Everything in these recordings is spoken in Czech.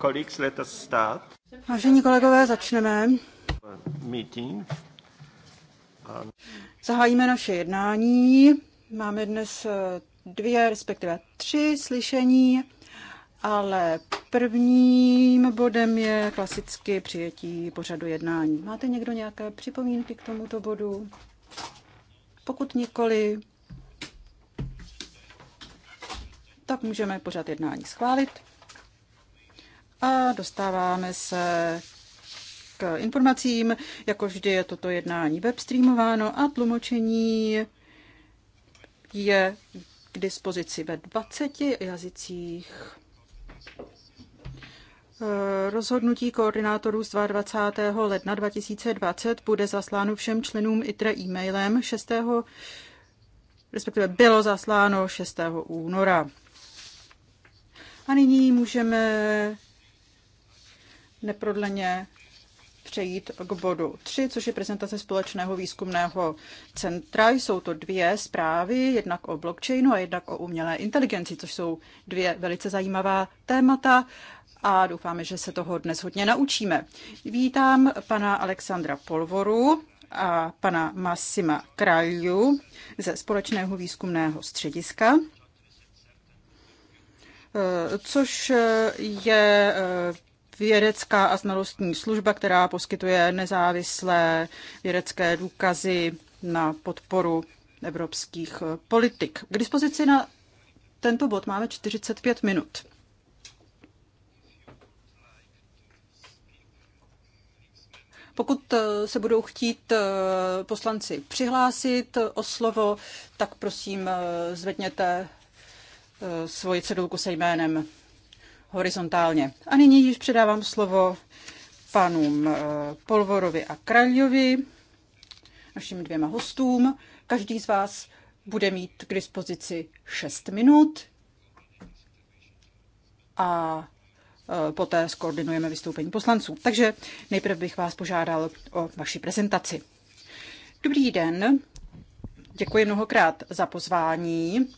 Colleagues, let start. Vážení kolegové, začneme. Meeting. Zahájíme naše jednání. Máme dnes eh, dvě, respektive tři slyšení, ale prvním bodem je klasicky přijetí pořadu jednání. Máte někdo nějaké připomínky k tomuto bodu? Pokud nikoli, tak můžeme pořad jednání schválit. A dostáváme se k informacím, jako vždy je toto jednání webstreamováno a tlumočení je k dispozici ve 20 jazycích. Rozhodnutí koordinátorů z 22. ledna 2020 bude zasláno všem členům ITRE e-mailem 6. respektive bylo zasláno 6. února. A nyní můžeme neprodleně přejít k bodu 3, což je prezentace společného výzkumného centra. Jsou to dvě zprávy, jednak o blockchainu a jednak o umělé inteligenci, což jsou dvě velice zajímavá témata a doufáme, že se toho dnes hodně naučíme. Vítám pana Alexandra Polvoru a pana Massima Kralju ze společného výzkumného střediska eh, což je eh, vědecká a znalostní služba, která poskytuje nezávislé vědecké důkazy na podporu evropských eh, politik. K dispozici na tento bod máme 45 minut. Pokud eh, se budou chtít eh, poslanci přihlásit o slovo, tak prosím zvedněte svoji cedulku se jménem horizontálně. A nyní již předávám slovo panům eh, Polvorovi a Kraljovi, našim dvěma hostům. Každý z vás bude mít k dispozici 6 minut a eh, poté skoordinujeme vystoupení poslanců. Takže nejprve bych vás požádal o vaši prezentaci. Dobrý den, děkuji mnohokrát za pozvání.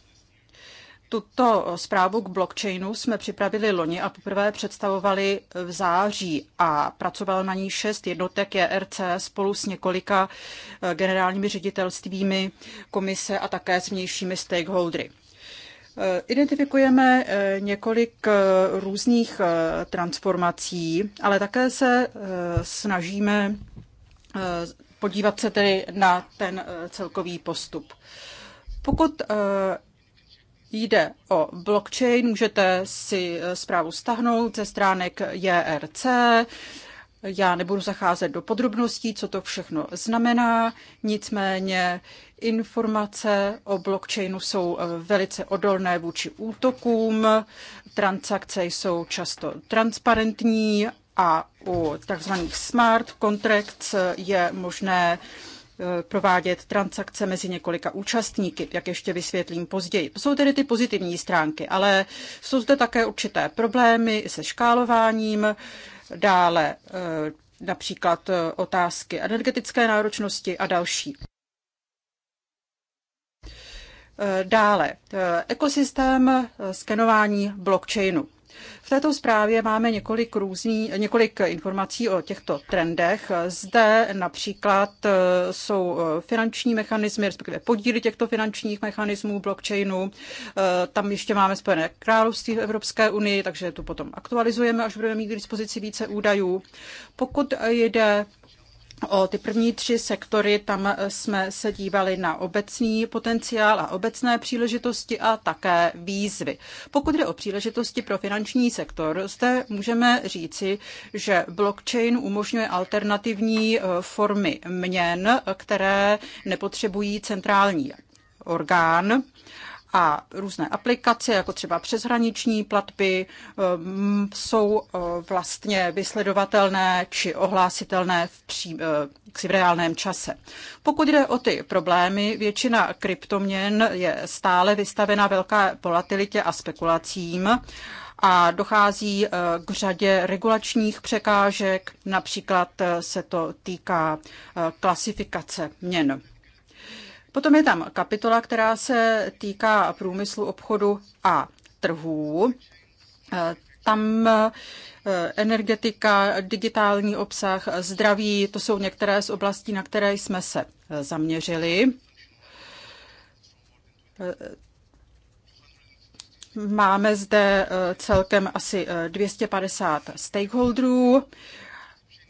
Tuto zprávu k blockchainu jsme připravili loni a poprvé představovali v září a pracoval na ní šest jednotek ERC spolu s několika eh, generálními ředitelstvími komise a také s vnějšími stakeholdery. Eh, identifikujeme eh, několik různých transformací, ale také se snažíme podívat se tedy na ten celkový postup. Pokud Jde o blockchain, můžete si eh, zprávu stahnout ze stránek JRC. Já nebudu zacházet do podrobností, co to všechno znamená, nicméně informace o blockchainu jsou eh, velice odolné vůči útokům, transakce jsou často transparentní a u tzv. smart contracts je možné provádět transakce mezi několika účastníky, jak ještě vysvětlím později. To jsou tedy ty pozitivní stránky, ale jsou zde také určité problémy se škálováním, dále eh, například eh, otázky energetické náročnosti a další. Eh, dále, ekosystém skenování blockchainu. V této zprávě máme několik, různý, několik informací o těchto trendech. Zde například e, jsou e, finanční mechanismy, respektive podíly těchto finančních mechanismů blockchainu. E, tam ještě máme Spojené království v Evropské unii, takže tu potom aktualizujeme, až budeme mít k dispozici více údajů. Pokud jde O ty první tři sektory, tam eh, jsme se dívali na obecný potenciál a obecné příležitosti a také výzvy. Pokud jde o příležitosti pro finanční sektor, zde můžeme říci, že blockchain umožňuje alternativní eh, formy měn, eh, které nepotřebují centrální orgán a různé aplikace, jako třeba přeshraniční platby, um, jsou uh, vlastně vysledovatelné či ohlásitelné v, pří, uh, v reálném čase. Pokud jde o ty problémy, většina kryptoměn je stále vystavena velká volatilitě a spekulacím a dochází uh, k řadě regulačních překážek, například se to týká klasifikace měn. Potom je tam kapitola, která se týká průmyslu, obchodu a trhů. Eh, tam eh, energetika, digitální obsah, zdraví, to jsou některé z oblastí, na které jsme se eh, zaměřili. Máme zde celkem asi 250 stakeholderů.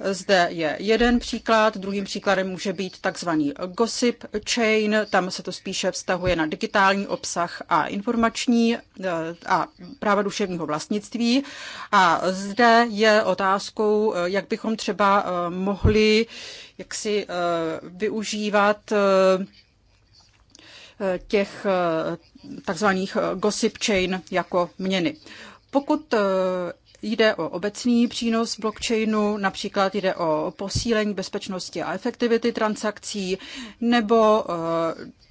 Zde je jeden příklad, druhým příkladem může být takzvaný gossip chain, tam se to spíše vztahuje na digitální obsah a informační eh, a práva duševního vlastnictví. A zde je otázkou, eh, jak bychom třeba eh, mohli jaksi využívat těch takzvaných gossip chain jako měny. Pokud Jde o obecný přínos blockchainu, například jde o posílení bezpečnosti a efektivity transakcí nebo e,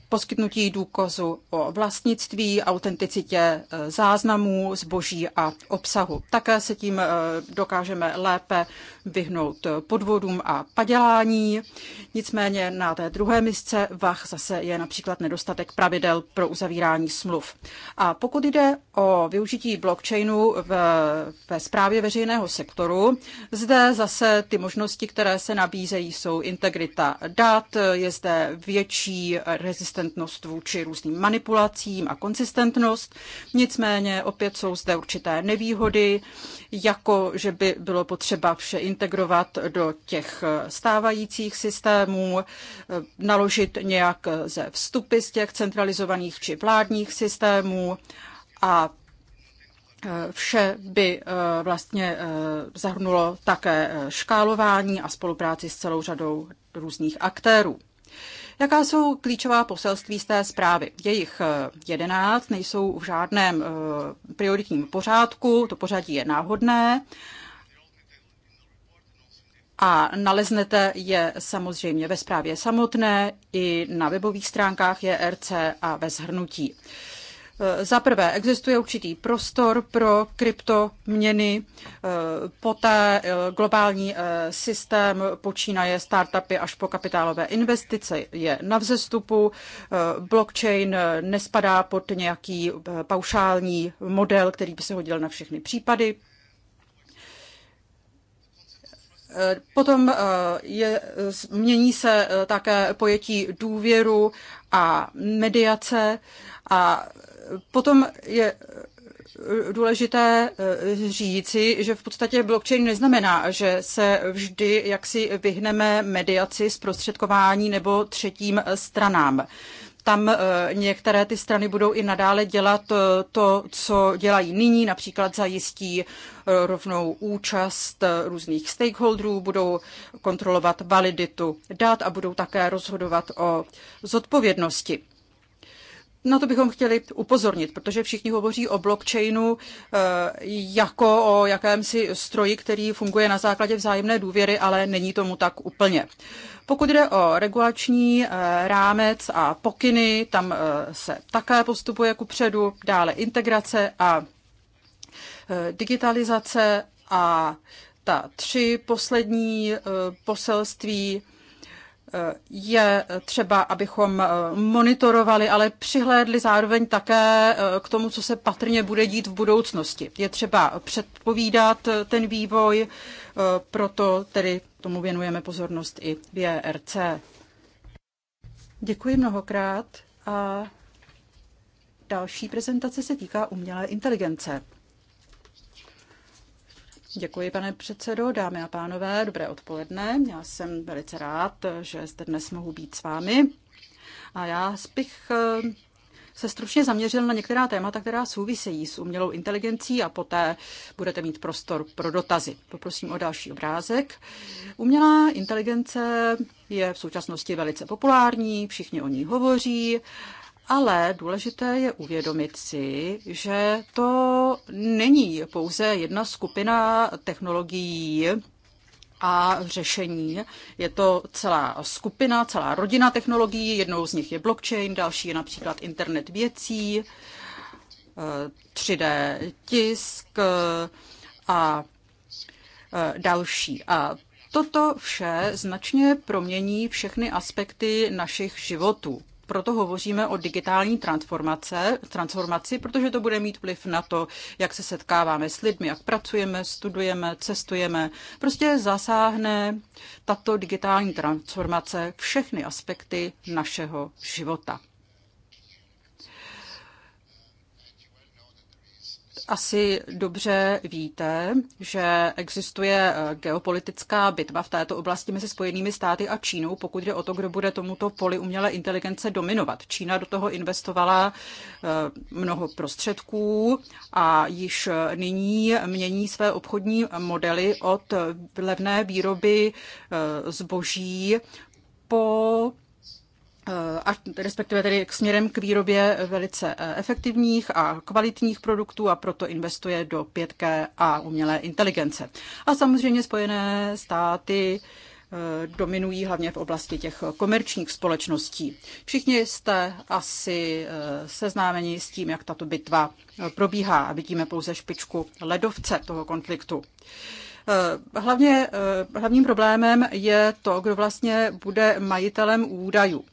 poskytnutí důkazu o vlastnictví, autenticitě e, záznamů, zboží a obsahu. Také se tím e, dokážeme lépe vyhnout podvodům a padělání. Nicméně na té druhé misce VAH zase je například nedostatek pravidel pro uzavírání smluv. A pokud jde o využití blockchainu v, ve správě veřejného sektoru, zde zase ty možnosti, které se nabízejí, jsou integrita dat, je zde větší rezistentnost vůči různým manipulacím a konsistentnost. Nicméně opět jsou zde určité nevýhody, jako že by bylo potřeba vše integrovat do těch stávajících systémů, naložit nějak ze vstupy z těch centralizovaných či vládních systémů a e, Vše by e, vlastně e, zahrnulo také škálování a spolupráci s celou řadou různých aktérů. Jaká jsou klíčová poselství z té zprávy? Jejich jedenáct nejsou v žádném prioritním pořádku, to pořadí je náhodné a naleznete je samozřejmě ve zprávě samotné i na webových stránkách JRC a ve shrnutí. E, za prvé, existuje určitý prostor pro kryptoměny, e, poté e, globální systém počínaje startupy až po kapitálové investice je na vzestupu, blockchain nespadá pod nějaký paušální model, který by se hodil na všechny případy. Eh, potom eh, je, mění se eh, také pojetí důvěru a mediace a potom je důležité říci, že v podstatě blockchain neznamená, že se vždy jaksi vyhneme mediaci, zprostředkování nebo třetím stranám tam eh, některé ty strany budou i nadále dělat eh, to, co dělají nyní, například zajistí eh, rovnou účast různých stakeholderů, budou kontrolovat validitu dat a budou také rozhodovat o zodpovědnosti na to bychom chtěli upozornit, protože všichni hovoří o blockchainu eh, jako o jakémsi stroji, který funguje na základě vzájemné důvěry, ale není tomu tak úplně. Pokud jde o regulační eh, rámec a pokyny, tam eh, se také postupuje ku předu, dále integrace a digitalizace a ta tři poslední poselství je třeba, abychom eh, monitorovali, ale přihlédli zároveň také eh, k tomu, co se patrně bude dít v budoucnosti. Je třeba předpovídat eh, ten vývoj, proto tedy tomu věnujeme pozornost i v JRC. Děkuji mnohokrát a další prezentace se týká umělé inteligence. Děkuji, pane předsedo, dámy a pánové, dobré odpoledne. Já jsem velice rád, že zde dnes mohu být s vámi. A já bych eh, se stručně zaměřil na některá témata, která souvisejí s umělou inteligencí a poté budete mít prostor pro dotazy. Poprosím o další obrázek. Umělá inteligence je v současnosti velice populární, všichni o ní hovoří ale důležité je uvědomit si, že to není pouze jedna skupina technologií a řešení. Je to celá skupina, celá rodina technologií. Jednou z nich je blockchain, další je například internet věcí, 3D eh, tisk eh, a eh, další. A toto vše značně promění všechny aspekty našich životů proto hovoříme o digitální transformace, transformaci, protože to bude mít vliv na to, jak se setkáváme s lidmi, jak pracujeme, studujeme, cestujeme. Prostě zasáhne tato digitální transformace všechny aspekty našeho života. asi dobře víte, že existuje eh, geopolitická bitva v této oblasti mezi Spojenými státy a Čínou, pokud jde o to, kdo bude tomuto poli umělé inteligence dominovat. Čína do toho investovala eh, mnoho prostředků a již eh, nyní mění své obchodní modely od levné výroby zboží po Eh, a respektive tedy k směrem k výrobě velice eh, efektivních a kvalitních produktů a proto investuje do 5 a umělé inteligence. A samozřejmě Spojené státy eh, dominují hlavně v oblasti těch komerčních společností. Všichni jste asi seznámeni s tím, jak tato bitva probíhá a vidíme pouze špičku ledovce toho konfliktu. Hlavně, hlavním problémem je to, kdo vlastně bude majitelem údajů.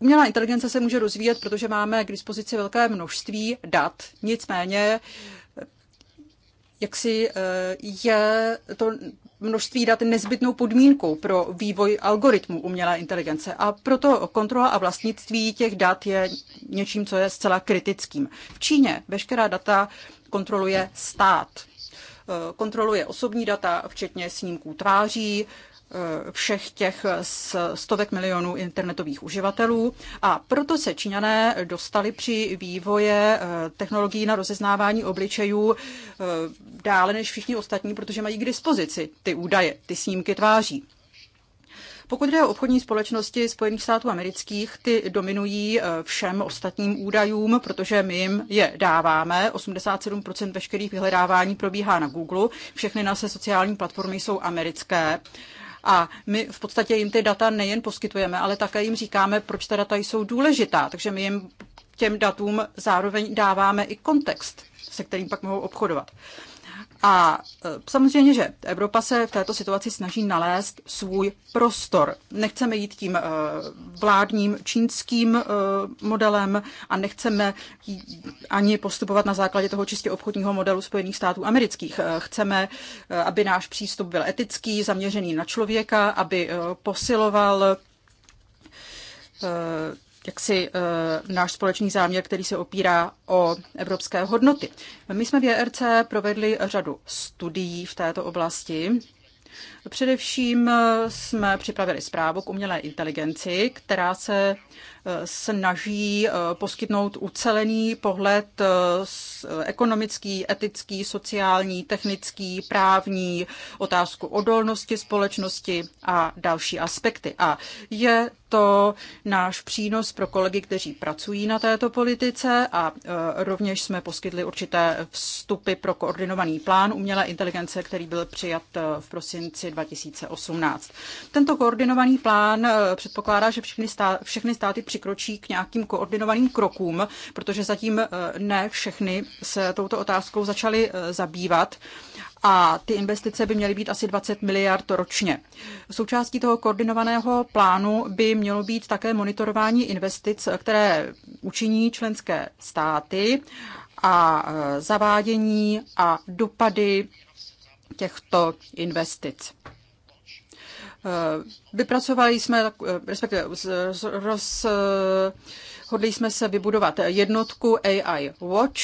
Umělá inteligence se může rozvíjet, protože máme k dispozici velké množství dat. Nicméně jak si eh, je to množství dat nezbytnou podmínkou pro vývoj algoritmu umělé inteligence. A proto kontrola a vlastnictví těch dat je něčím, co je zcela kritickým. V Číně veškerá data kontroluje stát. Eh, kontroluje osobní data, včetně snímků tváří, Eh, všech těch stovek milionů internetových uživatelů a proto se Číňané dostali při vývoje eh, technologií na rozeznávání obličejů eh, dále než všichni ostatní, protože mají k dispozici ty údaje, ty snímky tváří. Pokud jde o obchodní společnosti Spojených států amerických, ty dominují všem ostatním údajům, protože my jim je dáváme. 87% veškerých vyhledávání probíhá na Google, všechny naše sociální platformy jsou americké. A my v podstatě jim ty data nejen poskytujeme, ale také jim říkáme, proč ta data jsou důležitá. Takže my jim těm datům zároveň dáváme i kontext, se kterým pak mohou obchodovat. A e, samozřejmě, že Evropa se v této situaci snaží nalézt svůj prostor. Nechceme jít tím e, vládním čínským e, modelem a nechceme ani postupovat na základě toho čistě obchodního modelu Spojených států amerických. Chceme, aby náš přístup byl etický, zaměřený na člověka, aby posiloval jaksi e, náš společný záměr, který se opírá o evropské hodnoty. My jsme v JRC provedli řadu studií v této oblasti Především eh, jsme připravili zprávu k umělé inteligenci, která se eh, snaží eh, poskytnout ucelený pohled ekonomický, etický, sociální, technický, právní, otázku odolnosti společnosti a další aspekty. A je to náš přínos pro kolegy, kteří pracují na této politice a rovněž jsme poskytli určité vstupy pro koordinovaný plán umělé inteligence, který byl přijat v prosinci 2018. Tento koordinovaný plán eh, předpokládá, že všechny, stá, všechny státy přikročí k nějakým koordinovaným krokům, protože zatím eh, ne všechny se touto otázkou začaly eh, zabývat a ty investice by měly být asi 20 miliard ročně. Součástí toho koordinovaného plánu by mělo být také monitorování investic, které učiní členské státy a zavádění a dopady těchto investic. Eh, vypracovali jsme, eh, respektive rozhodli eh, jsme se vybudovat jednotku AI Watch,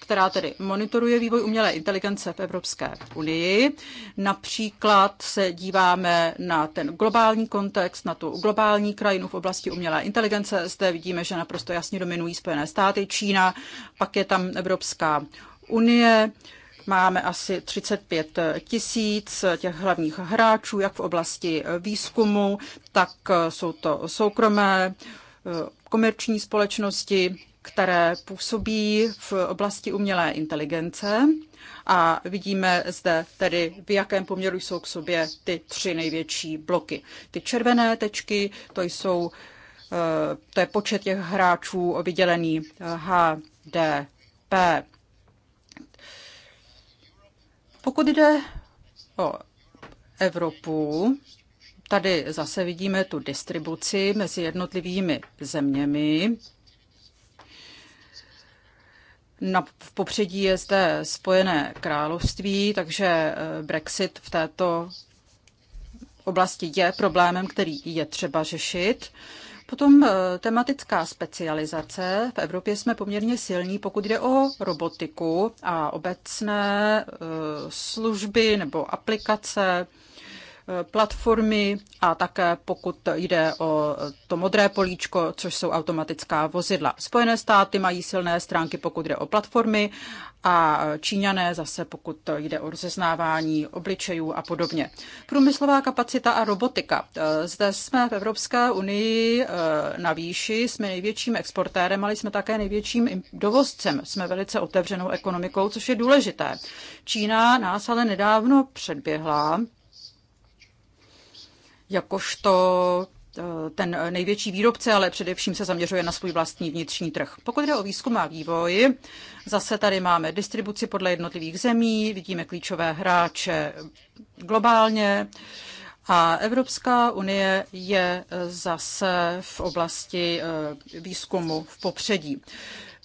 která tedy monitoruje vývoj umělé inteligence v Evropské unii. Například se díváme na ten globální kontext, na tu globální krajinu v oblasti umělé inteligence. Zde vidíme, že naprosto jasně dominují Spojené státy, Čína, pak je tam Evropská unie. Uh, Máme asi 35 tisíc těch hlavních hráčů, jak v oblasti výzkumu, tak jsou to soukromé eh, komerční společnosti, které působí v oblasti umělé inteligence a vidíme zde tedy, v jakém poměru jsou k sobě ty tři největší bloky. Ty červené tečky, to jsou eh, to je počet těch hráčů vydělený HDP. Eh, pokud jde o Evropu, tady zase vidíme tu distribuci mezi jednotlivými zeměmi. Na, v popředí je zde Spojené království, takže eh, Brexit v této oblasti je problémem, který je třeba řešit. Potom eh, tematická specializace. V Evropě jsme poměrně silní, pokud jde o robotiku a obecné eh, služby nebo aplikace platformy a také pokud jde o to modré políčko, což jsou automatická vozidla. Spojené státy mají silné stránky, pokud jde o platformy a Číňané zase, pokud jde o rozeznávání obličejů a podobně. Průmyslová kapacita a robotika. Zde jsme v Evropské unii eh, na výši, jsme největším exportérem, ale jsme také největším dovozcem. Jsme velice otevřenou ekonomikou, což je důležité. Čína nás ale nedávno předběhla jakožto eh, ten největší výrobce, ale především se zaměřuje na svůj vlastní vnitřní trh. Pokud jde o výzkum a vývoj, zase tady máme distribuci podle jednotlivých zemí, vidíme klíčové hráče globálně a Evropská unie je zase v oblasti eh, výzkumu v popředí.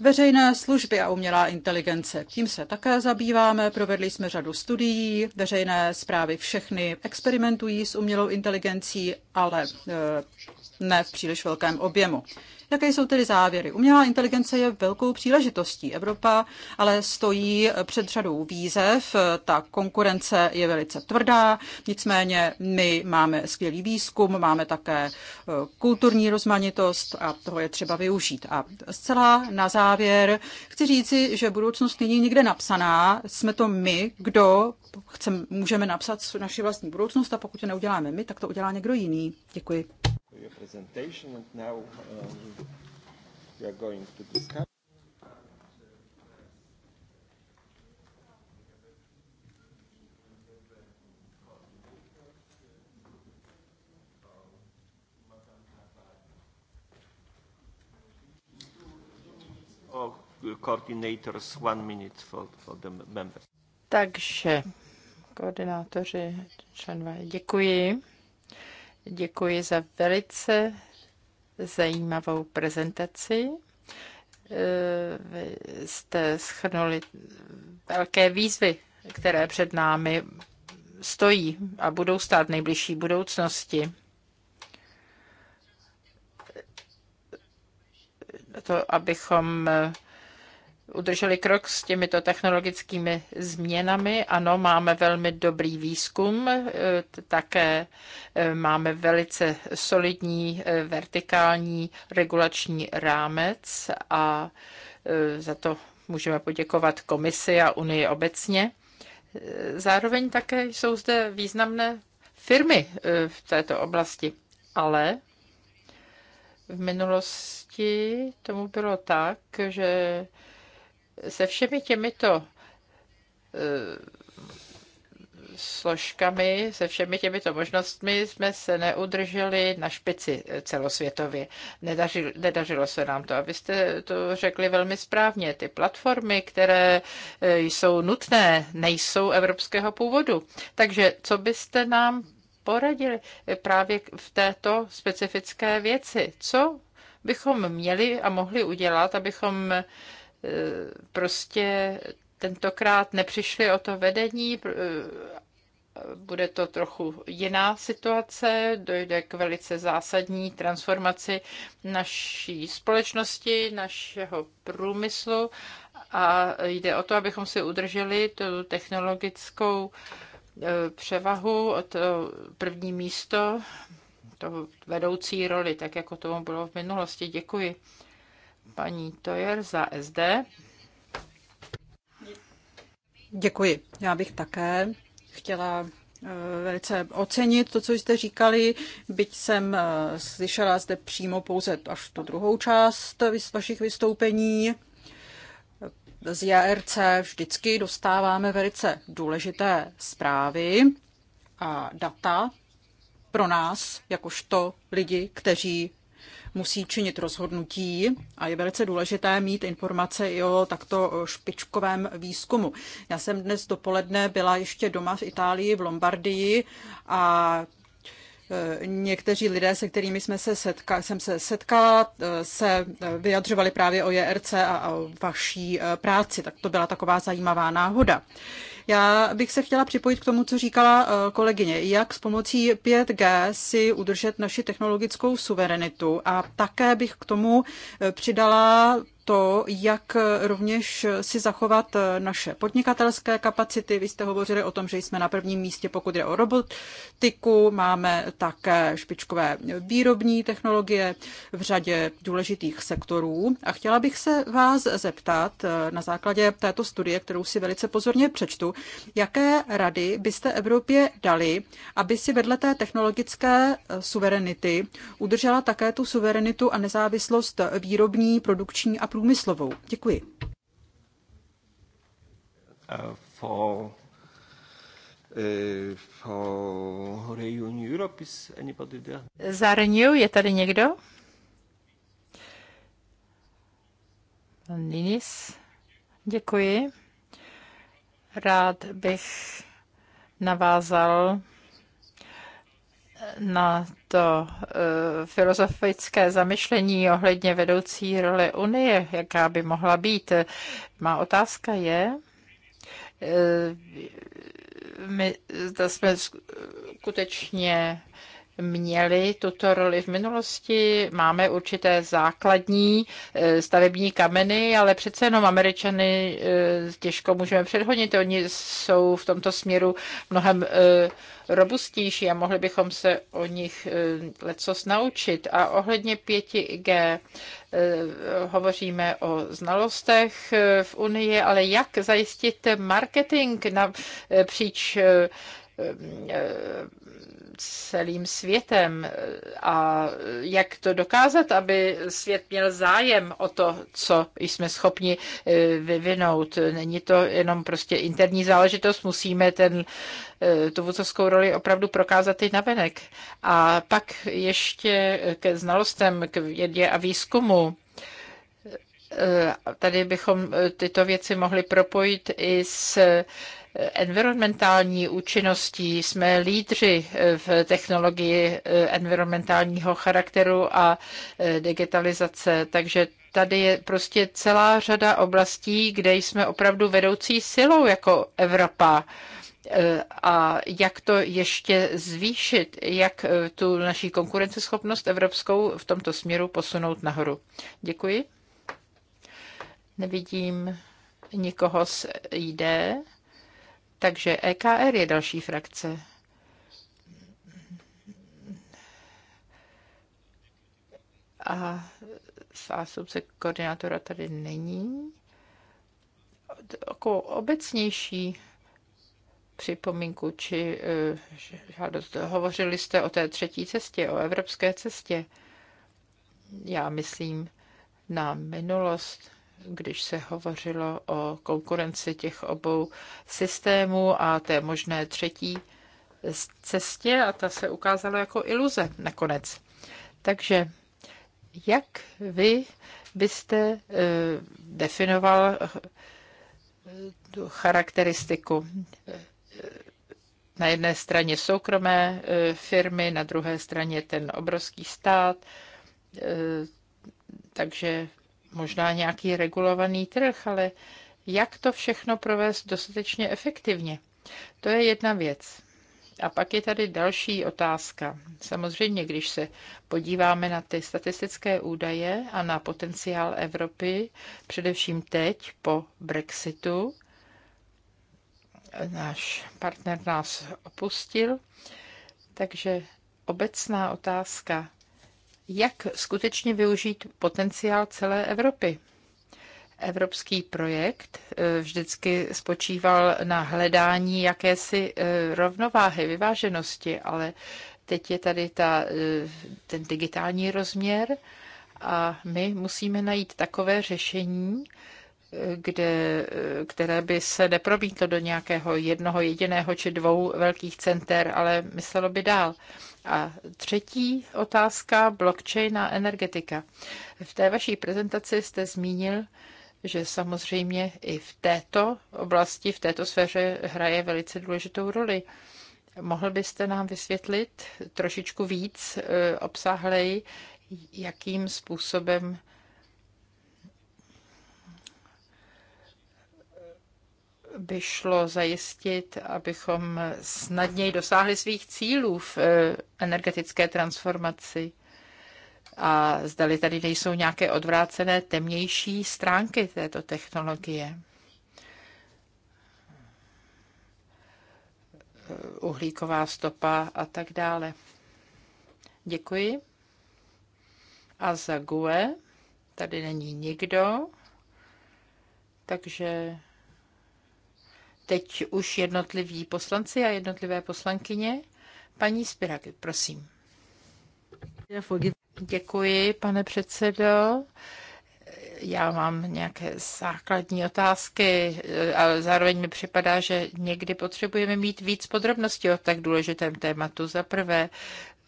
Veřejné služby a umělá inteligence. Tím se také zabýváme, provedli jsme řadu studií, veřejné zprávy všechny experimentují s umělou inteligencí, ale eh, ne v příliš velkém objemu. Jaké jsou tedy závěry? Umělá inteligence je velkou příležitostí. Evropa ale stojí před řadou výzev, ta konkurence je velice tvrdá, nicméně my máme skvělý výzkum, máme také eh, kulturní rozmanitost a toho je třeba využít. A zcela na závěr chci říci, že budoucnost není nikde napsaná, jsme to my, kdo chcem, můžeme napsat naši vlastní budoucnost a pokud to neuděláme my, tak to udělá někdo jiný. Děkuji your presentation. And now um, we are going to discuss. Oh, coordinators one minute for, for the members. Takže koordinátoři, členové, děkuji. Děkuji za velice zajímavou prezentaci. Eh, vy jste schrnuli velké výzvy, které před námi stojí a budou stát v nejbližší budoucnosti. To, abychom udrželi krok s těmito technologickými změnami. Ano, máme velmi dobrý výzkum, e, také e, máme velice solidní e, vertikální regulační rámec a za to můžeme poděkovat komisi a Unii obecně. Zároveň také jsou zde významné firmy v této oblasti, ale v minulosti tomu bylo tak, že se všemi těmito eh, složkami, se všemi těmito možnostmi jsme se neudrželi na špici celosvětově. Nedařilo, nedařilo se nám to. A vy jste to řekli velmi správně. Ty platformy, které eh, jsou nutné, nejsou evropského původu. Takže co byste nám poradili právě v této specifické věci? Co bychom měli a mohli udělat, abychom prostě tentokrát nepřišli o to vedení, bude to trochu jiná situace, dojde k velice zásadní transformaci naší společnosti, našeho průmyslu a jde o to, abychom si udrželi tu technologickou e, převahu, to první místo, to vedoucí roli, tak jako tomu bylo v minulosti. Děkuji. Paní Tojer za SD. Děkuji. Já bych také chtěla eh, velice ocenit to, co jste říkali, byť jsem eh, slyšela zde přímo pouze až tu druhou část vašich vystoupení. Z JRC vždycky dostáváme velice důležité zprávy a data pro nás, jakožto lidi, kteří musí činit rozhodnutí a je velice důležité mít informace i o takto špičkovém výzkumu. Já jsem dnes dopoledne byla ještě doma v Itálii, v Lombardii a e, někteří lidé, se kterými jsme se setka, jsem se setkala, e, se e, vyjadřovali právě o JRC a o vaší práci, tak to byla taková zajímavá náhoda. Já bych se chtěla připojit k tomu, co říkala eh, kolegyně, jak s pomocí 5G si udržet naši technologickou suverenitu a také bych k tomu eh, přidala to, jak rovněž si zachovat naše podnikatelské kapacity. Vy jste hovořili o tom, že jsme na prvním místě, pokud jde o robotiku. Máme také špičkové výrobní technologie v řadě důležitých sektorů. A chtěla bych se vás zeptat na základě této studie, kterou si velice pozorně přečtu, jaké rady byste Evropě dali, aby si vedle té technologické suverenity udržela také tu suverenitu a nezávislost výrobní, produkční a průmyslovou. Děkuji. Uh, uh, Za Renew je tady někdo? Pan Linis, děkuji. Rád bych navázal na to eh, filozofické zamyšlení ohledně vedoucí role Unie, jaká by mohla být. Má otázka je, eh, my zda jsme skutečně měli tuto roli v minulosti. Máme určité základní eh, stavební kameny, ale přece jenom Američany eh, těžko můžeme předhodnit. Oni jsou v tomto směru mnohem eh, robustnější a mohli bychom se o nich leco naučit. A ohledně 5G hovoříme o znalostech v Unii, ale jak zajistit marketing napříč celým světem a jak to dokázat, aby svět měl zájem o to, co jsme schopni eh, vyvinout. Není to jenom prostě interní záležitost, musíme ten, eh, tu vůcovskou roli opravdu prokázat i navenek. A pak ještě ke znalostem, k vědě a výzkumu eh, tady bychom tyto věci mohli propojit i s environmentální účinností. Jsme lídři v technologii environmentálního charakteru a e, digitalizace, takže tady je prostě celá řada oblastí, kde jsme opravdu vedoucí silou jako Evropa e, a jak to ještě zvýšit, jak e, tu naší konkurenceschopnost evropskou v tomto směru posunout nahoru. Děkuji. Nevidím nikoho z jde. Takže EKR je další frakce. A zástupce koordinátora tady není. Jako obecnější připomínku či eh, žádost. Hovořili jste o té třetí cestě, o evropské cestě. Já myslím na minulost když se hovořilo o konkurenci těch obou systémů a té možné třetí cestě a ta se ukázala jako iluze nakonec. Takže jak vy byste eh, definoval eh, tu charakteristiku na jedné straně soukromé eh, firmy, na druhé straně ten obrovský stát, takže možná nějaký regulovaný trh, ale jak to všechno provést dostatečně efektivně? To je jedna věc. A pak je tady další otázka. Samozřejmě, když se podíváme na ty statistické údaje a na potenciál Evropy, především teď po Brexitu, náš partner nás opustil, takže obecná otázka jak skutečně využít potenciál celé Evropy. Evropský projekt eh, vždycky spočíval na hledání jakési eh, rovnováhy, vyváženosti, ale teď je tady ta, eh, ten digitální rozměr a my musíme najít takové řešení, kde, které by se neprobítlo do nějakého jednoho, jediného či dvou velkých center, ale myslelo by dál. A třetí otázka, blockchain a energetika. V té vaší prezentaci jste zmínil, že samozřejmě i v této oblasti, v této sféře hraje velice důležitou roli. Mohl byste nám vysvětlit trošičku víc, eh, obsáhleji, jakým způsobem by šlo zajistit, abychom snadněji dosáhli svých cílů v eh, energetické transformaci. A zdali tady nejsou nějaké odvrácené temnější stránky této technologie. Eh, uhlíková stopa a tak dále. Děkuji. A za GUE tady není nikdo, takže teď už jednotliví poslanci a jednotlivé poslankyně. Paní Spiraky, prosím. Děkuji, pane předsedo já mám nějaké základní otázky, eh, ale zároveň mi připadá, že někdy potřebujeme mít víc podrobností o tak důležitém tématu. Za prvé,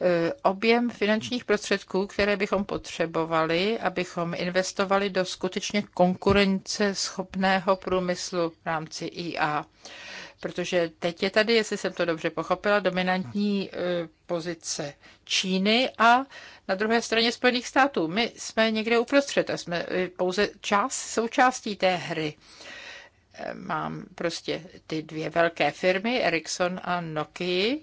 E, objem finančních prostředků, které bychom potřebovali, abychom investovali do skutečně konkurenceschopného průmyslu v rámci IA. Protože teď je tady, jestli jsem to dobře pochopila, dominantní e, pozice Číny a na druhé straně Spojených států. My jsme někde uprostřed a jsme e, pouze část, součástí té hry mám prostě ty dvě velké firmy, Ericsson a Nokia,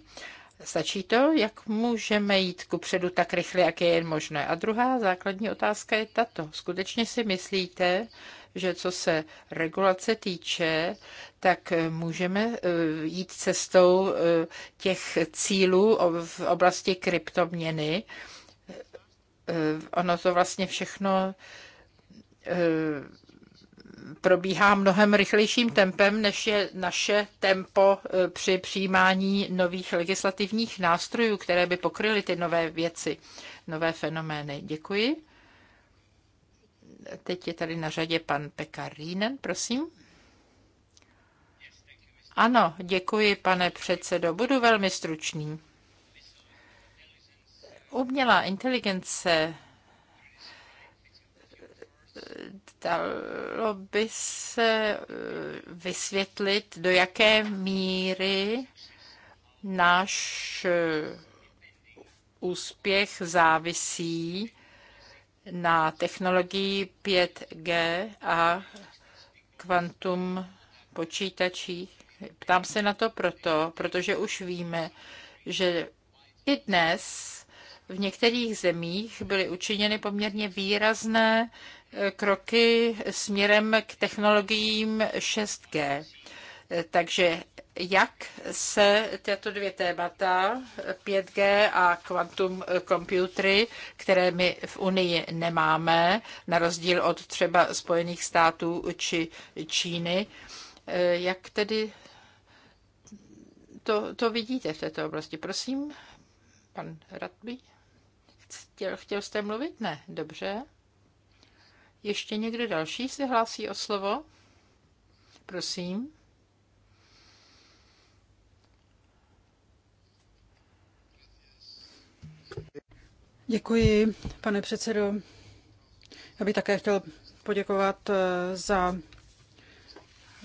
Stačí to, jak můžeme jít ku předu tak rychle, jak je jen možné? A druhá základní otázka je tato. Skutečně si myslíte, že co se regulace týče, tak můžeme eh, jít cestou eh, těch cílů v oblasti kryptoměny. Eh, ono to vlastně všechno probíhá mnohem rychlejším tempem, než je naše tempo e, při přijímání nových legislativních nástrojů, které by pokryly ty nové věci, nové fenomény. Děkuji. Teď je tady na řadě pan Pekarínen, prosím. Ano, děkuji, pane předsedo. Budu velmi stručný. Umělá inteligence dalo by se eh, vysvětlit, do jaké míry náš eh, úspěch závisí na technologii 5G a kvantum počítačích. Ptám se na to proto, protože už víme, že i dnes v některých zemích byly učiněny poměrně výrazné kroky směrem k technologiím 6G. Takže jak se tato dvě témata, 5G a kvantum computery, které my v Unii nemáme, na rozdíl od třeba Spojených států či Číny, jak tedy to, to vidíte v této oblasti? Prosím, pan Radby, chtěl, chtěl jste mluvit? Ne, dobře. Ještě někdo další se hlásí o slovo? Prosím. Děkuji, pane předsedo. Já bych také chtěl poděkovat eh, za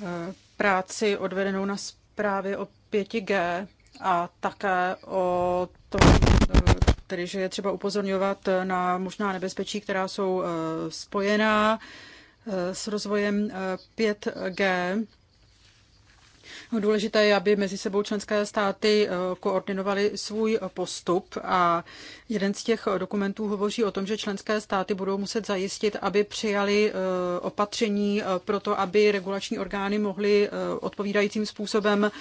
eh, práci odvedenou na zprávě o 5G a také o tom tedy že je třeba upozorňovat eh, na možná nebezpečí, která jsou eh, spojená eh, s rozvojem 5G No, důležité je, aby mezi sebou členské státy eh, koordinovaly svůj postup a jeden z těch dokumentů hovoří o tom, že členské státy budou muset zajistit, aby přijali eh, opatření eh, pro to, aby regulační orgány mohly odpovídajícím způsobem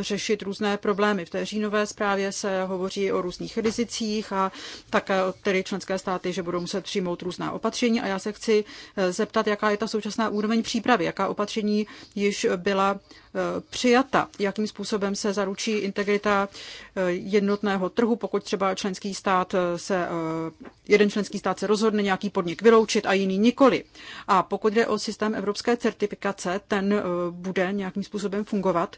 řešit různé problémy. V té říjnové zprávě se hovoří o různých rizicích a také o tedy členské státy, že budou muset přijmout různá opatření. A já se chci zeptat, jaká je ta současná úroveň přípravy, jaká opatření již byla přijata. Jakým způsobem se zaručí integrita eh, jednotného trhu, pokud třeba členský stát eh, se, eh, jeden členský stát se rozhodne nějaký podnik vyloučit a jiný nikoli. A pokud jde o systém evropské certifikace, ten bude nějakým způsobem fungovat?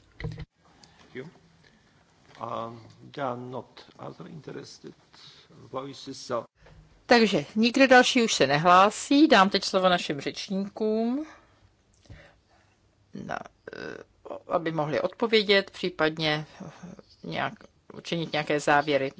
Takže nikdo další už se nehlásí. Dám teď slovo našim řečníkům. Na, aby mohli odpovědět, případně nějak, učinit nějaké závěry.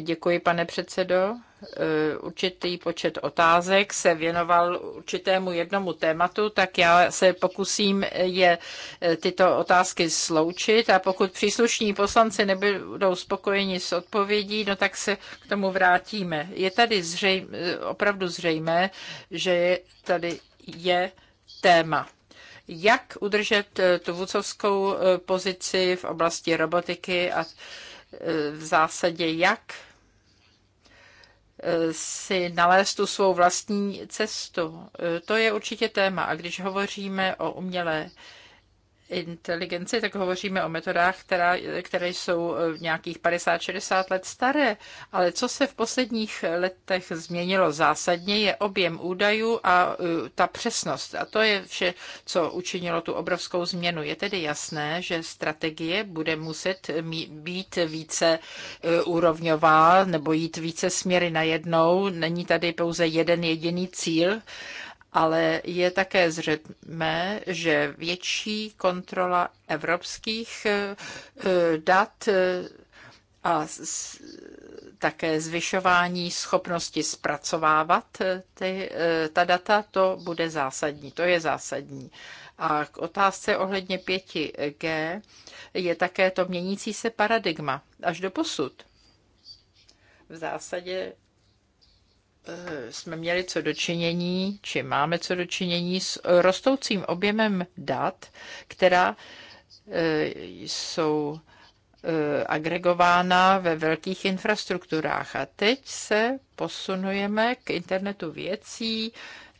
Děkuji, pane předsedo. Eh, určitý počet otázek se věnoval určitému jednomu tématu, tak já se pokusím je eh, tyto otázky sloučit a pokud příslušní poslanci nebudou spokojeni s odpovědí, no tak se k tomu vrátíme. Je tady zřejm, eh, opravdu zřejmé, že tady je téma jak udržet eh, tu vůcovskou eh, pozici v oblasti robotiky a eh, v zásadě jak si nalézt tu svou vlastní cestu. To je určitě téma. A když hovoříme o umělé inteligenci, tak hovoříme o metodách, která, které jsou nějakých 50-60 let staré, ale co se v posledních letech změnilo zásadně, je objem údajů a e, ta přesnost. A to je vše, co učinilo tu obrovskou změnu. Je tedy jasné, že strategie bude muset být více e, úrovňová nebo jít více směry najednou. Není tady pouze jeden jediný cíl ale je také zřejmé, že větší kontrola evropských eh, eh, dat eh, a také zvyšování schopnosti zpracovávat ty, ta data, to bude zásadní, to je zásadní. A k otázce ohledně 5G je také to měnící se paradigma až do posud. V zásadě Eh, jsme měli co dočinění, či máme co dočinění s rostoucím objemem dat, která eh, jsou eh, agregována ve velkých infrastrukturách. A teď se posunujeme k internetu věcí,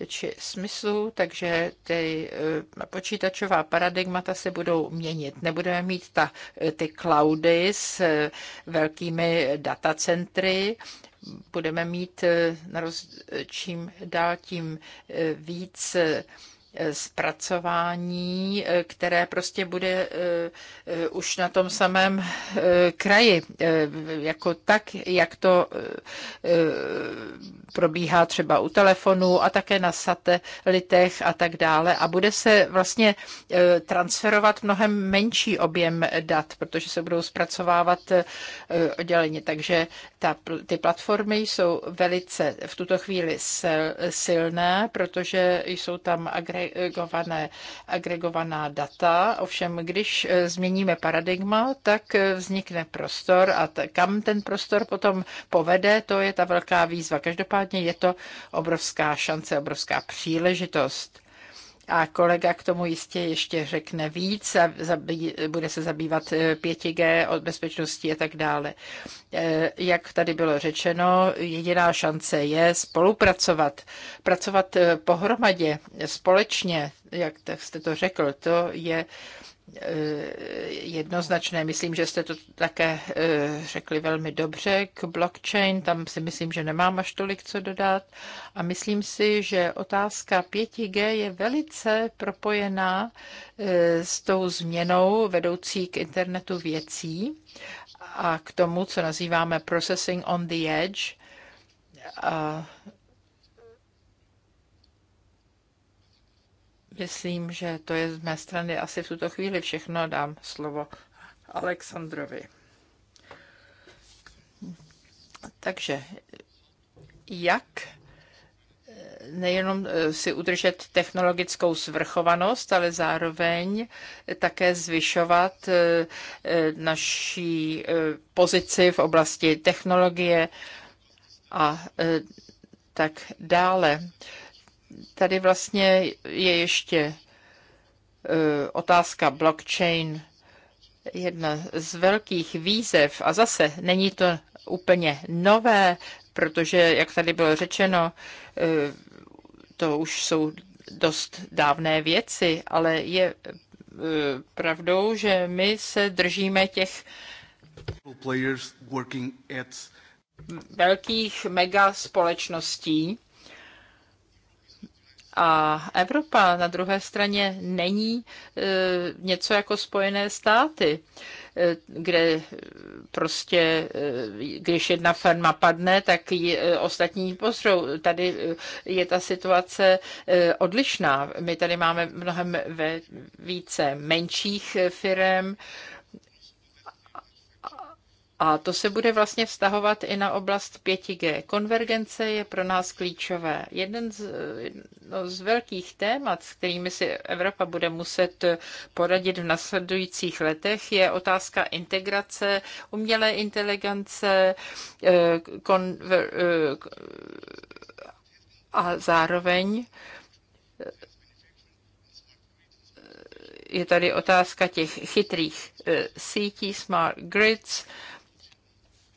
či smyslu, takže ty eh, počítačová paradigmata se budou měnit. Nebudeme mít ta, eh, ty cloudy s eh, velkými datacentry, budeme mít čím dál tím víc zpracování, eh, které prostě bude eh, eh, už na tom samém kraji, jako tak, jak to probíhá třeba u telefonu a také na satelitech a tak dále. A bude se vlastně transferovat mnohem menší objem dat, protože se budou zpracovávat odděleně. Takže ta, ty platformy jsou velice v tuto chvíli silné, protože jsou tam agregáty agregované, agregovaná data. Ovšem, když eh, změníme paradigma, tak eh, vznikne prostor a kam ten prostor potom povede, to je ta velká výzva. Každopádně je to obrovská šance, obrovská příležitost a kolega k tomu jistě ještě řekne víc a zabí, bude se zabývat 5G eh, od bezpečnosti a tak dále. Eh, jak tady bylo řečeno, jediná šance je spolupracovat, pracovat eh, pohromadě, společně, jak jste to řekl, to je Eh, jednoznačné. Myslím, že jste to také eh, řekli velmi dobře k blockchain. Tam si myslím, že nemám až tolik co dodat. A myslím si, že otázka 5G je velice propojená eh, s tou změnou vedoucí k internetu věcí a k tomu, co nazýváme processing on the edge. A Myslím, že to je z mé strany asi v tuto chvíli všechno. Dám slovo Alexandrovi. Takže jak eh, nejenom eh, si udržet technologickou svrchovanost, ale zároveň také zvyšovat eh, naší pozici v oblasti technologie a tak dále. Tady vlastně je ještě e, otázka blockchain jedna z velkých výzev, a zase není to úplně nové, protože, jak tady bylo řečeno, e, to už jsou dost dávné věci, ale je e, pravdou, že my se držíme těch velkých mega společností, a Evropa na druhé straně není e, něco jako Spojené státy, e, kde prostě, e, když jedna firma padne, tak ji ostatní pozrou. Tady je ta situace odlišná. My tady máme mnohem více menších firm, a to se bude vlastně vztahovat i na oblast 5G. Konvergence je pro nás klíčové. Jeden z, no, z velkých témat, s kterými si Evropa bude muset poradit v nasledujících letech, je otázka integrace umělé inteligence, eh, konver, eh, a zároveň eh, je tady otázka těch chytrých sítí, smart grids,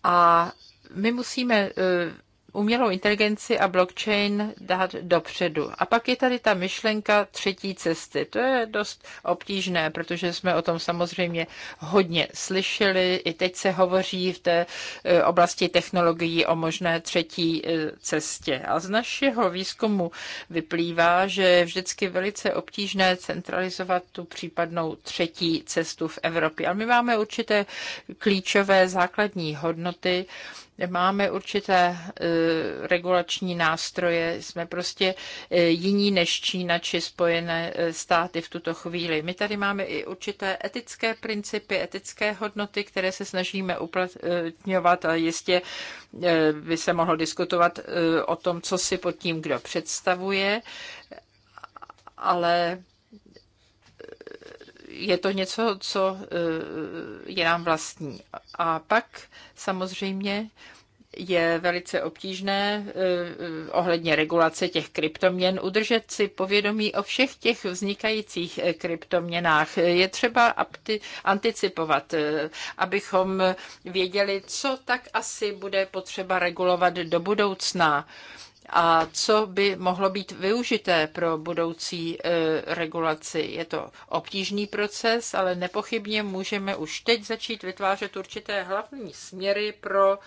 a my musíme eh, umělou inteligenci a blockchain dát dopředu. A pak je tady ta myšlenka třetí cesty. To je dost obtížné, protože jsme o tom samozřejmě hodně slyšeli. I teď se hovoří v té e, oblasti technologií o možné třetí e, cestě. A z našeho výzkumu vyplývá, že je vždycky velice obtížné centralizovat tu případnou třetí cestu v Evropě. A my máme určité klíčové základní hodnoty, Máme určité e, regulační nástroje, jsme prostě e, jiní než Čína či Spojené e, státy v tuto chvíli. My tady máme i určité etické principy, etické hodnoty, které se snažíme uplatňovat a jistě by se mohlo diskutovat o tom, co si pod tím kdo představuje, ale je to něco, co eh, je nám vlastní. A pak samozřejmě je velice obtížné eh, ohledně regulace těch kryptoměn udržet si povědomí o všech těch vznikajících eh, kryptoměnách. Je třeba anticipovat, abychom věděli, co tak asi bude potřeba regulovat do budoucna a co by mohlo být využité pro budoucí e, regulaci. Je to obtížný proces, ale nepochybně můžeme už teď začít vytvářet určité hlavní směry pro e,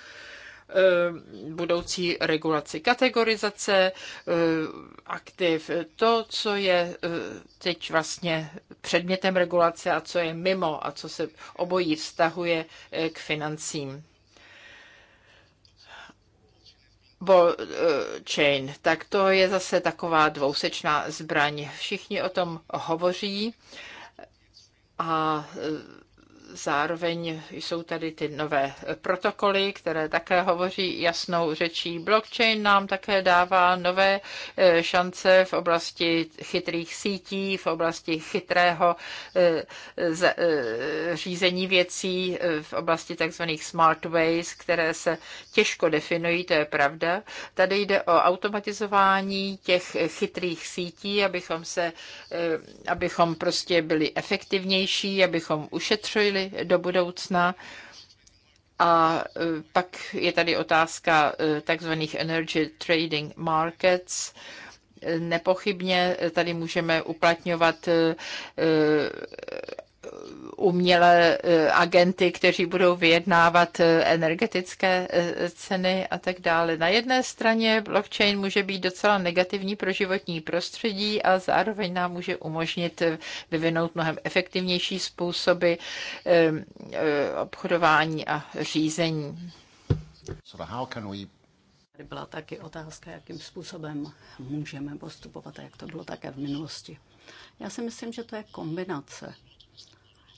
budoucí regulaci kategorizace e, aktiv, to, co je teď vlastně předmětem regulace a co je mimo a co se obojí vztahuje k financím. blockchain, tak to je zase taková dvousečná zbraň. Všichni o tom hovoří a Zároveň jsou tady ty nové protokoly, které také hovoří jasnou řečí. Blockchain nám také dává nové eh, šance v oblasti chytrých sítí, v oblasti chytrého eh, eh, řízení věcí, v oblasti tzv. smart ways, které se těžko definují, to je pravda. Tady jde o automatizování těch chytrých sítí, abychom se, abychom prostě byli efektivnější, abychom ušetřili roli do budoucna. A e, pak je tady otázka e, takzvaných energy trading markets. E, nepochybně tady můžeme uplatňovat umělé eh, agenty, kteří budou vyjednávat eh, energetické eh, ceny a tak dále. Na jedné straně blockchain může být docela negativní pro životní prostředí a zároveň nám může umožnit vyvinout mnohem efektivnější způsoby obchodování a řízení. Tady byla taky otázka, jakým způsobem můžeme postupovat a jak to bylo také v minulosti. Já si myslím, že to je kombinace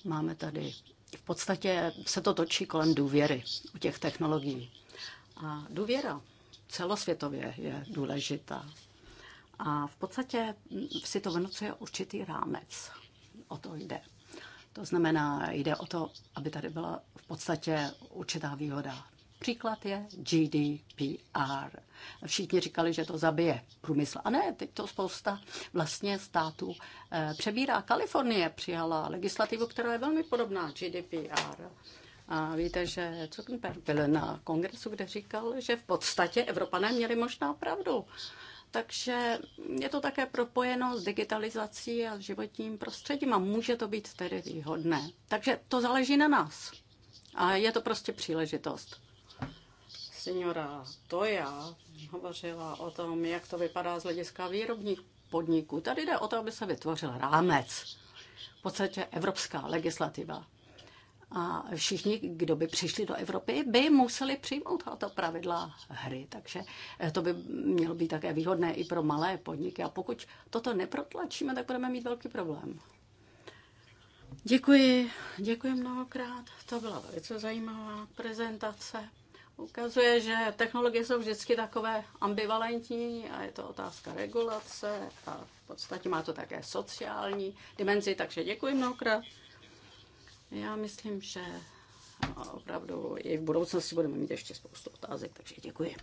Máme tady, v podstatě se to točí kolem důvěry u těch technologií. A důvěra celosvětově je důležitá. A v podstatě si to vnucuje určitý rámec. O to jde. To znamená, jde o to, aby tady byla v podstatě určitá výhoda Příklad je GDPR. Všichni říkali, že to zabije průmysl. A ne, teď to spousta vlastně států eh, přebírá. Kalifornie přijala legislativu, která je velmi podobná GDPR. A víte, že Zuckerberg byl na kongresu, kde říkal, že v podstatě Evropané měli možná pravdu. Takže je to také propojeno s digitalizací a s životním prostředím a může to být tedy výhodné. Takže to záleží na nás. A je to prostě příležitost. Signora Toja hovořila o tom, jak to vypadá z hlediska výrobních podniků. Tady jde o to, aby se vytvořil rámec. V podstatě evropská legislativa. A všichni, kdo by přišli do Evropy, by museli přijmout tato pravidla hry. Takže eh, to by mělo být také výhodné i pro malé podniky. A pokud toto neprotlačíme, tak budeme mít velký problém. Děkuji, děkuji mnohokrát. To byla velice zajímavá prezentace ukazuje, že technologie jsou vždycky takové ambivalentní a je to otázka regulace a v podstatě má to také sociální dimenzi, takže děkuji mnohokrát. Já myslím, že opravdu i v budoucnosti budeme mít ještě spoustu otázek, takže děkuji.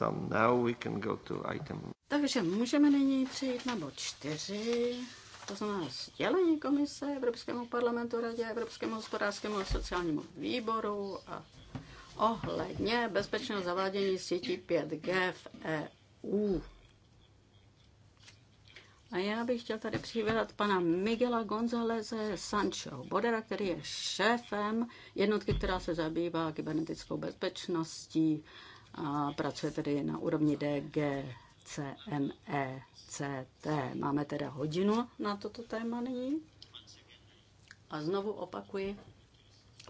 So now we can go to item. Takže můžeme nyní přejít na bod 4, to znamená sdělení komise Evropskému parlamentu, radě, Evropskému hospodářskému a sociálnímu výboru a ohledně bezpečného zavádění sítí 5G v EU. A já bych chtěl tady přivítat pana Miguela Gonzáleze Sancho Bodera, který je šéfem jednotky, která se zabývá kybernetickou bezpečností a pracuje tedy na úrovni DG e T. Máme teda hodinu na toto téma nyní. A znovu opakuji,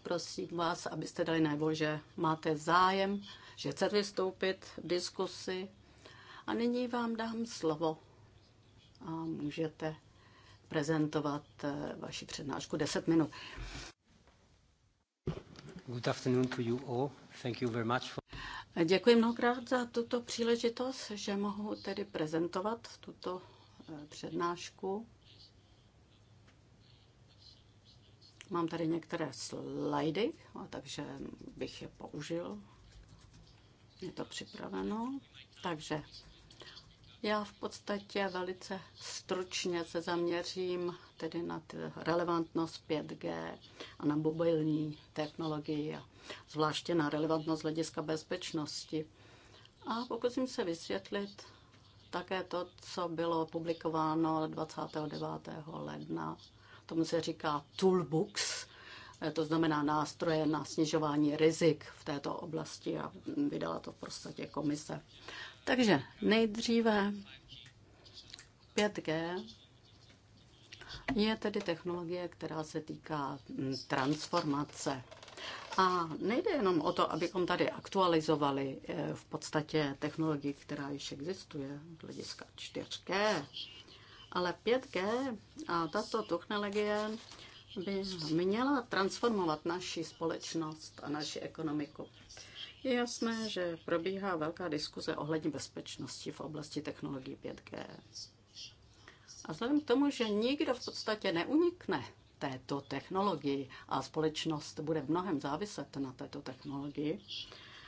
prosím vás, abyste dali najevo, že máte zájem, že chcete vystoupit v diskusi. A nyní vám dám slovo a můžete prezentovat eh, vaši přednášku 10 minut. Good afternoon to you all. Thank you very much for Děkuji mnohokrát za tuto příležitost, že mohu tedy prezentovat tuto eh, přednášku. Mám tady některé slajdy, takže bych je použil. Je to připraveno. Takže já v podstatě velice stručně se zaměřím tedy na relevantnost 5G a na mobilní technologii a zvláště na relevantnost hlediska bezpečnosti. A pokusím se vysvětlit také to, co bylo publikováno 29. ledna. Tomu se říká Toolbooks, to znamená nástroje na snižování rizik v této oblasti a vydala to v podstatě komise. Takže nejdříve 5G je tedy technologie, která se týká transformace a nejde jenom o to, abychom tady aktualizovali eh, v podstatě technologii, která již existuje, z hlediska 4G, ale 5G a tato technologie by měla transformovat naši společnost a naši ekonomiku. Je jasné, že probíhá velká diskuze ohledně bezpečnosti v oblasti technologií 5G. A vzhledem k tomu, že nikdo v podstatě neunikne této technologii a společnost bude v mnohem záviset na této technologii.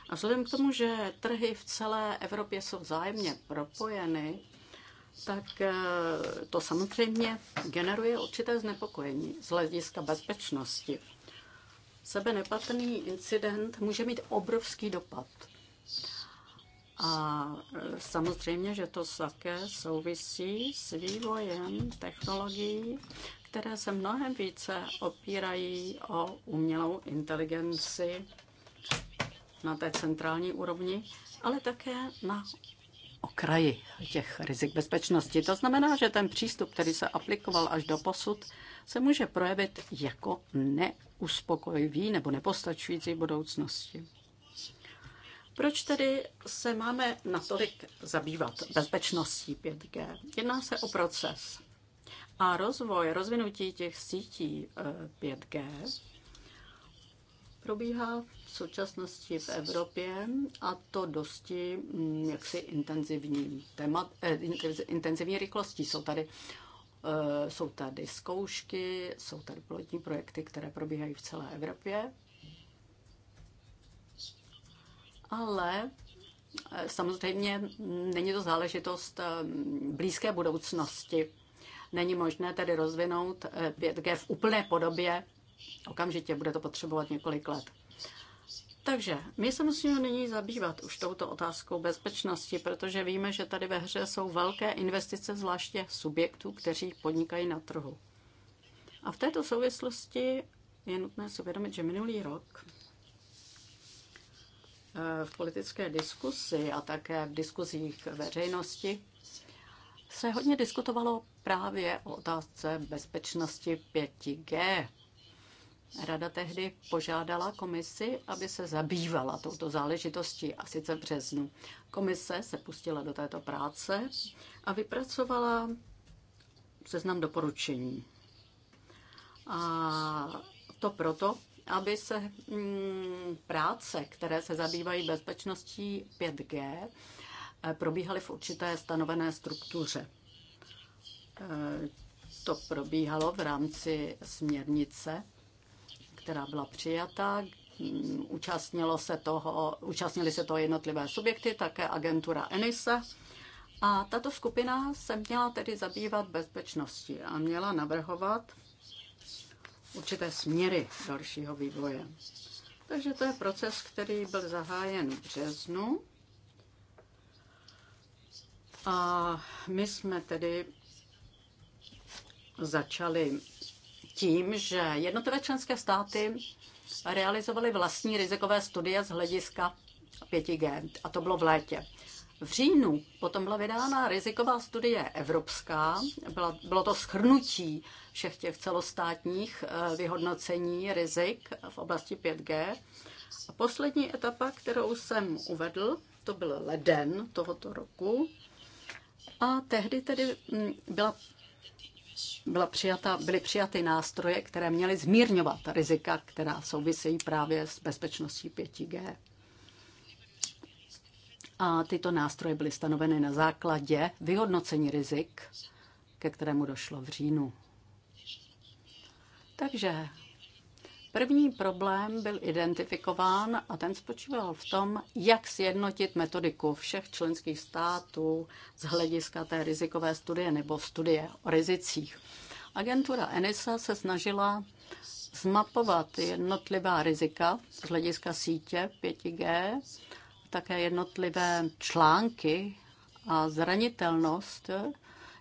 A vzhledem k tomu, že trhy v celé Evropě jsou vzájemně propojeny, tak eh, to samozřejmě generuje určité znepokojení z hlediska bezpečnosti. Sebenepatrný incident může mít obrovský dopad. A eh, samozřejmě, že to také souvisí s vývojem technologií, které se mnohem více opírají o umělou inteligenci na té centrální úrovni, ale také na okraji těch rizik bezpečnosti. To znamená, že ten přístup, který se aplikoval až do posud, se může projevit jako neuspokojivý nebo nepostačující v budoucnosti. Proč tedy se máme natolik zabývat bezpečností 5G? Jedná se o proces a rozvoj, rozvinutí těch sítí 5G eh, probíhá v současnosti v Evropě a to dosti mm, jaksi intenzivní, témat, eh, intenzivní rychlostí. Jsou tady, eh, jsou tady zkoušky, jsou tady pilotní projekty, které probíhají v celé Evropě. Ale eh, samozřejmě mm, není to záležitost eh, blízké budoucnosti Není možné tedy rozvinout 5G eh, v úplné podobě. Okamžitě bude to potřebovat několik let. Takže my se musíme nyní zabývat už touto otázkou bezpečnosti, protože víme, že tady ve hře jsou velké investice, zvláště subjektů, kteří podnikají na trhu. A v této souvislosti je nutné si uvědomit, že minulý rok eh, v politické diskusi a také v diskuzích veřejnosti se hodně diskutovalo právě o otázce bezpečnosti 5G. Rada tehdy požádala komisi, aby se zabývala touto záležitostí, a sice v březnu. Komise se pustila do této práce a vypracovala seznam doporučení. A to proto, aby se mm, práce, které se zabývají bezpečností 5G, probíhaly v určité stanovené struktuře. To probíhalo v rámci směrnice, která byla přijata. Účastnilo se toho, účastnili se toho jednotlivé subjekty, také agentura ENISA. A tato skupina se měla tedy zabývat bezpečností a měla navrhovat určité směry dalšího vývoje. Takže to je proces, který byl zahájen v březnu a my jsme tedy začali tím, že jednotlivé členské státy realizovaly vlastní rizikové studie z hlediska 5G, a to bylo v létě. V říjnu potom byla vydána riziková studie evropská, byla, bylo to schrnutí všech těch celostátních eh, vyhodnocení rizik v oblasti 5G. A poslední etapa, kterou jsem uvedl, to byl leden tohoto roku. A tehdy tedy mm, byla, byla přijata, byly přijaty nástroje, které měly zmírňovat rizika, která souvisejí právě s bezpečností 5G. A tyto nástroje byly stanoveny na základě vyhodnocení rizik, ke kterému došlo v říjnu. Takže První problém byl identifikován a ten spočíval v tom, jak sjednotit metodiku všech členských států z hlediska té rizikové studie nebo studie o rizicích. Agentura ENISA se snažila zmapovat jednotlivá rizika z hlediska sítě 5G, také jednotlivé články a zranitelnost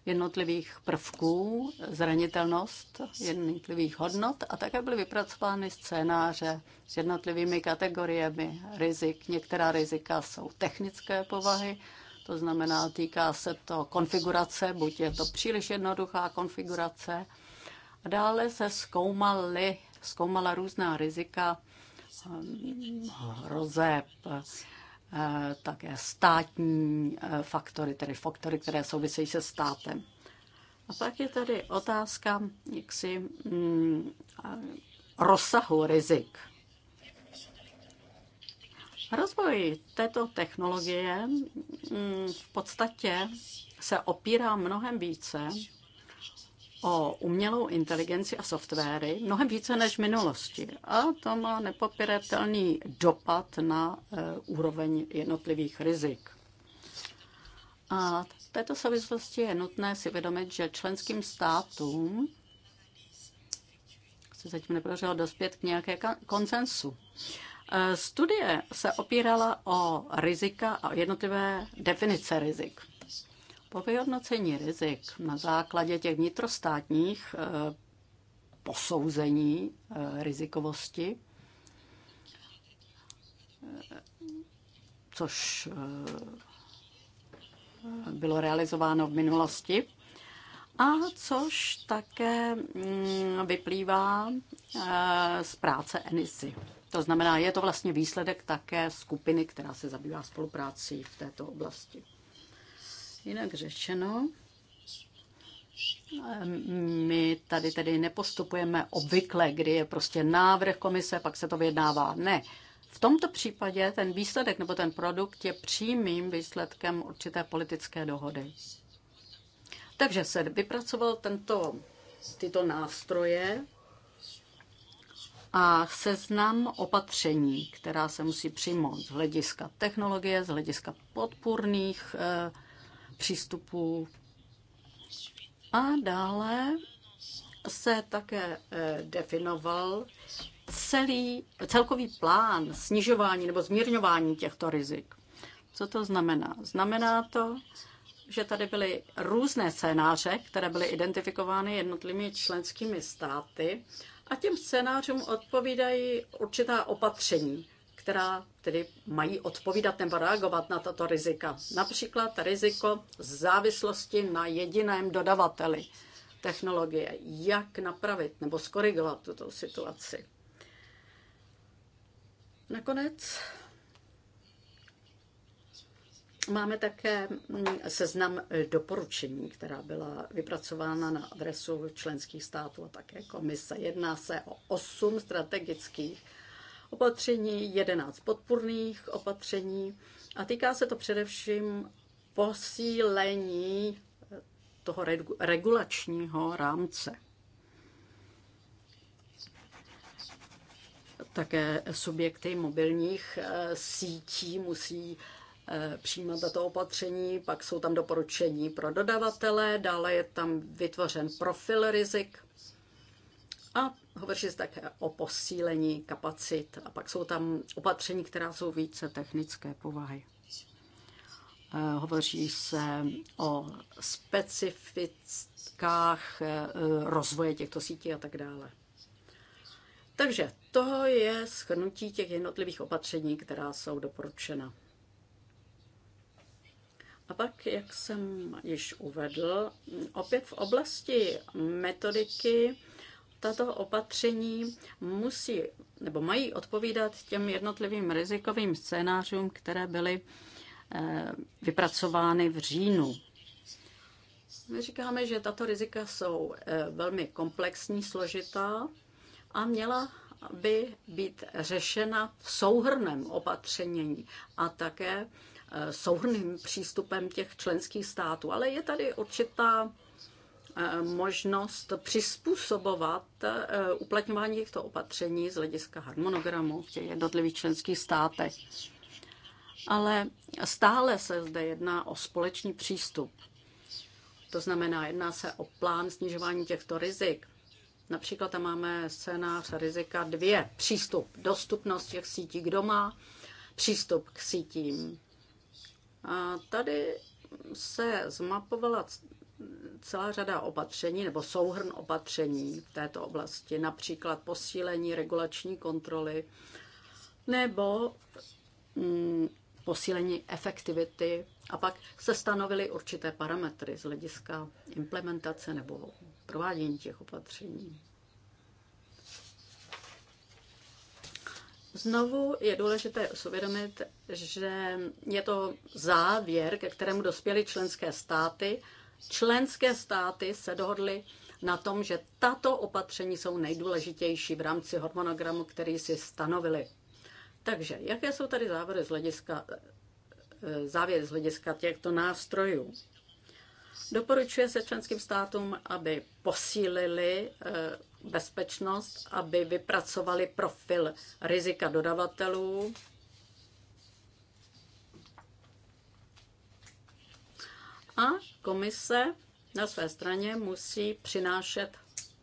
jednotlivých prvků, zranitelnost jednotlivých hodnot a také byly vypracovány scénáře s jednotlivými kategoriemi rizik. Některá rizika jsou technické povahy, to znamená, týká se to konfigurace, buď je to příliš jednoduchá konfigurace. A dále se zkoumaly, zkoumala různá rizika hm, hrozeb. Um, Eh, také státní eh, faktory, tedy faktory, které souvisejí se státem. A pak je tady otázka jaksi mm, rozsahu rizik. Rozvoj této technologie mm, v podstatě se opírá mnohem více o umělou inteligenci a softwary mnohem více než v minulosti. A to má nepopiratelný dopad na eh, úroveň jednotlivých rizik. A v této souvislosti je nutné si vědomit, že členským státům se zatím nepodařilo dospět k nějaké konsensu. Eh, studie se opírala o rizika a jednotlivé definice rizik. Po vyhodnocení rizik na základě těch vnitrostátních eh, posouzení eh, rizikovosti, eh, což bylo realizováno v minulosti, a což také mm, vyplývá z práce ENISY. To znamená, je to vlastně výsledek také skupiny, která se zabývá spoluprácí v této oblasti. Jinak řečeno, my tady tedy nepostupujeme obvykle, kdy je prostě návrh komise, pak se to vyjednává. Ne. V tomto případě ten výsledek nebo ten produkt je přímým výsledkem určité politické dohody. Takže se vypracoval tento, tyto nástroje a seznam opatření, která se musí přijmout z hlediska technologie, z hlediska podpůrných eh, přístupů. A dále se také eh, definoval celý, celkový plán snižování nebo zmírňování těchto rizik. Co to znamená? Znamená to, že tady byly různé scénáře, které byly identifikovány jednotlivými členskými státy a těm scénářům odpovídají určitá opatření která tedy mají odpovídat nebo reagovat na tato rizika. Například riziko závislosti na jediném dodavateli technologie. Jak napravit nebo skorigovat tuto situaci. Nakonec máme také seznam doporučení, která byla vypracována na adresu členských států a také komise. Jedná se o osm strategických opatření, 11 podpůrných opatření a týká se to především posílení eh, toho regulačního rámce. Také subjekty mobilních eh, sítí musí eh, přijímat tato opatření, pak jsou tam doporučení pro dodavatele, dále je tam vytvořen profil rizik a Hovoří se také o posílení kapacit a pak jsou tam opatření, která jsou více technické povahy. Eh, hovoří se o specifickách eh, rozvoje těchto sítí a tak dále. Takže to je schrnutí těch jednotlivých opatření, která jsou doporučena. A pak, jak jsem již uvedl, opět v oblasti metodiky tato opatření musí nebo mají odpovídat těm jednotlivým rizikovým scénářům, které byly eh, vypracovány v říjnu. My říkáme, že tato rizika jsou eh, velmi komplexní, složitá a měla by být řešena v souhrném opatření a také eh, souhrným přístupem těch členských států. Ale je tady určitá Eh, možnost přizpůsobovat eh, uplatňování těchto opatření z hlediska harmonogramu v těch jednotlivých členských státech. Ale stále se zde jedná o společný přístup. To znamená, jedná se o plán snižování těchto rizik. Například tam máme scénář rizika dvě. Přístup, dostupnost těch sítí, kdo má přístup k sítím. A tady se zmapovala celá řada opatření nebo souhrn opatření v této oblasti, například posílení regulační kontroly nebo mm, posílení efektivity a pak se stanovily určité parametry z hlediska implementace nebo provádění těch opatření. Znovu je důležité uvědomit, že je to závěr, ke kterému dospěly členské státy Členské státy se dohodly na tom, že tato opatření jsou nejdůležitější v rámci hormonogramu, který si stanovili. Takže jaké jsou tady závěry z hlediska, eh, závěry z hlediska těchto nástrojů? Doporučuje se členským státům, aby posílili eh, bezpečnost, aby vypracovali profil rizika dodavatelů, A komise na své straně musí přinášet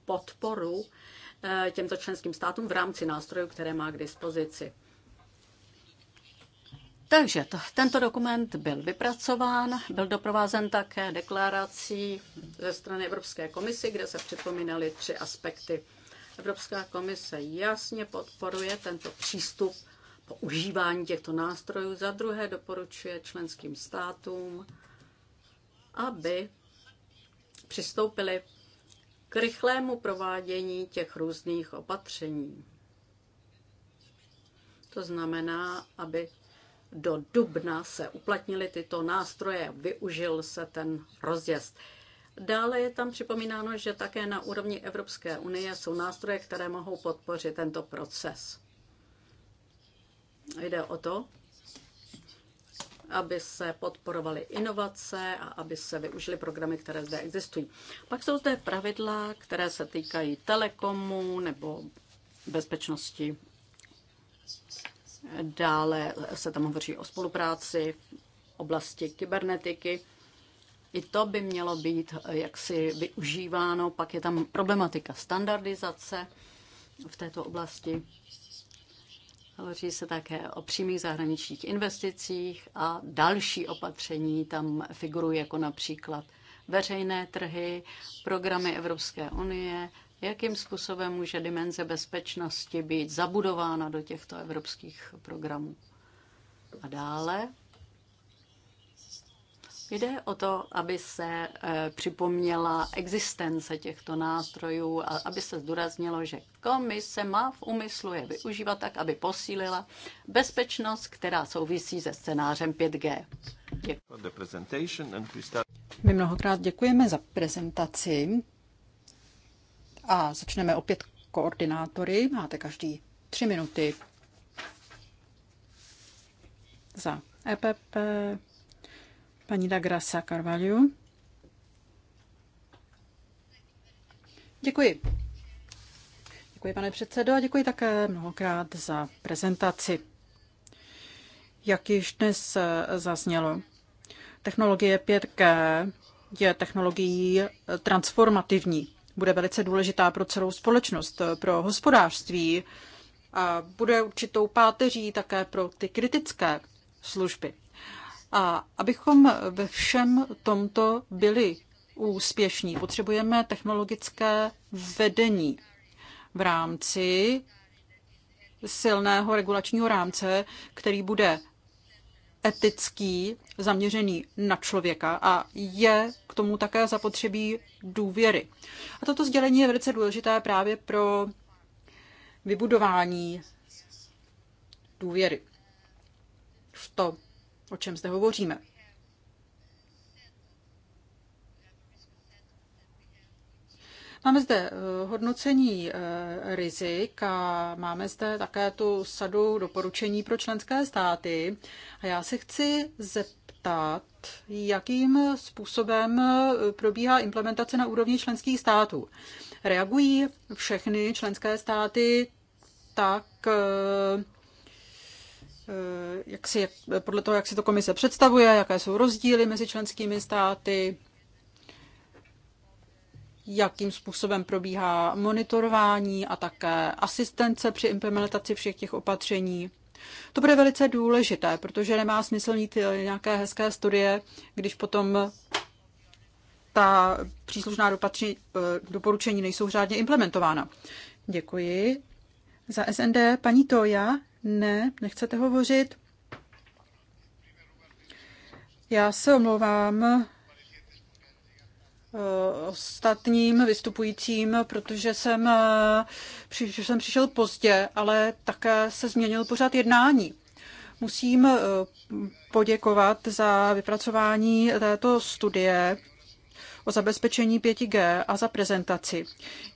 podporu eh, těmto členským státům v rámci nástrojů, které má k dispozici. Takže to, tento dokument byl vypracován, byl doprovázen také deklarací ze strany Evropské komisy, kde se připomínaly tři aspekty. Evropská komise jasně podporuje tento přístup používání těchto nástrojů. Za druhé doporučuje členským státům aby přistoupili k rychlému provádění těch různých opatření. To znamená, aby do dubna se uplatnily tyto nástroje, využil se ten rozjezd. Dále je tam připomínáno, že také na úrovni Evropské unie jsou nástroje, které mohou podpořit tento proces. Jde o to, aby se podporovaly inovace a aby se využily programy, které zde existují. Pak jsou zde pravidla, které se týkají telekomu nebo bezpečnosti. Dále se tam hovoří o spolupráci v oblasti kybernetiky. I to by mělo být jaksi využíváno. Pak je tam problematika standardizace v této oblasti. Hovoří se také o přímých zahraničních investicích a další opatření tam figurují jako například veřejné trhy, programy Evropské unie, jakým způsobem může dimenze bezpečnosti být zabudována do těchto evropských programů. A dále Jde o to, aby se eh, připomněla existence těchto nástrojů a aby se zdůraznilo, že komise má v úmyslu je využívat tak, aby posílila bezpečnost, která souvisí se scénářem 5G. Děkuji. My mnohokrát děkujeme za prezentaci a začneme opět koordinátory. Máte každý tři minuty za EPP, Paní Dagrasa Carvalho. Děkuji. Děkuji, pane předsedo, a děkuji také mnohokrát za prezentaci. Jak již dnes eh, zaznělo, technologie 5G je technologií eh, transformativní. Bude velice důležitá pro celou společnost, eh, pro hospodářství a bude určitou páteří také pro ty kritické služby. A abychom ve všem tomto byli úspěšní, potřebujeme technologické vedení v rámci silného regulačního rámce, který bude etický, zaměřený na člověka a je k tomu také zapotřebí důvěry. A toto sdělení je velice důležité právě pro vybudování důvěry v to, o čem zde hovoříme. Máme zde eh, hodnocení eh, rizik a máme zde také tu sadu doporučení pro členské státy. A já se chci zeptat, jakým způsobem eh, probíhá implementace na úrovni členských států. Reagují všechny členské státy tak, Eh, jak si, podle toho, jak si to komise představuje, jaké jsou rozdíly mezi členskými státy, jakým způsobem probíhá monitorování a také asistence při implementaci všech těch opatření. To bude velice důležité, protože nemá smysl mít eh, nějaké hezké studie, když potom ta příslušná eh, doporučení nejsou řádně implementována. Děkuji. Za SND paní Toja ne, nechcete hovořit? Já se omlouvám eh, ostatním vystupujícím, protože jsem, eh, že jsem přišel pozdě, ale také se změnil pořád jednání. Musím eh, poděkovat za vypracování této studie o zabezpečení 5G a za prezentaci.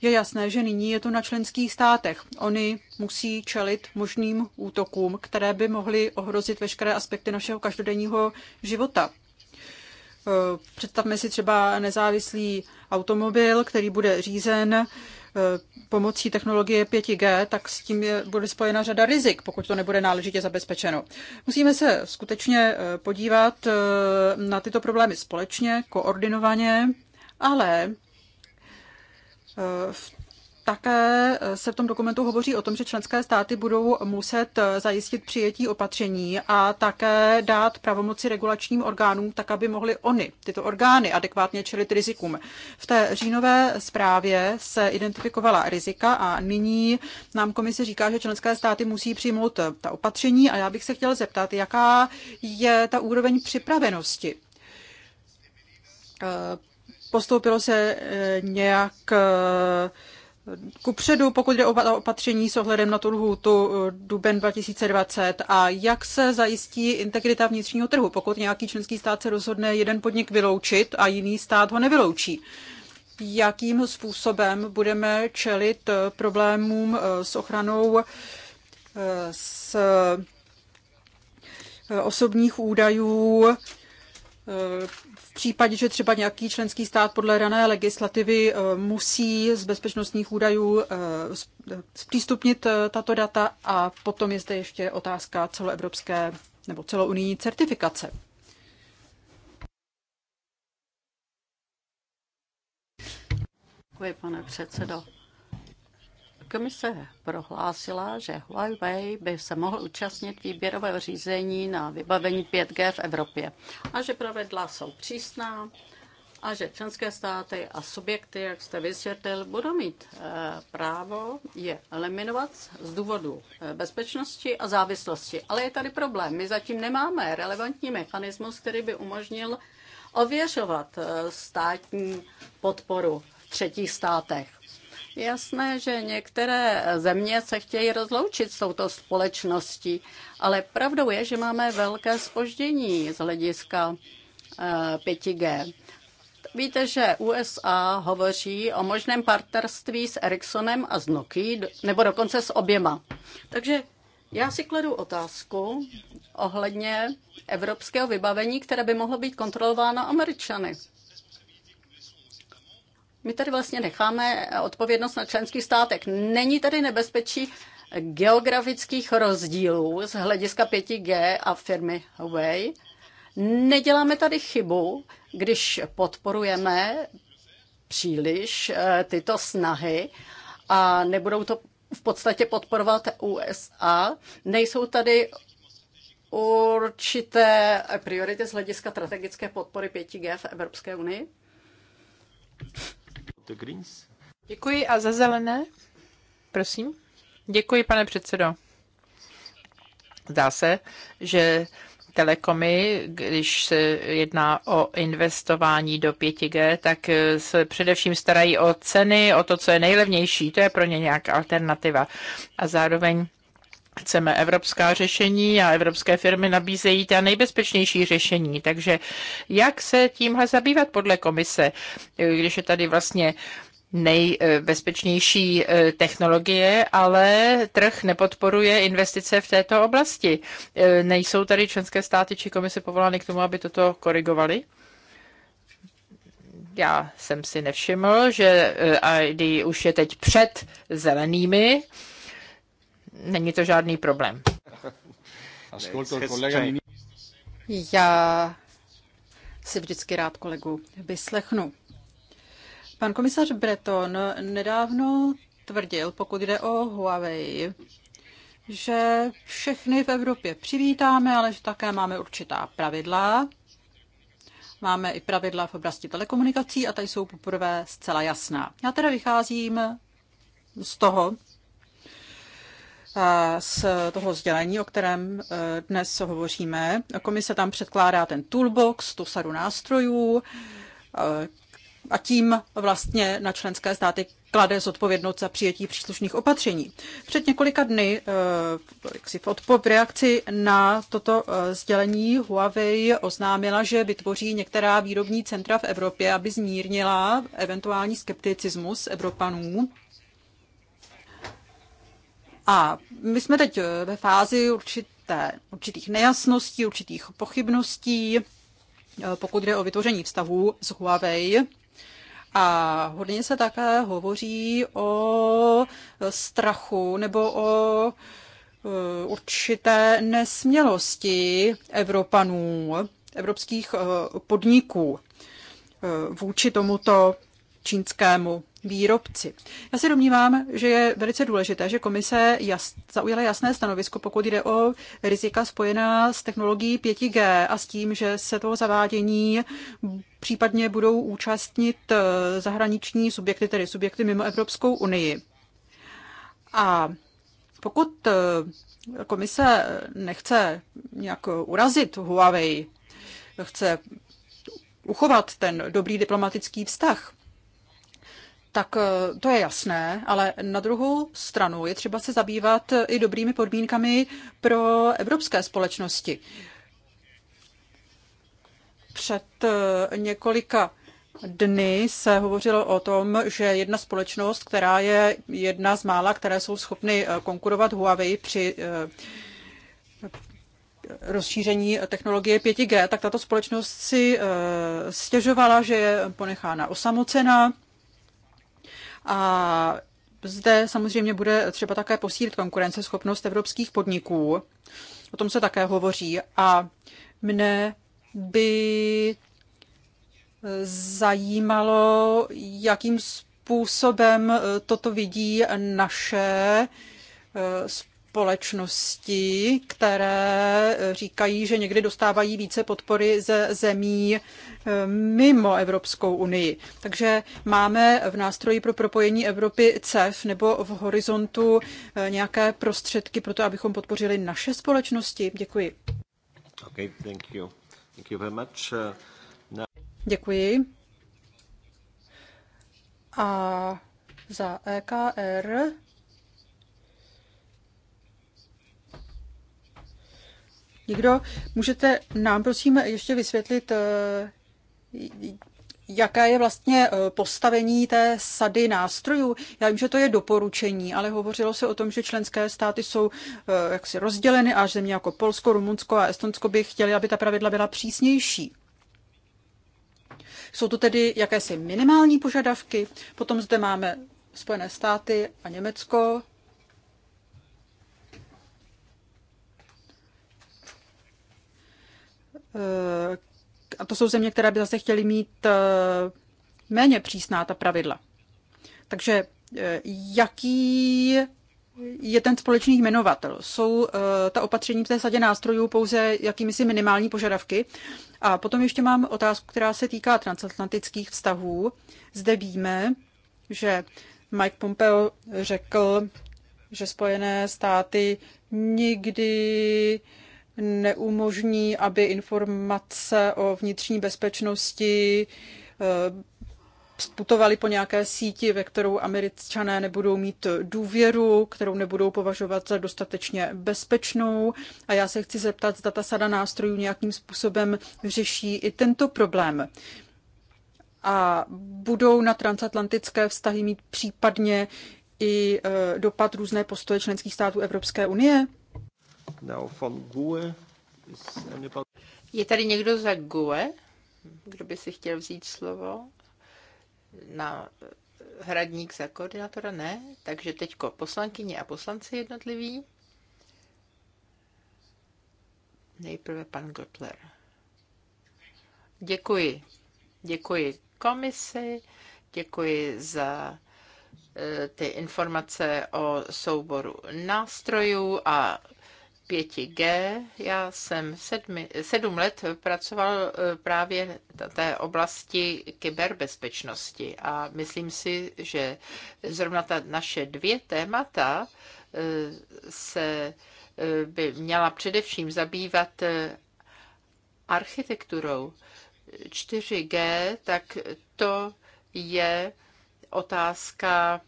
Je jasné, že nyní je to na členských státech. Oni musí čelit možným útokům, které by mohly ohrozit veškeré aspekty našeho každodenního života. Eh, představme si třeba nezávislý automobil, který bude řízen eh, pomocí technologie 5G, tak s tím je, bude spojena řada rizik, pokud to nebude náležitě zabezpečeno. Musíme se skutečně eh, podívat na tyto problémy společně, koordinovaně ale eh, v také se v tom dokumentu hovoří o tom, že členské státy budou muset eh, zajistit přijetí opatření a také dát pravomoci regulačním orgánům, tak aby mohly oni, tyto orgány, adekvátně čelit rizikům. V té říjnové zprávě se identifikovala rizika a nyní nám komise říká, že členské státy musí přijmout eh, ta opatření a já bych se chtěl zeptat, jaká je ta úroveň připravenosti postoupilo se eh, nějak eh, kupředu, pokud jde o opatření s ohledem na tu lhůtu eh, duben 2020 a jak se zajistí integrita vnitřního trhu, pokud nějaký členský stát se rozhodne jeden podnik vyloučit a jiný stát ho nevyloučí. Jakým způsobem budeme čelit problémům s ochranou s osobních údajů případě, že třeba nějaký členský stát podle rané legislativy eh, musí z bezpečnostních údajů eh, zpřístupnit eh, tato data a potom je zde ještě otázka celoevropské nebo celounijní certifikace. Děkuji, pane předsedo. Komise prohlásila, že Huawei by se mohl účastnit výběrového řízení na vybavení 5G v Evropě a že pravidla jsou přísná a že členské státy a subjekty, jak jste vysvětlil, budou mít eh, právo je eliminovat z důvodu eh, bezpečnosti a závislosti. Ale je tady problém. My zatím nemáme relevantní mechanismus, který by umožnil ověřovat eh, státní podporu v třetích státech jasné, že některé země se chtějí rozloučit s touto společností, ale pravdou je, že máme velké spoždění z hlediska 5G. Eh, Víte, že USA hovoří o možném partnerství s Ericssonem a s Nokia, nebo dokonce s oběma. Takže já si kladu otázku ohledně evropského vybavení, které by mohlo být kontrolováno Američany. My tady vlastně necháme eh, odpovědnost na členských státek. Není tady nebezpečí geografických rozdílů z hlediska 5G a firmy Huawei. Neděláme tady chybu, když podporujeme příliš eh, tyto snahy a nebudou to v podstatě podporovat USA. Nejsou tady určité priority z hlediska strategické podpory 5G v Evropské unii? the Greens. Děkuji a za zelené, prosím. Děkuji, pane předsedo. Zdá se, že telekomy, když se jedná o investování do 5G, tak se především starají o ceny, o to, co je nejlevnější. To je pro ně nějaká alternativa. A zároveň Chceme evropská řešení a evropské firmy nabízejí ta nejbezpečnější řešení. Takže jak se tímhle zabývat podle komise, když je tady vlastně nejbezpečnější eh, technologie, ale trh nepodporuje investice v této oblasti. Eh, nejsou tady členské státy či komise povolány k tomu, aby toto korigovali? Já jsem si nevšiml, že eh, ID už je teď před zelenými, není to žádný problém. Já si vždycky rád kolegu vyslechnu. Pan komisař Breton nedávno tvrdil, pokud jde o Huawei, že všechny v Evropě přivítáme, ale že také máme určitá pravidla. Máme i pravidla v oblasti telekomunikací a tady jsou poprvé zcela jasná. Já teda vycházím z toho, z toho sdělení, o kterém e, dnes hovoříme. Komise tam předkládá ten toolbox, tu sadu nástrojů e, a tím vlastně na členské státy klade zodpovědnost za přijetí příslušných opatření. Před několika dny e, v, v reakci na toto sdělení Huawei oznámila, že vytvoří některá výrobní centra v Evropě, aby zmírnila eventuální skepticismus Evropanů a my jsme teď eh, ve fázi určité, určitých nejasností, určitých pochybností, eh, pokud jde o vytvoření vztahů s Huawei. A hodně se také hovoří o eh, strachu nebo o určité nesmělosti Evropanů, evropských podniků vůči tomuto čínskému výrobci. Já se domnívám, že je velice důležité, že komise jas, zaujala jasné stanovisko, pokud jde o rizika spojená s technologií 5G a s tím, že se toho zavádění případně budou účastnit eh, zahraniční subjekty, tedy subjekty mimo Evropskou unii. A pokud eh, komise nechce nějak urazit Huawei, chce uchovat ten dobrý diplomatický vztah, tak eh, to je jasné, ale na druhou stranu je třeba se zabývat eh, i dobrými podmínkami pro evropské společnosti. Před eh, několika dny se hovořilo o tom, že jedna společnost, která je jedna z mála, které jsou schopny konkurovat Huawei při rozšíření technologie 5G, tak tato společnost si stěžovala, že je ponechána osamocena a zde samozřejmě bude třeba také posílit konkurenceschopnost evropských podniků. O tom se také hovoří. A mne by zajímalo, jakým způsobem toto vidí naše společností, které eh, říkají, že někdy dostávají více podpory ze zemí eh, mimo Evropskou unii. Takže máme v nástroji pro propojení Evropy CEF nebo v horizontu eh, nějaké prostředky pro to, abychom podpořili naše společnosti. Děkuji. Okay, thank you. Thank you very much. Now... Děkuji. A za EKR Nikdo? Můžete nám prosím ještě vysvětlit, eh, jaké je vlastně eh, postavení té sady nástrojů. Já vím, že to je doporučení, ale hovořilo se o tom, že členské státy jsou eh, jaksi rozděleny a země jako Polsko, Rumunsko a Estonsko by chtěli, aby ta pravidla byla přísnější. Jsou to tedy jakési minimální požadavky, potom zde máme Spojené státy a Německo, Eh, a to jsou země, které by zase chtěly mít eh, méně přísná ta pravidla. Takže eh, jaký je ten společný jmenovatel? Jsou ta opatření v té sadě nástrojů pouze jakými si minimální požadavky? A potom ještě mám otázku, která se týká transatlantických vztahů. Zde víme, že Mike Pompeo řekl, že Spojené státy nikdy uh, neumožní, aby informace o vnitřní bezpečnosti eh, sputovali po nějaké síti, ve kterou američané nebudou mít důvěru, kterou nebudou považovat za dostatečně bezpečnou. A já se chci zeptat, zda ta sada nástrojů nějakým způsobem řeší i tento problém. A budou na transatlantické vztahy mít případně i eh, dopad různé postoje členských států Evropské unie? Now GUE, is eh, anybody... Je tady někdo za GUE, kdo by si chtěl vzít slovo? Na eh, hradník za koordinátora ne, takže teďko poslankyně a poslanci jednotliví. Nejprve pan Gottler. Děkuji. Děkuji komisi, děkuji za eh, ty informace o souboru nástrojů a 5G. Já jsem sedmi, sedm let pracoval eh, právě v té oblasti kyberbezpečnosti a myslím si, že zrovna ta naše dvě témata eh, se eh, by měla především zabývat architekturou 4G, tak to je otázka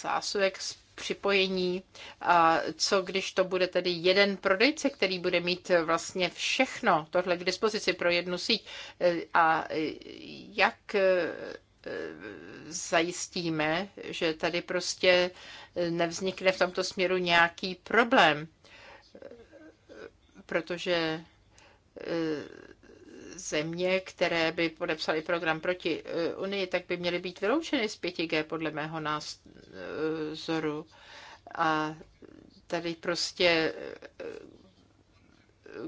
zásuvek připojení. A co když to bude tedy jeden prodejce, který bude mít vlastně všechno tohle k dispozici pro jednu síť? A jak e, zajistíme, že tady prostě nevznikne v tomto směru nějaký problém? Protože e, země, které by podepsaly program proti eh, Unii, tak by měly být vyloučeny z 5G podle mého názoru. A tady prostě eh,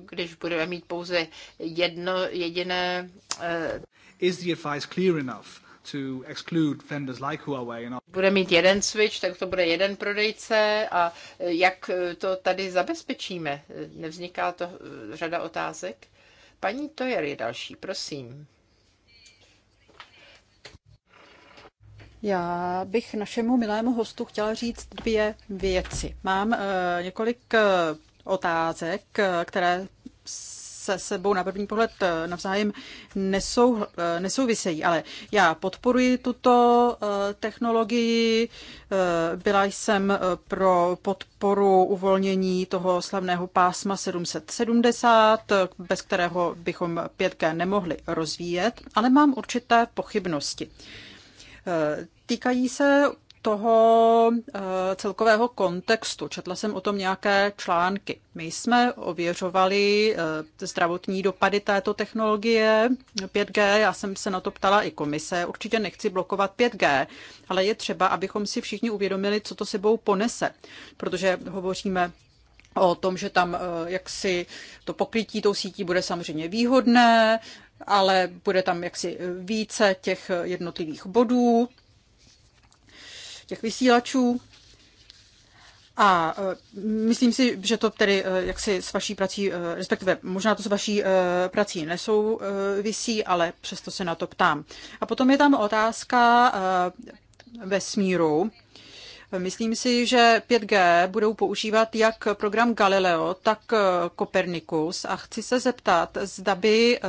když budeme mít pouze jedno jediné eh, Is the advice clear enough? to exclude vendors like Huawei. Bude mít jeden switch, tak to bude jeden prodejce a jak to tady zabezpečíme? Nevzniká to řada otázek? Paní Tojer je další, prosím. Já bych našemu milému hostu chtěla říct dvě věci. Mám eh, několik eh, otázek, eh, které se sebou na první pohled eh, navzájem nesou, eh, nesouvisejí, ale já podporuji tuto eh, technologii. Byla jsem pro podporu uvolnění toho slavného pásma 770, bez kterého bychom 5G nemohli rozvíjet, ale mám určité pochybnosti. Týkají se toho eh, celkového kontextu. Četla jsem o tom nějaké články. My jsme ověřovali eh, zdravotní dopady této technologie 5G. Já jsem se na to ptala i komise. Určitě nechci blokovat 5G, ale je třeba, abychom si všichni uvědomili, co to sebou ponese, protože hovoříme o tom, že tam eh, jaksi to pokrytí tou sítí bude samozřejmě výhodné, ale bude tam jaksi více těch jednotlivých bodů těch vysílačů. A e, myslím si, že to tedy e, jaksi s vaší prací, e, respektive možná to s vaší prací nesouvisí, ale přesto se na to ptám. A potom je tam otázka ve smíru. Myslím si, že 5G budou používat jak program Galileo, tak eh, Copernicus a chci se zeptat, zda by eh,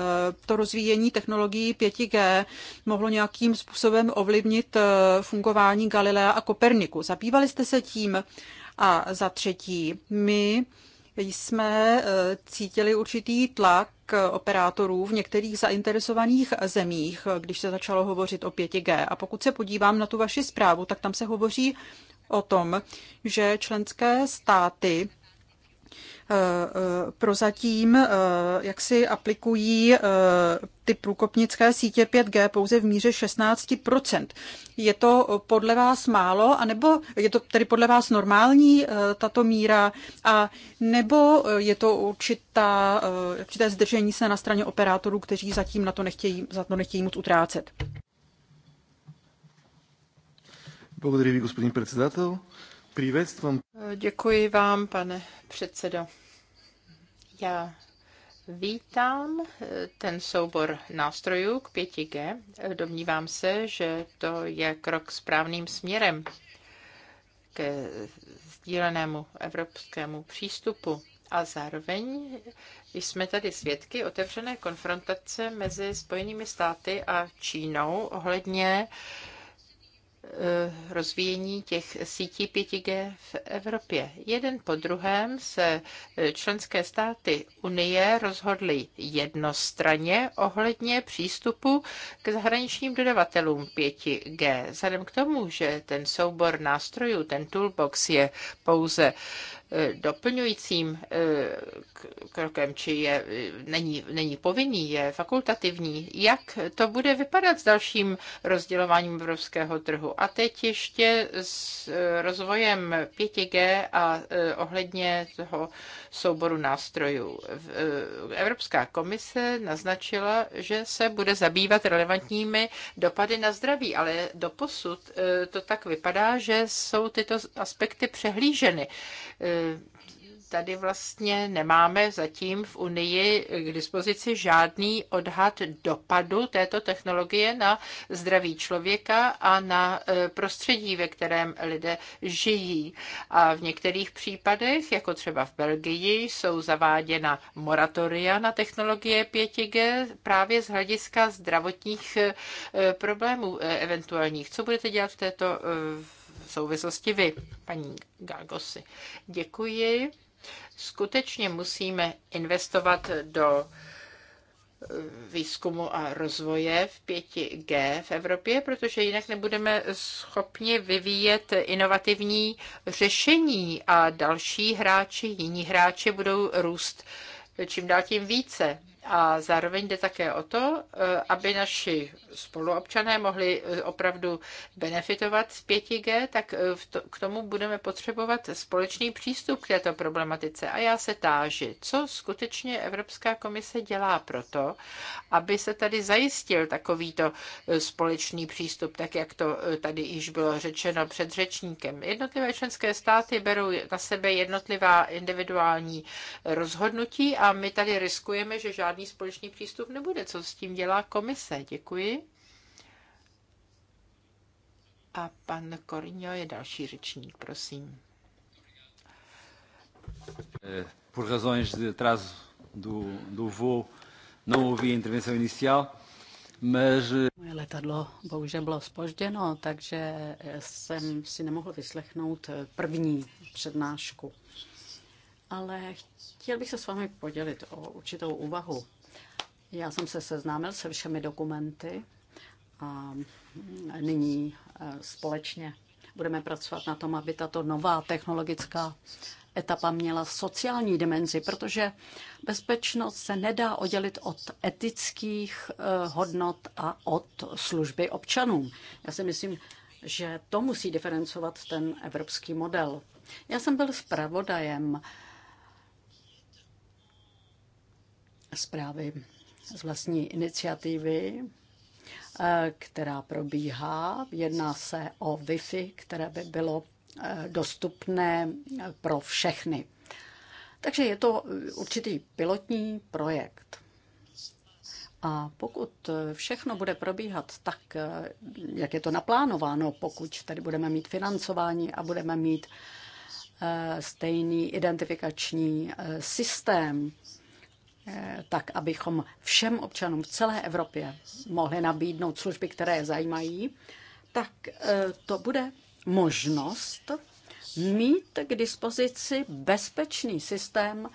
to rozvíjení technologií 5G mohlo nějakým způsobem ovlivnit eh, fungování Galilea a Copernicus. Zabývali jste se tím a za třetí, my jsme cítili určitý tlak operátorů v některých zainteresovaných zemích, když se začalo hovořit o 5G. A pokud se podívám na tu vaši zprávu, tak tam se hovoří o tom, že členské státy eh, eh, prozatím eh, jak si aplikují ty průkopnické sítě 5G pouze v míře 16%. Je to podle vás málo, anebo je to tedy podle vás normální tato míra, a nebo je to určitá, určité zdržení se na straně operátorů, kteří zatím na to nechtějí, za to nechtějí moc utrácet? Благодаря ви, господин председател. Приветствам. Děkuji vám, pane předsedo. Já Vítám eh, ten soubor nástrojů k 5G. Domnívám se, že to je krok správným směrem ke sdílenému evropskému přístupu. A zároveň jsme tady svědky otevřené konfrontace mezi Spojenými státy a Čínou ohledně Eh, rozvíjení těch sítí 5G v Evropě. Jeden po druhém se eh, členské státy Unie rozhodly jednostranně ohledně přístupu k zahraničním dodavatelům 5G. Vzhledem k tomu, že ten soubor nástrojů, ten toolbox je pouze Eh, doplňujícím eh, krokem, či je, eh, není, není povinný, je fakultativní. Jak to bude vypadat s dalším rozdělováním evropského trhu? A teď ještě s rozvojem 5G a ohledně toho souboru nástrojů. Evropská komise naznačila, že se bude zabývat relevantními dopady na zdraví, ale doposud to tak vypadá, že jsou tyto aspekty přehlíženy tady vlastně nemáme zatím v Unii k dispozici žádný odhad dopadu této technologie na zdraví člověka a na e, prostředí, ve kterém lidé žijí. A v některých případech, jako třeba v Belgii, jsou zaváděna moratoria na technologie 5G právě z hlediska zdravotních e, problémů e, eventuálních. Co budete dělat v této v souvislosti vy, paní Gagosi. Děkuji. Skutečně musíme investovat do eh, výzkumu a rozvoje v 5G v Evropě, protože jinak nebudeme schopni vyvíjet inovativní řešení a další hráči, jiní hráči budou růst čím dál tím více. A zároveň jde také o to, eh, aby naši spoluobčané mohli eh, opravdu benefitovat z 5G, tak eh, k tomu budeme potřebovat společný přístup k této problematice. A já se táži, co skutečně Evropská komise dělá pro to, aby se tady zajistil takovýto společný přístup, tak jak to tady již bylo řečeno před řečníkem. Jednotlivé členské státy berou na sebe jednotlivá individuální rozhodnutí a my tady riskujeme, že žádný žádný společný přístup nebude. Co s tím dělá komise? Děkuji. A pan Korňo je další řečník, prosím. Eh, por razões de atraso do, do voo, não ouvi a intervenção inicial, mas... Eh, Moje letadlo bohužel bylo spožděno, takže jsem si nemohl vyslechnout eh, první přednášku ale chtěl bych se s vámi podělit o určitou úvahu. Já jsem se seznámil se všemi dokumenty a nyní e, společně budeme pracovat na tom, aby tato nová technologická etapa měla sociální dimenzi, protože bezpečnost se nedá oddělit od etických e, hodnot a od služby občanům. Já si myslím, že to musí diferencovat ten evropský model. Já jsem byl zpravodajem zprávy z vlastní iniciativy, eh, která probíhá. Jedná se o Wi-Fi, které by bylo eh, dostupné eh, pro všechny. Takže je to určitý pilotní projekt. A pokud všechno bude probíhat tak, jak je to naplánováno, pokud tady budeme mít financování a budeme mít stejný identifikační systém, Eh, tak abychom všem občanům v celé Evropě mohli nabídnout služby, které je zajímají, tak eh, to bude možnost mít k dispozici bezpečný systém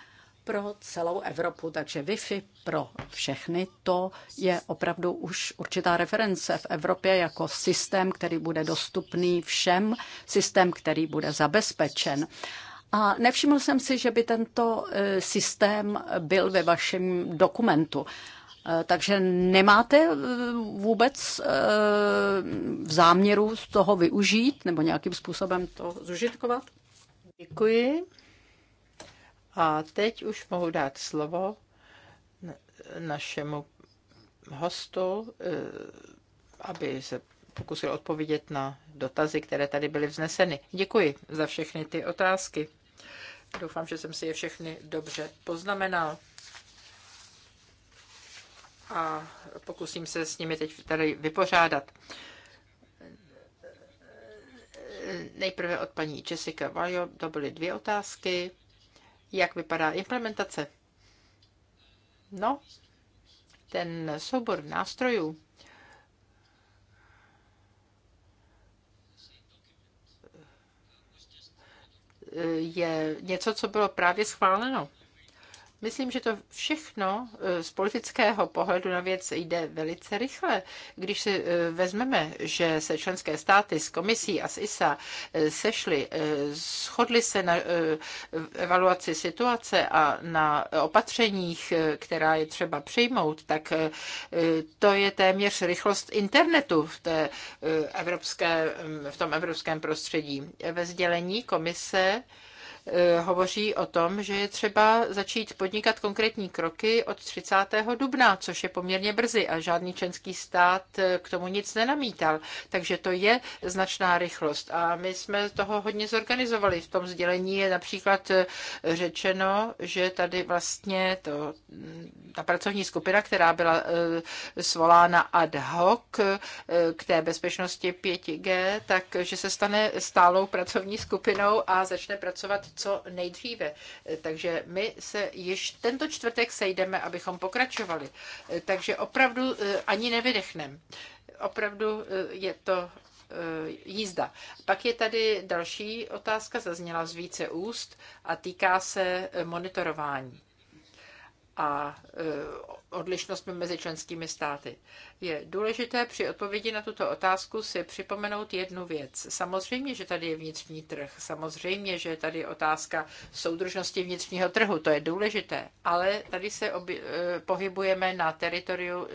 pro celou Evropu. Takže Wi-Fi pro všechny, to je opravdu už určitá reference v Evropě jako systém, který bude dostupný všem, systém, který bude zabezpečen. A nevšiml jsem si, že by tento e, systém byl ve vašem dokumentu. E, takže nemáte e, vůbec v záměru z toho využít nebo nějakým způsobem to zužitkovat? Děkuji. A teď už mohu dát slovo našemu hostu, aby se pokusil odpovědět na dotazy, které tady byly vzneseny. Děkuji za všechny ty otázky. Doufám, že jsem si je všechny dobře poznamenal. A pokusím se s nimi teď tady vypořádat. Nejprve od paní Jessica Vajo, to byly dvě otázky. Jak vypadá implementace? No, ten soubor nástrojů, je něco, co bylo právě schváleno. Myslím, že to všechno eh, z politického pohledu na věc jde velice rychle. Když si eh, vezmeme, že se členské státy s komisí a s ISA eh, sešly, shodly se na evaluaci situace a na opatřeních, která je třeba přijmout, tak to je téměř rychlost internetu v, té evropské, v tom evropském prostředí. Ve sdělení komise Eh, hovoří o tom, že je třeba začít podnikat konkrétní kroky od 30. dubna, což je poměrně brzy a žádný členský stát eh, k tomu nic nenamítal. Takže to je značná rychlost. A my jsme toho hodně zorganizovali. V tom sdělení je například eh, řečeno, že tady vlastně to, mm, ta pracovní skupina, která byla svolána ad hoc k té bezpečnosti 5G, takže se stane stálou pracovní skupinou a začne pracovat co nejdříve. Takže my se již tento čtvrtek sejdeme, abychom pokračovali. Takže opravdu eh, ani nevydechneme. Opravdu eh, je to eh, jízda. Pak je tady další otázka, zazněla z více úst a týká se monitorování a odlišnost mezi členskými státy. Je důležité při odpovědi na tuto otázku si připomenout jednu věc. Samozřejmě, že tady je vnitřní trh, samozřejmě, že je tady otázka soudržnosti vnitřního trhu, to je důležité, ale tady se obi- eh, pohybujeme na teritoriu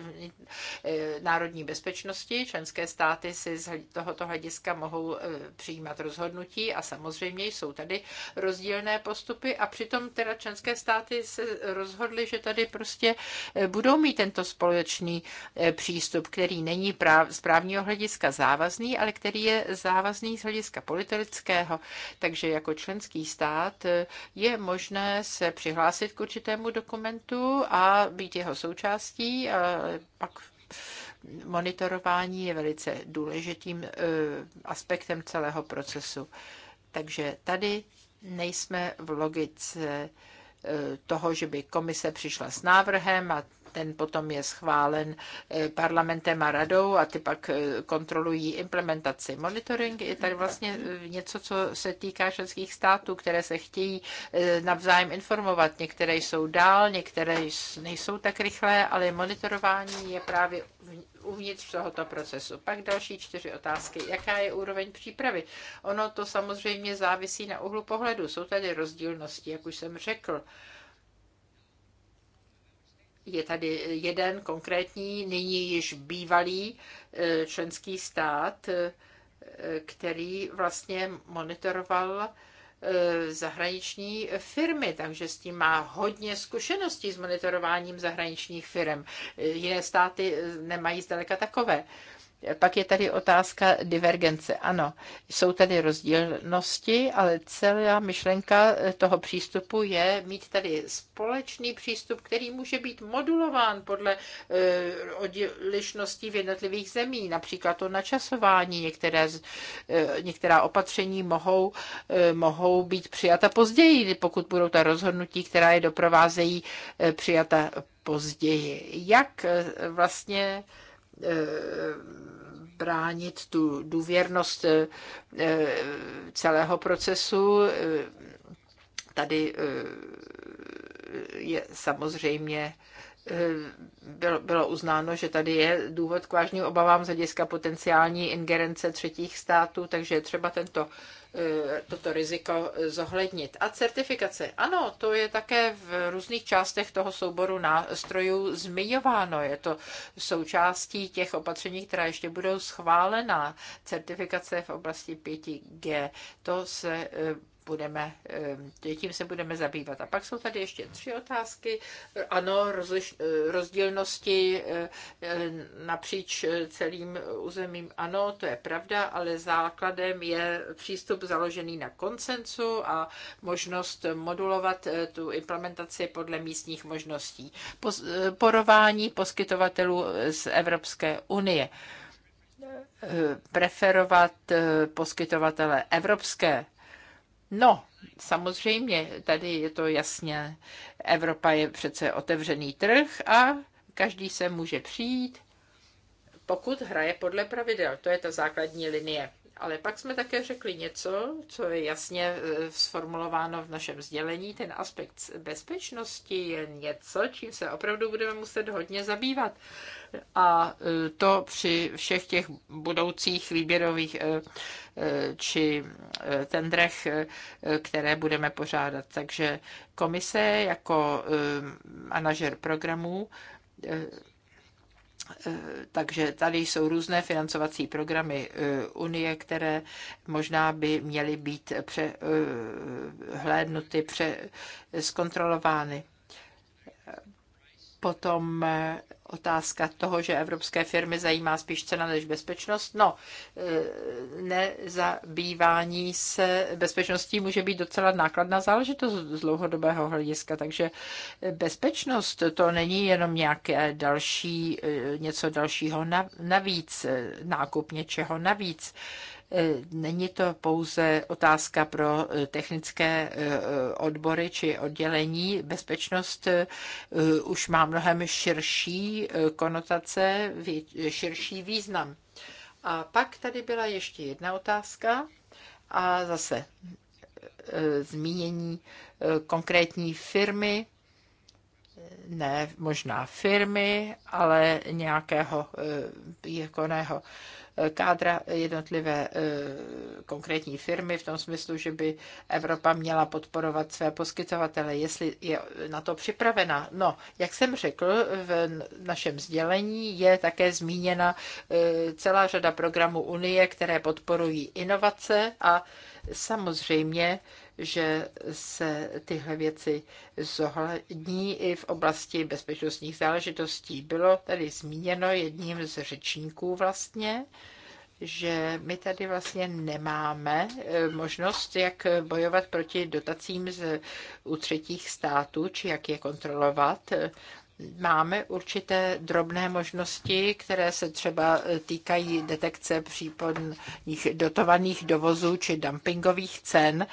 eh, národní bezpečnosti. Členské státy si z tohoto hlediska mohou eh, přijímat rozhodnutí a samozřejmě jsou tady rozdílné postupy a přitom teda členské státy se rozhodly, že tady prostě budou mít tento společný příklad přístup, který není práv, z právního hlediska závazný, ale který je závazný z hlediska politického. Takže jako členský stát eh, je možné se přihlásit k určitému dokumentu a být jeho součástí a pak monitorování je velice důležitým eh, aspektem celého procesu. Takže tady nejsme v logice eh, toho, že by komise přišla s návrhem a ten potom je schválen eh, parlamentem a radou a ty pak eh, kontrolují implementaci. Monitoring je tak vlastně eh, něco, co se týká členských států, které se chtějí navzájem informovat. Některé jsou dál, některé nejsou tak rychlé, ale monitorování je právě uvnitř tohoto procesu. Pak další čtyři otázky. Jaká je úroveň přípravy? Ono to samozřejmě závisí na úhlu pohledu. Jsou tady rozdílnosti, jak už jsem řekl je tady jeden konkrétní, nyní již bývalý e, členský stát, e, který vlastně monitoroval e, zahraniční firmy, takže s tím má hodně zkušeností s monitorováním zahraničních firm. Jiné státy nemají zdaleka takové pak je tady otázka divergence. Ano, jsou tady rozdílnosti, ale celá myšlenka toho přístupu je mít tady společný přístup, který může být modulován podle eh, odlišností v jednotlivých zemí. Například to načasování. Některé, eh, některá opatření mohou, eh, mohou být přijata později, pokud budou ta rozhodnutí, která je doprovázejí, přijata později. Jak vlastně Eh, bránit tu důvěrnost eh, celého procesu. Eh, tady je samozřejmě bylo uznáno, že tady je důvod k vážným obavám z hlediska potenciální ingerence třetích států, takže je třeba tento, eh, toto riziko zohlednit. A certifikace. Ano, to je také v různých částech toho souboru nástrojů zmiňováno. Je to součástí těch opatření, která ještě budou schválená. Certifikace v oblasti 5G. To se eh, budeme, eh, tím se budeme zabývat. A pak jsou tady ještě tři otázky. Ano, rozliš, eh, rozdílnosti eh, napříč celým územím, ano, to je pravda, ale základem je přístup založený na koncensu a možnost modulovat tu implementaci podle místních možností. Porování poskytovatelů z Evropské unie preferovat poskytovatele evropské No, samozřejmě, tady je to jasně. Evropa je přece otevřený trh a každý se může přijít, pokud hraje podle pravidel. To je ta základní linie. Ale pak jsme také řekli něco, co je jasně e, sformulováno v našem sdělení. Ten aspekt bezpečnosti je něco, čím se opravdu budeme muset hodně zabývat. A e, to při všech těch budoucích výběrových e, či tendrech, které budeme pořádat. Takže komise jako manažer programů Eh, takže tady jsou různé financovací programy eh, Unie, které možná by měly být přehlédnuty, eh, pře, zkontrolovány. Potom eh, otázka toho, že evropské firmy zajímá spíš cena než bezpečnost. No, eh, nezabývání se bezpečností může být docela nákladná záležitost z dlouhodobého hlediska, takže bezpečnost to není jenom nějaké další, eh, něco dalšího navíc, nákup něčeho navíc. Eh, není to pouze otázka pro eh, technické eh, odbory či oddělení. Bezpečnost už má mnohem širší konotace, širší význam. A pak tady byla ještě jedna otázka a zase zmínění konkrétní firmy, ne možná firmy, ale nějakého výkonného kádra jednotlivé eh, konkrétní firmy v tom smyslu, že by Evropa měla podporovat své poskytovatele, jestli je na to připravena. No, jak jsem řekl, v našem sdělení je také zmíněna eh, celá řada programů Unie, které podporují inovace a samozřejmě že se tyhle věci zohlední i v oblasti bezpečnostních záležitostí. Bylo tady zmíněno jedním z řečníků vlastně, že my tady vlastně nemáme e, možnost, jak bojovat proti dotacím z, u třetích států, či jak je kontrolovat. Máme určité drobné možnosti, které se třeba e, týkají detekce případných dotovaných dovozů či dumpingových cen,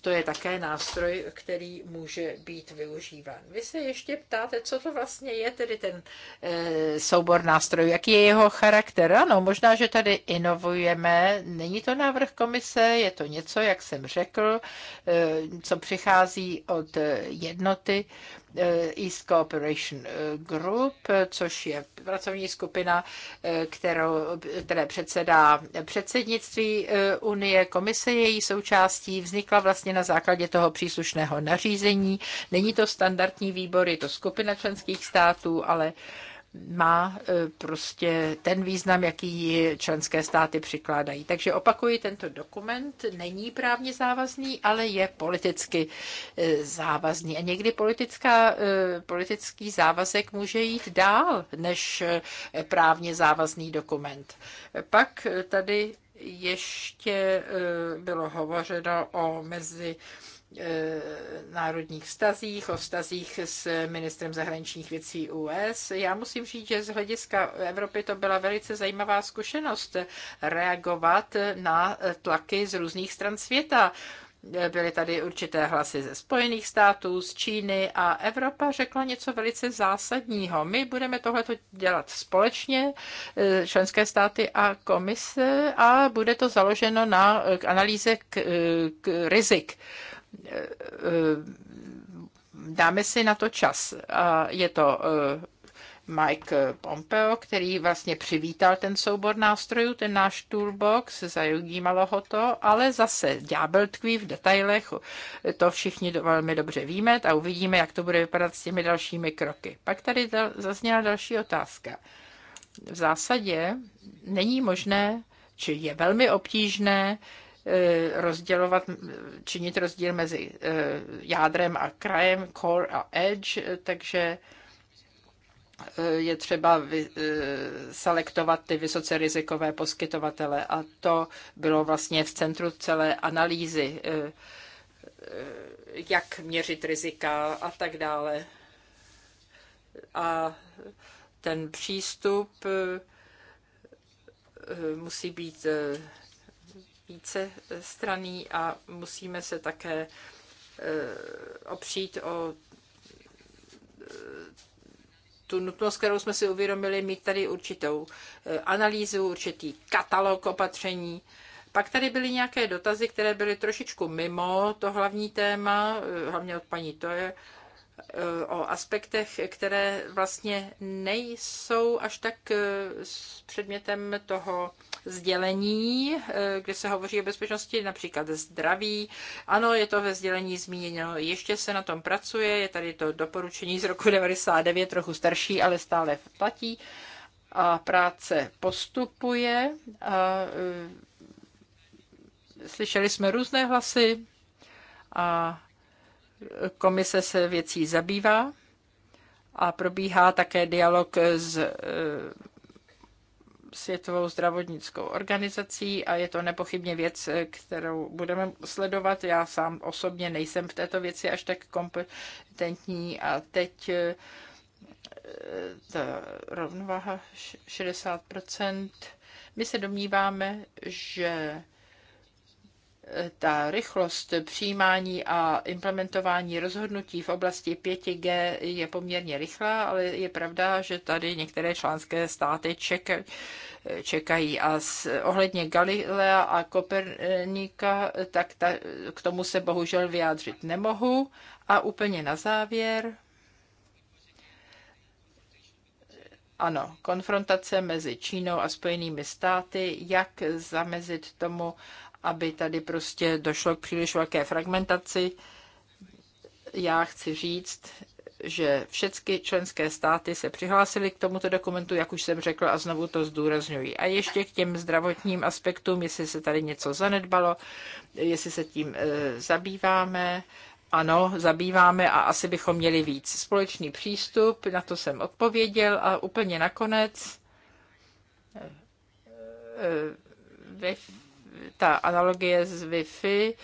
to je také nástroj, který může být využíván. Vy se ještě ptáte, co to vlastně je tedy ten e, soubor nástrojů, jaký je jeho charakter. Ano, možná, že tady inovujeme, není to návrh komise, je to něco, jak jsem řekl, e, co přichází od eh, jednoty e, East Cooperation Group, což je pracovní skupina, e, kterou, které předsedá předsednictví e, Unie, komise její součástí, vznikla vlastně vlastně na základě toho příslušného nařízení. Není to standardní výbor, je to skupina členských států, ale má e, prostě ten význam, jaký členské státy přikládají. Takže opakuji, tento dokument není právně závazný, ale je politicky e, závazný. A někdy politická, e, politický závazek může jít dál než právně závazný dokument. Pak tady ještě eh, bylo hovořeno o mezi eh, národních vztazích, o vztazích s ministrem zahraničních věcí US. Já musím říct, že z hlediska Evropy to byla velice zajímavá zkušenost reagovat na tlaky z různých stran světa. Byly tady určité hlasy ze Spojených států, z Číny a Evropa řekla něco velice zásadního. My budeme tohleto dělat společně, eh, členské státy a komise, a bude to založeno na analýze k, eh, k rizik eh, dáme si na to čas. A je to Mike Pompeo, který vlastně přivítal ten soubor nástrojů, ten náš toolbox, zajímalo ho to, ale zase ďábel tkví v detailech, to všichni velmi dobře víme a uvidíme, jak to bude vypadat s těmi dalšími kroky. Pak tady zazněla další otázka. V zásadě není možné, či je velmi obtížné e, rozdělovat, činit rozdíl mezi e, jádrem a krajem, core a edge, takže je třeba eh, selektovat ty vysoce rizikové poskytovatele a to bylo vlastně v centru celé analýzy, eh, eh, jak měřit rizika a tak dále. A ten přístup musí být více straný a musíme se také opřít o tu nutnost, kterou jsme si uvědomili, mít tady určitou e, analýzu, určitý katalog opatření. Pak tady byly nějaké dotazy, které byly trošičku mimo to hlavní téma, e, hlavně od paní Toje, e, o aspektech, které vlastně nejsou až tak s předmětem toho sdělení, eh, kde se hovoří o bezpečnosti, například zdraví. Ano, je to ve sdělení zmíněno, ještě se na tom pracuje, je tady to doporučení z roku 99, trochu starší, ale stále platí. A práce postupuje. A, eh, slyšeli jsme různé hlasy a komise se věcí zabývá a probíhá také dialog s eh, Světovou zdravotnickou organizací a je to nepochybně věc, eh, kterou budeme sledovat. Já sám osobně nejsem v této věci až tak kompetentní a teď eh, eh, ta rovnováha 60%. My se domníváme, že ta rychlost přijímání a implementování rozhodnutí v oblasti 5G je poměrně rychlá, ale je pravda, že tady některé členské státy čekají čekají. A ohledně Galilea a Koperníka, tak ta, k tomu se bohužel vyjádřit nemohu. A úplně na závěr. Ano, konfrontace mezi Čínou a Spojenými státy, jak zamezit tomu, aby tady prostě došlo k příliš velké fragmentaci. Já chci říct, že všechny členské státy se přihlásily k tomuto dokumentu, jak už jsem řekl, a znovu to zdůrazňuji. A ještě k těm zdravotním aspektům, jestli se tady něco zanedbalo, jestli se tím e, zabýváme. Ano, zabýváme a asi bychom měli víc. Společný přístup, na to jsem odpověděl a úplně nakonec. E, e, ve ta analogie z Wi-Fi,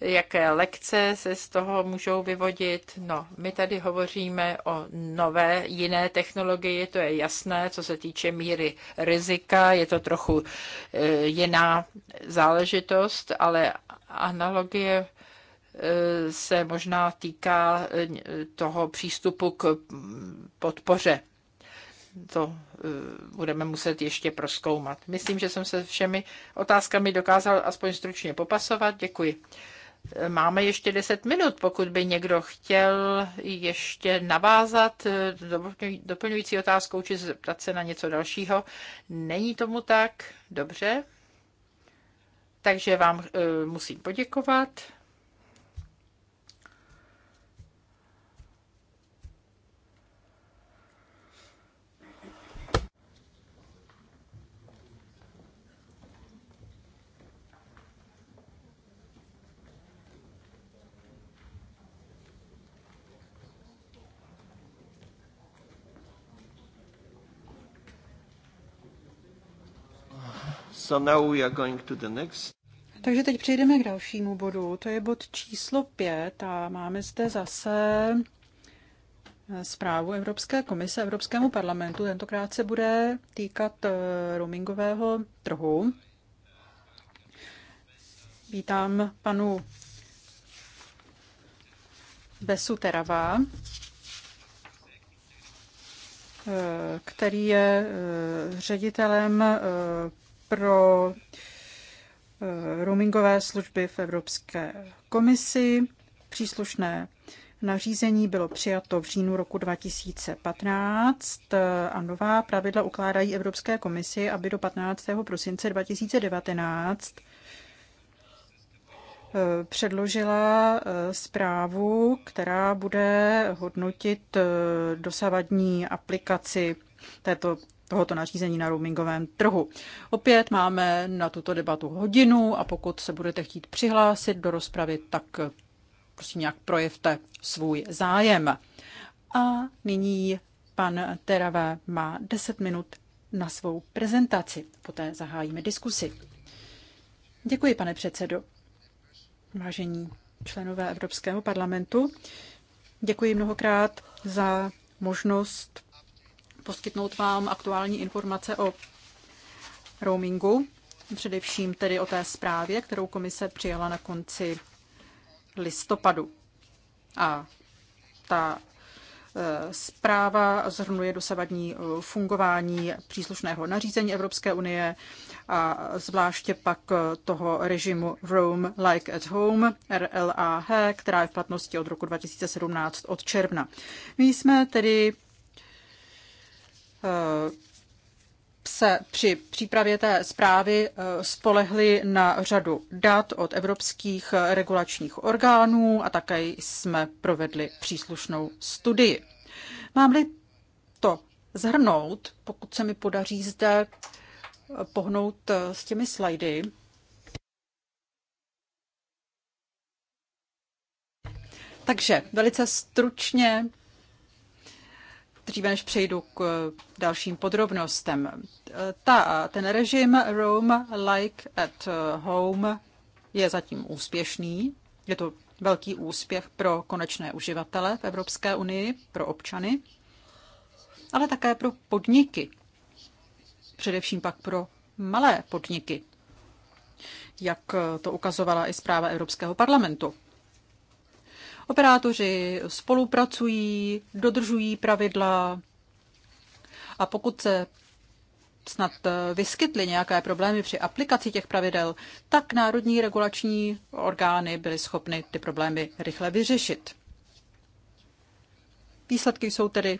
jaké lekce se z toho můžou vyvodit. No, my tady hovoříme o nové, jiné technologii, to je jasné, co se týče míry rizika, je to trochu eh, jiná záležitost, ale analogie eh, se možná týká eh, toho přístupu k podpoře to eh, budeme muset ještě proskoumat. Myslím, že jsem se všemi otázkami dokázal aspoň stručně popasovat. Děkuji. Eh, máme ještě 10 minut, pokud by někdo chtěl ještě navázat eh, doplňující otázkou či zeptat se na něco dalšího. Není tomu tak? Dobře. Takže vám musím poděkovat. So now we are going to the next. Takže teď přejdeme k dalšímu bodu. To je bod číslo 5 a máme zde zase eh, zprávu Evropské komise Evropskému parlamentu. Tentokrát se bude týkat eh, roamingového trhu. Vítám panu Besu Terava, eh, který je ředitelem pro eh, roamingové služby v Evropské komisi. Příslušné nařízení bylo přijato v říjnu roku 2015 eh, a nová pravidla ukládají Evropské komisi, aby do 15. prosince 2019 eh, předložila zprávu, která bude hodnotit dosavadní aplikaci této tohoto nařízení na roamingovém trhu. Opět máme na tuto debatu hodinu a pokud se budete chtít přihlásit do rozpravy, tak prosím nějak projevte svůj zájem. A nyní pan Terave má 10 minut na svou prezentaci. Poté zahájíme diskusi. Děkuji, pane předsedo. Vážení členové Evropského parlamentu, děkuji mnohokrát za možnost poskytnout vám aktuální informace o roamingu, především tedy o té zprávě, kterou komise přijala na konci listopadu. A ta e, Zpráva zhrnuje dosavadní e, fungování příslušného nařízení Evropské unie a zvláště pak e, toho režimu Roam Like at Home, RLAH, která je v platnosti od roku 2017 od června. My jsme tedy Eh, se při přípravě té zprávy eh, spolehli na řadu dat od evropských regulačních orgánů a také jsme provedli příslušnou studii. Mám-li to zhrnout, pokud se mi podaří zde eh, pohnout s těmi slajdy, Takže velice stručně dříve než přejdu k eh, dalším podrobnostem. Eh, ta, ten režim Rome Like at Home je zatím úspěšný. Je to velký úspěch pro konečné uživatele v Evropské unii, pro občany, ale také pro podniky. Především pak pro malé podniky, jak to ukazovala i zpráva Evropského parlamentu. Operátoři spolupracují, dodržují pravidla a pokud se snad eh, vyskytly nějaké problémy při aplikaci těch pravidel, tak národní regulační orgány byly schopny ty problémy rychle vyřešit. Výsledky jsou tedy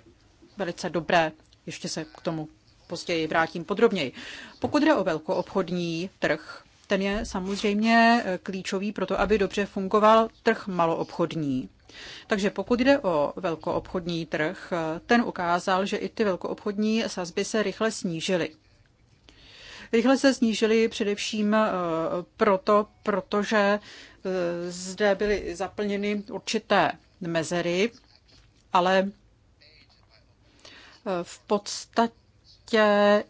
velice dobré. Ještě se k tomu později vrátím podrobněji. Pokud jde o velkoobchodní trh, ten je samozřejmě eh, klíčový pro to, aby dobře fungoval trh maloobchodní. Takže pokud jde o velkoobchodní trh, eh, ten ukázal, že i ty velkoobchodní sazby se rychle snížily. Rychle se snížily především eh, proto, protože zde byly zaplněny určité mezery, ale v podstatě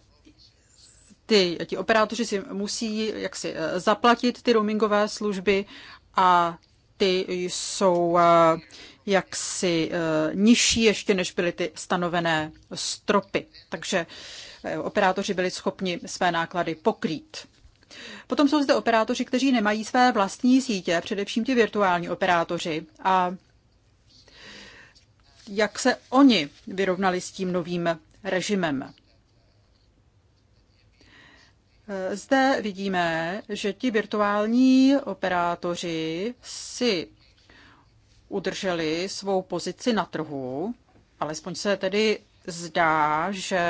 ty, ti operátoři si musí jaksi eh, zaplatit ty roamingové služby a ty jsou eh, jaksi eh, nižší ještě, než byly ty stanovené stropy. Takže operátoři byli schopni své náklady pokrýt. Potom jsou zde operátoři, kteří nemají své vlastní sítě, především ti virtuální operátoři. A jak se oni vyrovnali s tím novým režimem? Zde vidíme, že ti virtuální operátoři si udrželi svou pozici na trhu, alespoň se tedy zdá, že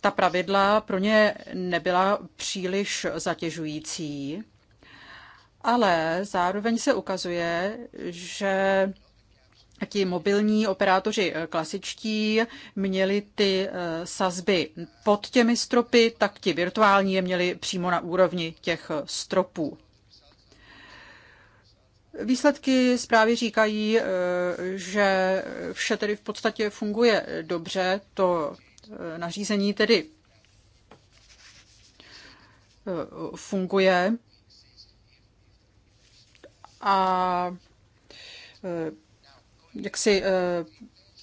ta pravidla pro ně nebyla příliš zatěžující, ale zároveň se ukazuje, že ti mobilní operátoři eh, klasičtí měli ty eh, sazby pod těmi stropy, tak ti virtuální je měli přímo na úrovni těch eh, stropů. Výsledky zprávy říkají, že vše tedy v podstatě funguje dobře, to nařízení tedy funguje a jaksi eh,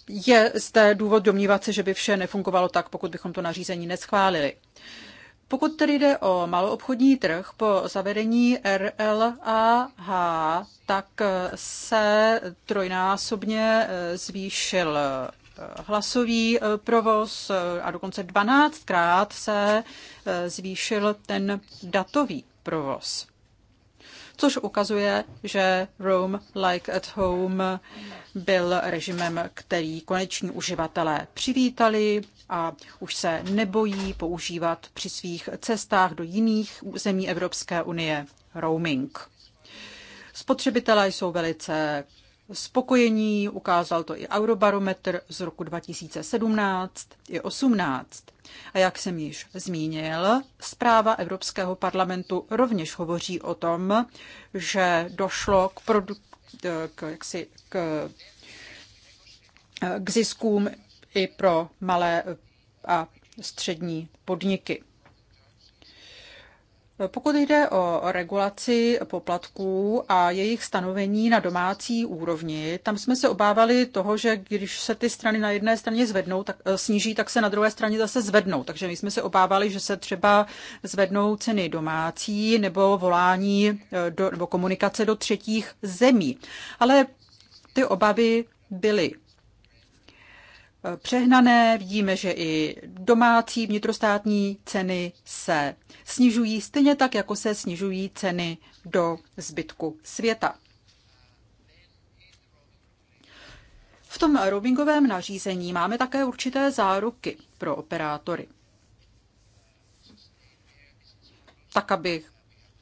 je zde důvod domnívat se, že by vše nefungovalo tak, pokud bychom to nařízení neschválili. Pokud tedy jde o maloobchodní trh, po zavedení RLAH, tak eh, se trojnásobně eh, zvýšil hlasový provoz a dokonce 12krát se zvýšil ten datový provoz což ukazuje, že Roam Like at Home byl režimem, který koneční uživatelé přivítali a už se nebojí používat při svých cestách do jiných zemí Evropské unie roaming. Spotřebitelé jsou velice spokojení, ukázal to i Eurobarometr z roku 2017 i 18. A jak jsem již zmínil, zpráva Evropského parlamentu rovněž hovoří o tom, že došlo k, produ- k, jaksi, k, k ziskům i pro malé a střední podniky. Pokud jde o regulaci poplatků a jejich stanovení na domácí úrovni, tam jsme se obávali toho, že když se ty strany na jedné straně zvednou, tak, eh, sníží, tak se na druhé straně zase zvednou. Takže my jsme se obávali, že se třeba zvednou ceny domácí nebo volání eh, do, nebo komunikace do třetích zemí. Ale ty obavy byly přehnané. Vidíme, že i domácí vnitrostátní ceny se snižují stejně tak, jako se snižují ceny do zbytku světa. V tom roamingovém nařízení máme také určité záruky pro operátory. Tak, aby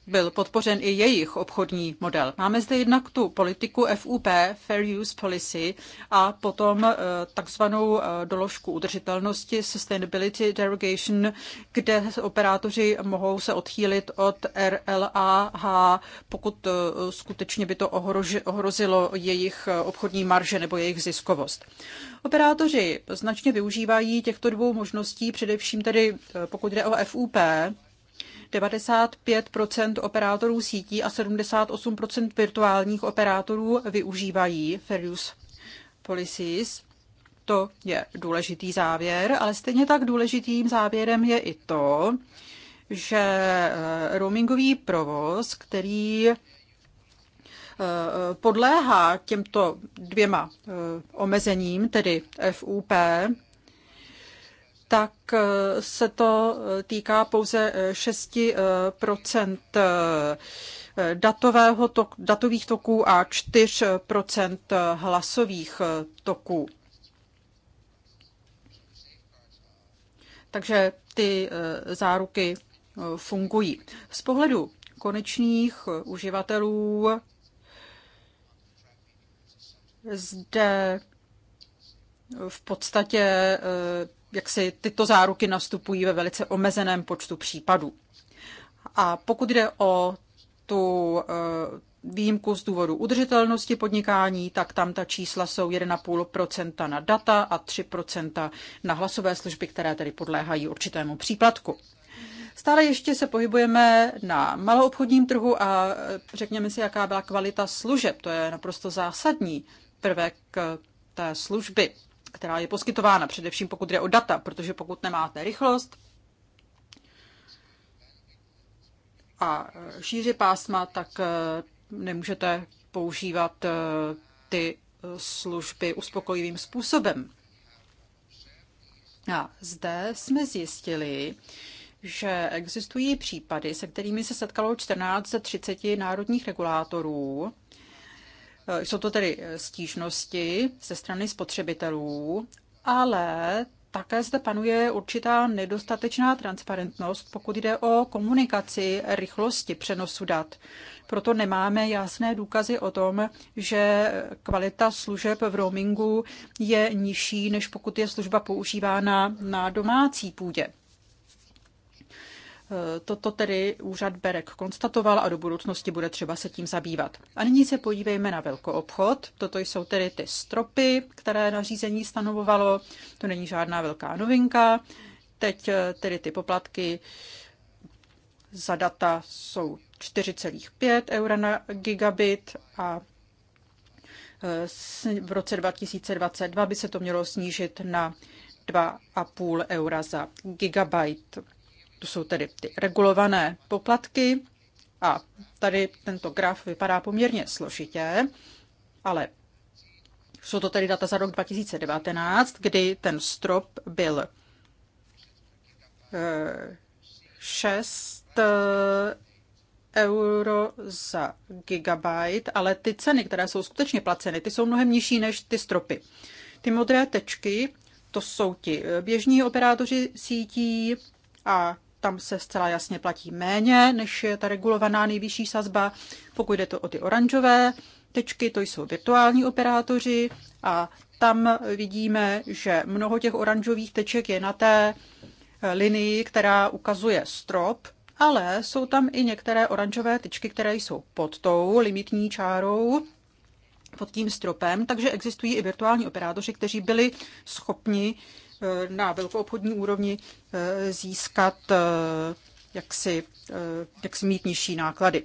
byl podpořen i jejich obchodní model. Máme zde jednak tu politiku FUP, Fair Use Policy, a potom eh, takzvanou eh, doložku udržitelnosti, Sustainability Derogation, kde operátoři mohou se odchýlit od RLAH, pokud eh, skutečně by to ohrozilo jejich obchodní marže nebo jejich ziskovost. Operátoři značně využívají těchto dvou možností, především tedy pokud jde o FUP, 95 operátorů sítí a 78 virtuálních operátorů využívají fair use policies. To je důležitý závěr, ale stejně tak důležitým závěrem je i to, že eh, roamingový provoz, který eh, podléhá těmto dvěma eh, omezením, tedy FUP tak eh, se to eh, týká pouze 6 eh, datového tok, datových toků a 4 hlasových toků. Takže ty záruky fungují. Z pohledu konečných uživatelů zde v podstatě jak si tyto záruky nastupují ve velice omezeném počtu případů. A pokud jde o tu eh, výjimku z důvodu udržitelnosti podnikání, tak tam ta čísla jsou 1,5% na data a 3% na hlasové služby, které tedy podléhají určitému příplatku. Stále ještě se pohybujeme na maloobchodním trhu a eh, řekněme si, jaká byla kvalita služeb. To je naprosto zásadní prvek eh, té služby která je poskytována, především pokud jde o data, protože pokud nemáte rychlost a šíři pásma, tak eh, nemůžete používat eh, ty eh, služby uspokojivým způsobem. A zde jsme zjistili, že existují případy, se kterými se setkalo 14 30 národních regulátorů, Eh, jsou to tedy eh, stížnosti ze strany spotřebitelů, ale také zde panuje určitá nedostatečná transparentnost, pokud jde o komunikaci rychlosti přenosu dat. Proto nemáme jasné důkazy o tom, že kvalita služeb v roamingu je nižší, než pokud je služba používána na domácí půdě. Toto tedy úřad Berek konstatoval a do budoucnosti bude třeba se tím zabývat. A nyní se podívejme na velkoobchod. Toto jsou tedy ty stropy, které nařízení stanovovalo. To není žádná velká novinka. Teď eh, tedy ty poplatky za data jsou 4,5 eura na gigabit a eh, v roce 2022 by se to mělo snížit na 2,5 eura za gigabyte. To jsou tedy ty regulované poplatky a tady tento graf vypadá poměrně složitě, ale jsou to tedy data za rok 2019, kdy ten strop byl 6 eh, eh, euro za gigabyte, ale ty ceny, které jsou skutečně placeny, ty jsou mnohem nižší než ty stropy. Ty modré tečky, to jsou ti eh, běžní operátoři sítí a tam se zcela jasně platí méně, než je ta regulovaná nejvyšší sazba. Pokud jde to o ty oranžové tečky, to jsou virtuální operátoři a tam vidíme, že mnoho těch oranžových teček je na té eh, linii, která ukazuje strop, ale jsou tam i některé oranžové tečky, které jsou pod tou limitní čárou, pod tím stropem, takže existují i virtuální operátoři, kteří byli schopni na velkou obchodní úrovni eh, získat jak si, jak si mít nižší náklady.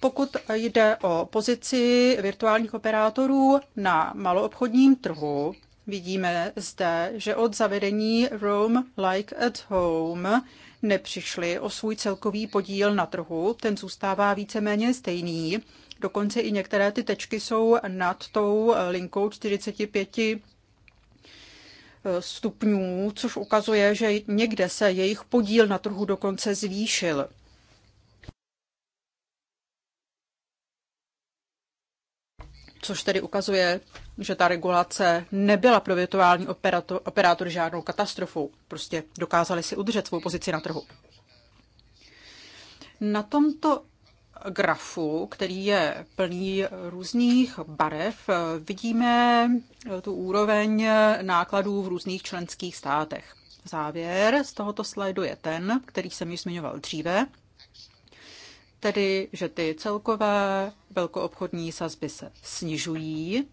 Pokud jde o pozici virtuálních operátorů na maloobchodním trhu, vidíme zde, že od zavedení Roam Like at Home nepřišli o svůj celkový podíl na trhu, ten zůstává víceméně stejný Dokonce i některé ty tečky jsou nad tou eh, linkou 45 eh, stupňů, což ukazuje, že někde se jejich podíl na trhu dokonce zvýšil. což tedy ukazuje, že ta regulace nebyla pro virtuální operátor žádnou katastrofou. Prostě dokázali si udržet svou pozici na trhu. Na tomto grafu, který je plný různých barev, vidíme tu úroveň nákladů v různých členských státech. Závěr z tohoto slajdu je ten, který jsem již zmiňoval dříve, tedy, že ty celkové velkoobchodní sazby se snižují,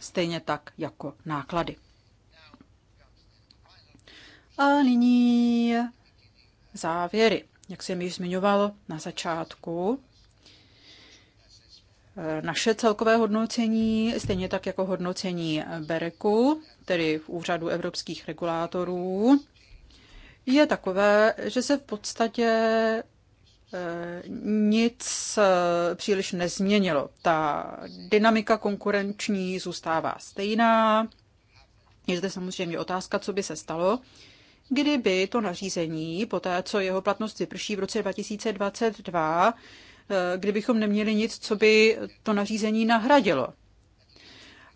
stejně tak jako náklady. A nyní závěry jak jsem již zmiňoval na začátku, eh, naše celkové hodnocení, stejně tak jako hodnocení BEREKu, tedy v Úřadu evropských regulátorů, je takové, že se v podstatě eh, nic eh, příliš nezměnilo. Ta dynamika konkurenční zůstává stejná. Je zde samozřejmě otázka, co by se stalo, kdyby to nařízení, po té, co jeho platnost vyprší v roce 2022, eh, kdybychom neměli nic, co by to nařízení nahradilo.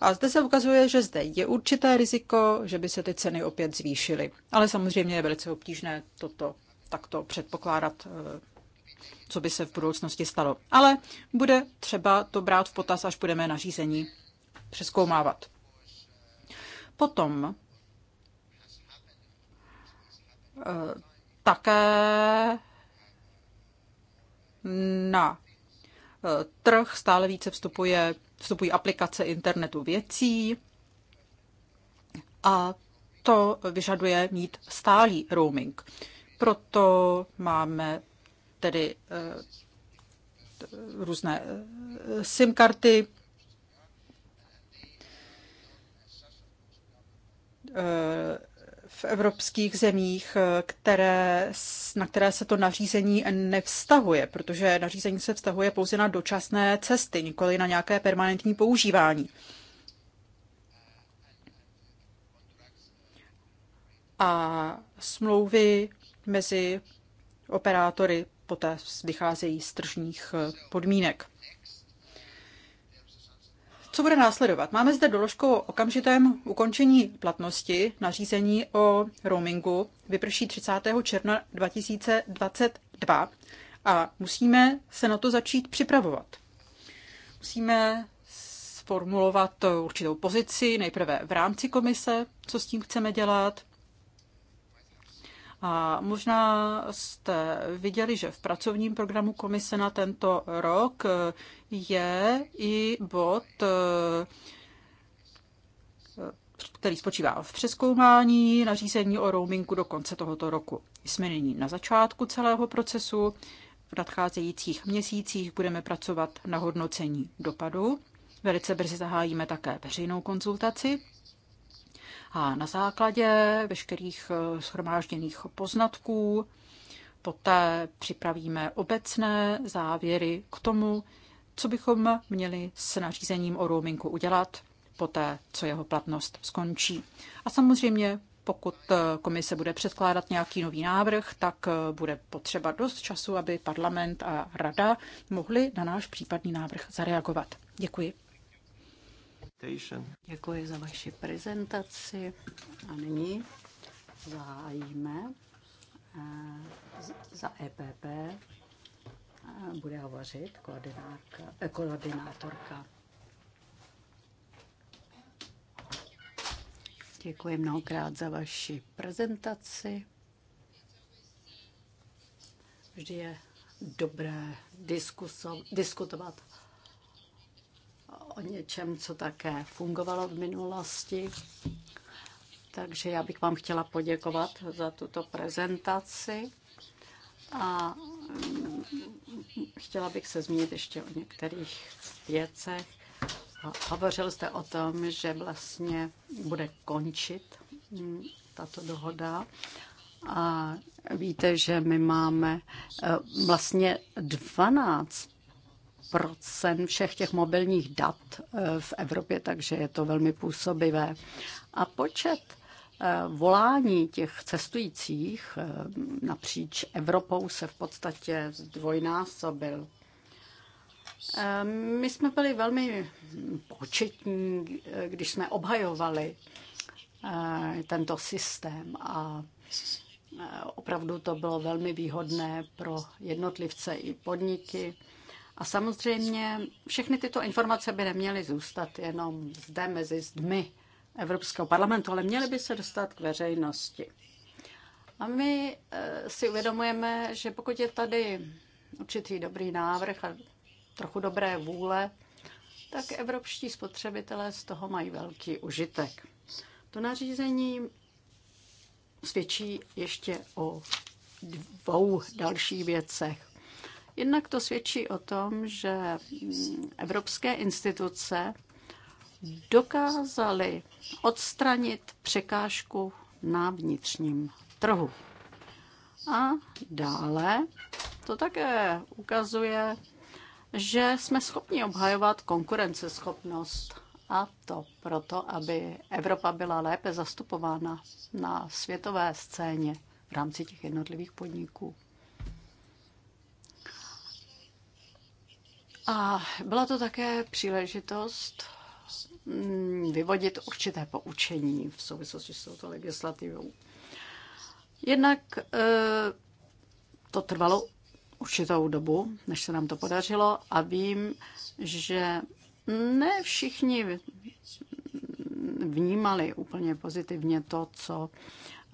A zde se ukazuje, že zde je určité riziko, že by se ty ceny opět zvýšily. Ale samozřejmě je velice obtížné toto takto předpokládat, eh, co by se v budoucnosti stalo. Ale bude třeba to brát v potaz, až budeme nařízení přeskoumávat. Potom Eh, také na eh, trh stále více vstupuje, vstupují aplikace internetu věcí a to vyžaduje mít stálý roaming. Proto máme tedy eh, různé SIM karty, v evropských zemích, které, na které se to nařízení nevztahuje, protože nařízení se vztahuje pouze na dočasné cesty, nikoli na nějaké permanentní používání. A smlouvy mezi operátory poté vycházejí z tržních podmínek. Co bude následovat? Máme zde doložku o okamžitém ukončení platnosti nařízení o roamingu, vyprší 30. června 2022 a musíme se na to začít připravovat. Musíme sformulovat určitou pozici, nejprve v rámci komise, co s tím chceme dělat, a možná jste viděli, že v pracovním programu komise na tento rok je i bod který spočívá v přeskoumání nařízení o roamingu do konce tohoto roku. Jsme nyní na začátku celého procesu. V nadcházejících měsících budeme pracovat na hodnocení dopadu. Velice brzy zahájíme také veřejnou konzultaci a na základě veškerých eh, shromážděných poznatků poté připravíme obecné závěry k tomu, co bychom měli s nařízením o roamingu udělat poté, co jeho platnost skončí. A samozřejmě pokud eh, komise bude předkládat nějaký nový návrh, tak eh, bude potřeba dost času, aby parlament a rada mohli na náš případný návrh zareagovat. Děkuji. Děkuji za vaši prezentaci a nyní zahájíme eh, za EPP eh, bude hovořit eh, koordinátorka. Děkuji mnohokrát za vaši prezentaci. Vždy je dobré diskuso, diskutovat o něčem, co také fungovalo v minulosti. Takže já bych vám chtěla poděkovat za tuto prezentaci a mm, chtěla bych se zmínit ještě o některých věcech. Hovořil jste o tom, že vlastně bude končit mm, tato dohoda. A víte, že my máme e, vlastně 12 procent všech těch mobilních dat eh, v Evropě, takže je to velmi působivé. A počet eh, volání těch cestujících eh, napříč Evropou se v podstatě zdvojnásobil. My jsme byli velmi početní, když jsme obhajovali tento systém a opravdu to bylo velmi výhodné pro jednotlivce i podniky. A samozřejmě všechny tyto informace by neměly zůstat jenom zde mezi zdmi Evropského parlamentu, ale měly by se dostat k veřejnosti. A my e, si uvědomujeme, že pokud je tady určitý dobrý návrh a trochu dobré vůle, tak evropští spotřebitelé z toho mají velký užitek. To nařízení svědčí ještě o dvou dalších věcech. Jednak to svědčí o tom, že evropské instituce dokázaly odstranit překážku na vnitřním trhu. A dále to také ukazuje, že jsme schopni obhajovat konkurenceschopnost. A to proto, aby Evropa byla lépe zastupována na světové scéně v rámci těch jednotlivých podniků. A byla to také příležitost mm, vyvodit určité poučení v souvislosti s touto legislativou. Jednak eh, to trvalo určitou dobu, než se nám to podařilo a vím, že ne všichni vnímali úplně pozitivně to, co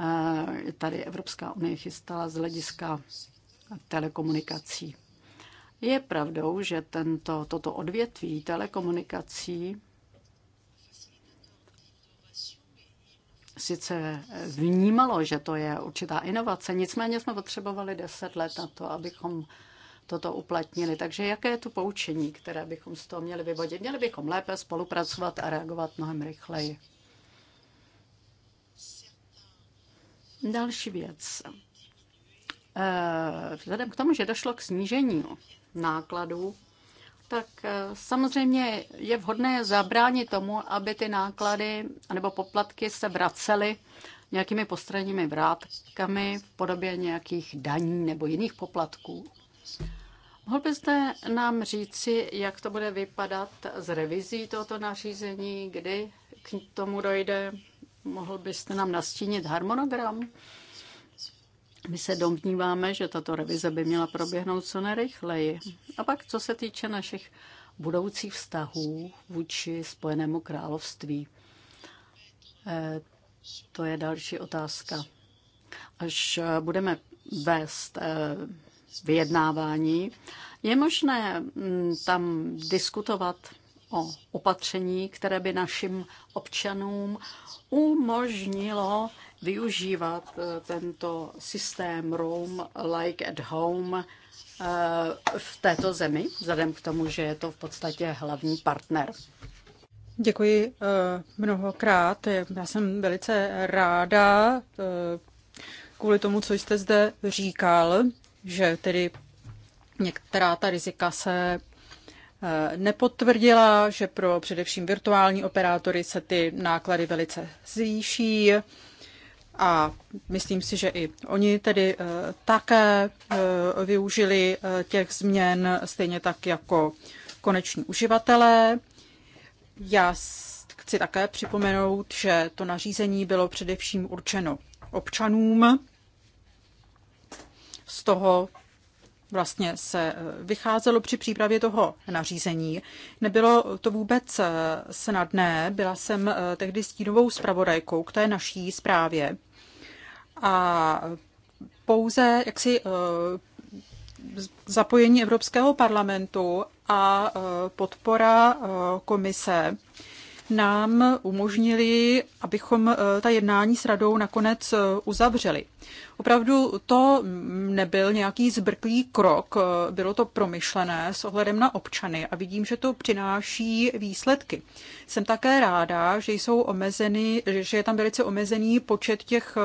eh, tady Evropská unie chystala z hlediska telekomunikací. Je pravdou, že tento, toto odvětví telekomunikací sice vnímalo, že to je určitá inovace, nicméně jsme potřebovali deset let na to, abychom toto uplatnili. Takže jaké je tu poučení, které bychom z toho měli vyvodit? Měli bychom lépe spolupracovat a reagovat mnohem rychleji. Další věc. Eh, vzhledem k tomu, že došlo k snížení nákladů, tak eh, samozřejmě je vhodné zabránit tomu, aby ty náklady nebo poplatky se vracely nějakými postranními vrátkami v podobě nějakých daní nebo jiných poplatků. Mohl byste nám říci, jak to bude vypadat z revizí tohoto nařízení, kdy k tomu dojde? Mohl byste nám nastínit harmonogram? My se domníváme, že tato revize by měla proběhnout co nejrychleji. A pak, co se týče našich budoucích vztahů vůči Spojenému království, eh, to je další otázka. Až eh, budeme vést eh, vyjednávání, je možné mm, tam diskutovat o opatření, které by našim občanům umožnilo využívat eh, tento systém Roam Like at Home eh, v této zemi, vzhledem k tomu, že je to v podstatě hlavní partner. Děkuji eh, mnohokrát. Já jsem velice ráda kvůli tomu, co jste zde říkal, že tedy některá ta rizika se nepotvrdila, že pro především virtuální operátory se ty náklady velice zvýší a myslím si, že i oni tedy eh, také eh, využili eh, těch změn stejně tak jako koneční uživatelé. Já chci také připomenout, že to nařízení bylo především určeno občanům. Z toho vlastně se eh, vycházelo při přípravě toho nařízení. Nebylo to vůbec eh, snadné, byla jsem eh, tehdy stínovou zpravodajkou k té naší zprávě a pouze jaksi zapojení Evropského parlamentu a podpora komise nám umožnili, abychom eh, ta jednání s radou nakonec eh, uzavřeli. Opravdu to nebyl nějaký zbrklý krok, eh, bylo to promyšlené s ohledem na občany a vidím, že to přináší výsledky. Jsem také ráda, že jsou omezeny, že je tam velice omezený počet těch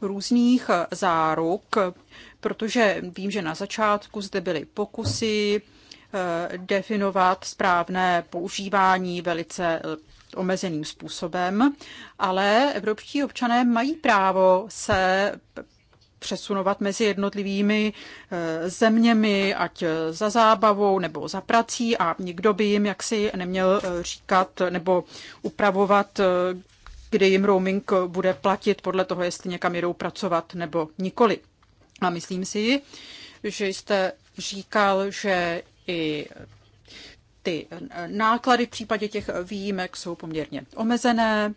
různých záruk, protože vím, že na začátku zde byly pokusy definovat správné používání velice omezeným způsobem, ale evropští občané mají právo se přesunovat mezi jednotlivými eh, zeměmi, ať eh, za zábavou nebo za prací a nikdo by jim jaksi neměl eh, říkat nebo upravovat, kde jim roaming bude platit podle toho, jestli někam jdou pracovat nebo nikoli. A myslím si, že jste říkal, že i ty eh, náklady v případě těch výjimek jsou poměrně omezené.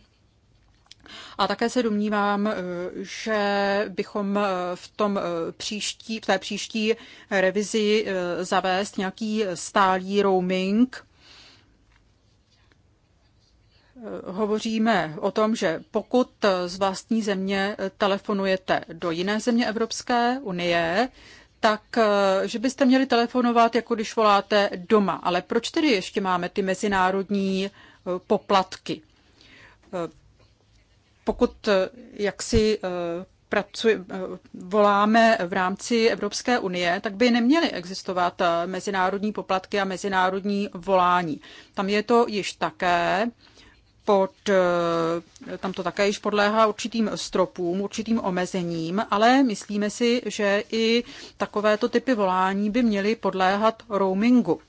A také se domnívám, eh, že bychom eh, v, tom příští, v té příští revizi zavést nějaký stálý roaming. Hovoříme o tom, že pokud z vlastní země telefonujete do jiné země Evropské unie, tak eh, že byste měli telefonovat, jako když voláte doma. Ale proč tedy ještě máme ty mezinárodní eh, poplatky? Eh, pokud jaksi pracuj, voláme v rámci Evropské unie, tak by neměly existovat mezinárodní poplatky a mezinárodní volání. Tam je to již také pod, eh, tam to také již podléhá určitým stropům, určitým omezením, ale myslíme si, že i takovéto typy volání by měly podléhat roamingu.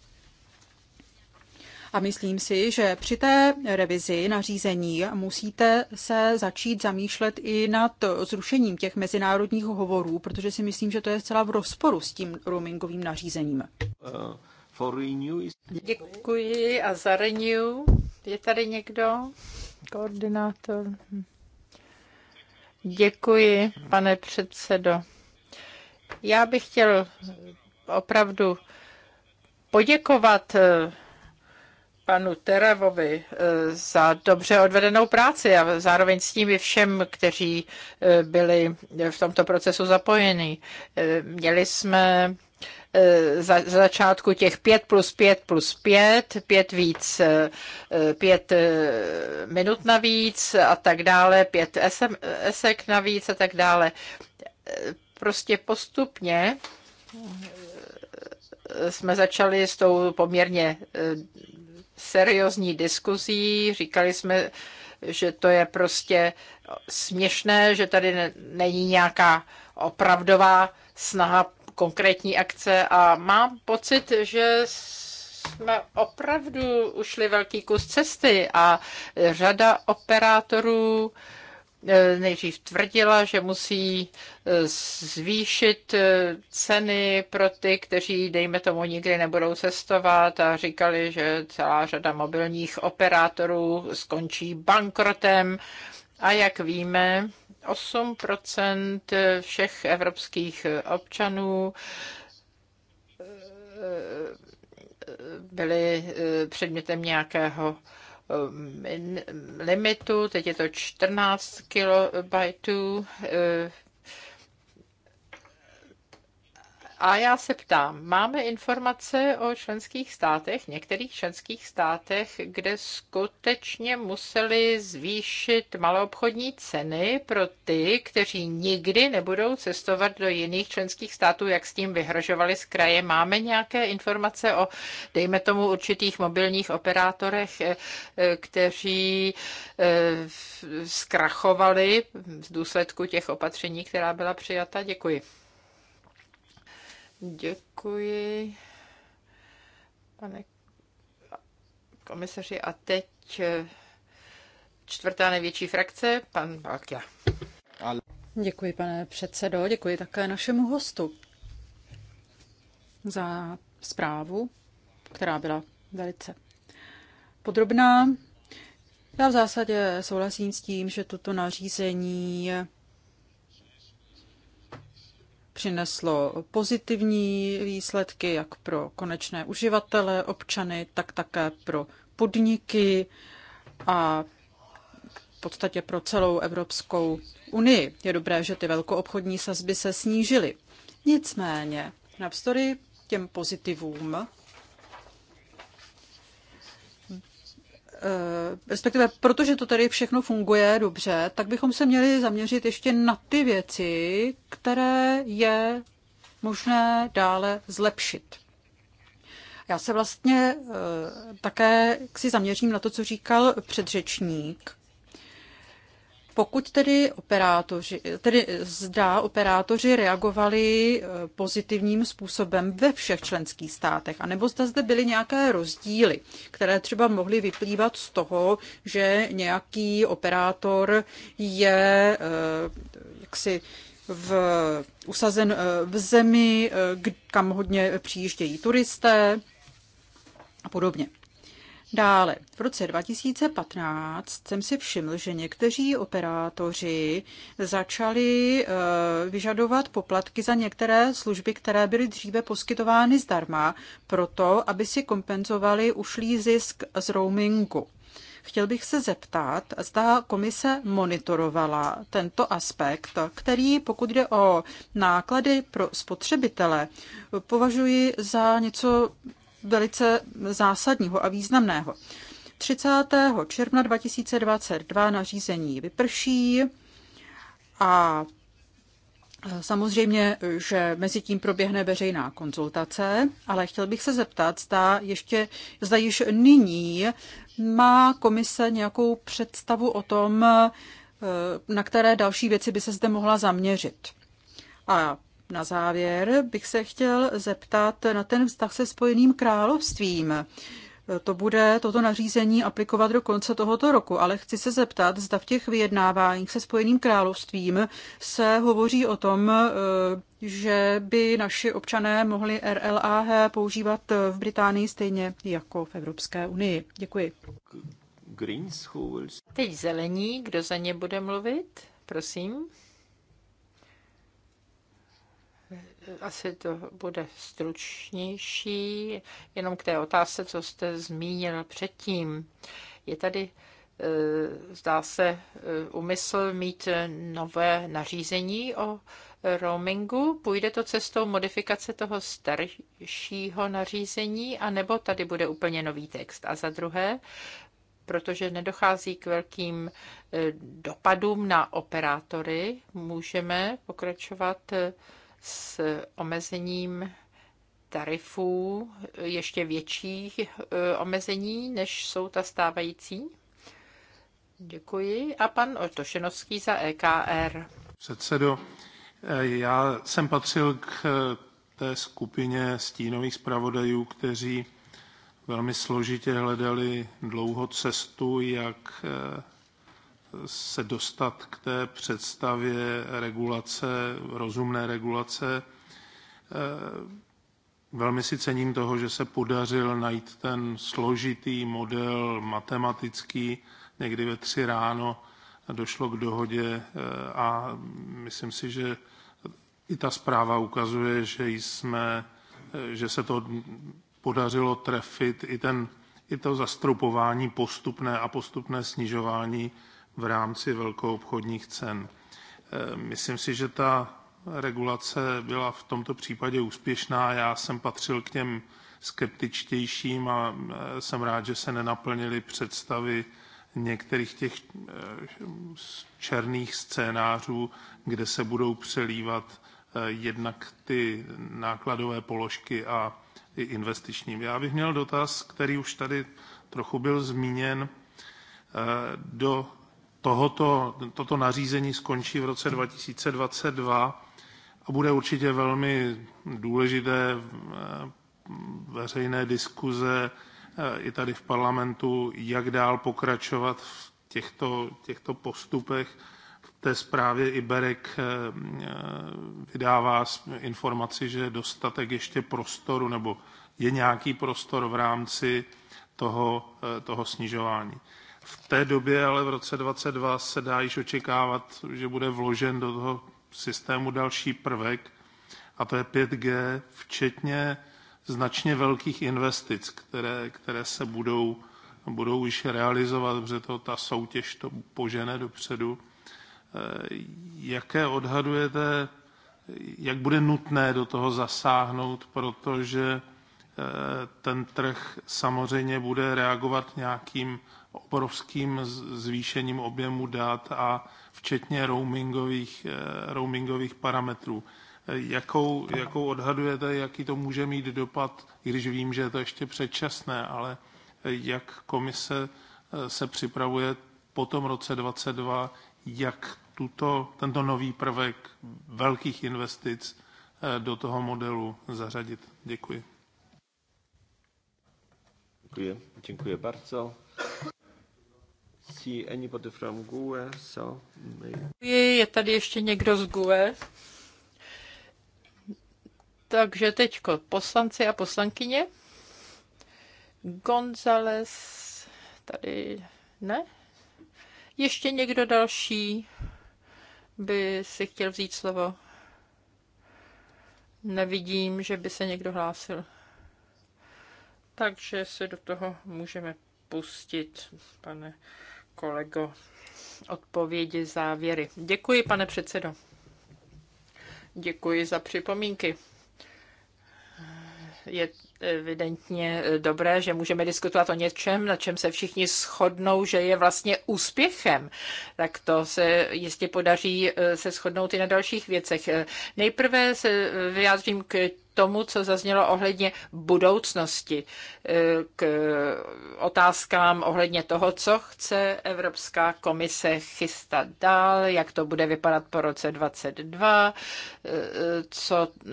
A myslím si, že při té revizi nařízení musíte se začít zamýšlet i nad zrušením těch mezinárodních hovorů, protože si myslím, že to je zcela v rozporu s tím roamingovým nařízením. Uh, Děkuji a za Renew je tady někdo? Koordinátor. Hm. Děkuji, pane předsedo. Já bych chtěl opravdu poděkovat eh, panu Teravovi eh, za dobře odvedenou práci a zároveň s tím i všem, kteří eh, byli v tomto procesu zapojeni. Měli jsme Eh, za, za začátku těch 5 plus 5 plus 5, 5 víc, 5 eh, eh, minut navíc a tak dále, 5 esek navíc a tak dále. Prostě postupně jsme začali s tou poměrně seriózní diskuzí. Říkali jsme, že to je prostě směšné, že tady není nějaká opravdová snaha konkrétní akce a mám pocit, že jsme opravdu ušli velký kus cesty a řada operátorů eh, nejdřív tvrdila, že musí eh, zvýšit eh, ceny pro ty, kteří, dejme tomu, nikdy nebudou cestovat a říkali, že celá řada mobilních operátorů skončí bankrotem. A jak víme, 8 všech evropských občanů eh, byly eh, předmětem nějakého eh, limitu, teď je to 14 kilobajtů A já se ptám, máme informace o členských státech, některých členských státech, kde skutečně museli zvýšit maloobchodní ceny pro ty, kteří nikdy nebudou cestovat do jiných členských států, jak s tím vyhrožovali z kraje. Máme nějaké informace o, dejme tomu, určitých mobilních operátorech, eh, eh, kteří eh, zkrachovali v důsledku těch opatření, která byla přijata? Děkuji. Děkuji, pane komisaři. A teď eh, čtvrtá největší frakce, pan Balkia. Děkuji, pane předsedo. Děkuji také našemu hostu za zprávu, která byla velice podrobná. Já v zásadě souhlasím s tím, že toto nařízení přineslo pozitivní výsledky jak pro konečné uživatele, občany, tak také pro podniky a v podstatě pro celou Evropskou unii. Je dobré, že ty velkoobchodní sazby se snížily. Nicméně, navzdory těm pozitivům, Eh, respektive protože to tady všechno funguje dobře, tak bychom se měli zaměřit ještě na ty věci, které je možné dále zlepšit. Já se vlastně eh, také si zaměřím na to, co říkal předřečník. Pokud tedy operátoři, tedy zdá operátoři reagovali eh, pozitivním způsobem ve všech členských státech, anebo zda zde byly nějaké rozdíly, které třeba mohly vyplývat z toho, že nějaký operátor je eh, jaksi v, usazen eh, v zemi, kam hodně přijíždějí turisté a podobně. Dále, v roce 2015 jsem si všiml, že někteří operátoři začali eh, vyžadovat poplatky za některé služby, které byly dříve poskytovány zdarma, proto, aby si kompenzovali ušlý zisk z roamingu. Chtěl bych se zeptat, zda komise monitorovala tento aspekt, který, pokud jde o náklady pro spotřebitele, považuji za něco velice zásadního a významného. 30. června 2022 nařízení vyprší a e, Samozřejmě, že mezi tím proběhne veřejná konzultace, ale chtěl bych se zeptat, zda ještě, zda již nyní má komise nějakou představu o tom, e, na které další věci by se zde mohla zaměřit. A na závěr bych se chtěl zeptat na ten vztah se Spojeným královstvím. To bude toto nařízení aplikovat do konce tohoto roku, ale chci se zeptat, zda v těch vyjednáváních se Spojeným královstvím se hovoří o tom, eh, že by naši občané mohli RLAH používat v Británii stejně jako v Evropské unii. Děkuji. Greens, Teď zelení, kdo za ně bude mluvit? Prosím. asi to bude stručnější, jenom k té otázce, co jste zmínil předtím. Je tady e, zdá se umysl e, mít e, nové nařízení o roamingu? Půjde to cestou modifikace toho staršího nařízení, anebo tady bude úplně nový text? A za druhé, protože nedochází k velkým dopadům na operátory, můžeme pokračovat s omezením tarifů ještě větších e, omezení, než jsou ta stávající? Děkuji. A pan Otošenovský za EKR. Předsedo, e, já jsem patřil k e, té skupině stínových zpravodajů, kteří velmi složitě hledali dlouho cestu, jak se dostat k té představě regulace, rozumné regulace. E, velmi si cením toho, že se podařil najít ten složitý model matematický. Někdy ve tři ráno došlo k dohodě e, a myslím si, že i ta zpráva ukazuje, že jsme, e, že se to podařilo trefit i, ten, i to zastropování postupné a postupné snižování v rámci velkoobchodních cen. Ehm, myslím si, že ta regulace byla v tomto případě úspěšná. Já jsem patřil k těm skeptičtějším a eh, jsem rád, že se nenaplnily představy některých těch eh, černých scénářů, kde se budou přelívat eh, jednak ty nákladové položky a i investiční. Já bych měl dotaz, který už tady trochu byl zmíněn, do tohoto, toto nařízení skončí v roce 2022 a bude určitě velmi důležité eh, veřejné diskuze eh, i tady v parlamentu, jak dál pokračovat v těchto, těchto postupech. V té zprávě Iberek eh, vydává informaci, že je dostatek ještě prostoru nebo je nějaký prostor v rámci toho, toho snižování v té době, ale v roce 2022 se dá již očekávat, že bude vložen do toho systému další prvek, a to je 5G, včetně značně velkých investic, které, které se budou, budou již realizovat, protože to, ta soutěž to požene dopředu. Eh, jaké odhadujete, jak bude nutné do toho zasáhnout, protože eh, ten trh samozřejmě bude reagovat nějakým obrovským zvýšením objemu dat a včetně roamingových, eh, roamingových parametrů. Eh, jakou, jakou odhadujete, jaký to může mít dopad, i když vím, že je to ještě předčasné, ale eh, jak komise se připravuje po tom roce 22, jak tuto, tento nový prvek velkých investic do toho modelu zařadit. Děkuji. Děkuji, děkuji bardzo see anybody from GUE, so maybe... Je tady ještě někdo z GUE? Takže teďko poslanci a poslankyně. Gonzales tady ne. Ještě někdo další by si chtěl vzít slovo? Nevidím, že by se někdo hlásil. Takže se do toho můžeme pustit, pane kolego. Odpovědi, závěry. Děkuji, pane předsedo. Děkuji za připomínky. Je evidentně dobré, že můžeme diskutovat o něčem, na čem se všichni shodnou, že je vlastně úspěchem. Tak to se jistě podaří eh, se shodnout i na dalších věcech. Eh, nejprve se vyjádřím k tomu, co zaznělo ohledně budoucnosti, e, k otázkám ohledně toho, co chce Evropská komise chystat dál, jak to bude vypadat po roce 2022, e, co, e,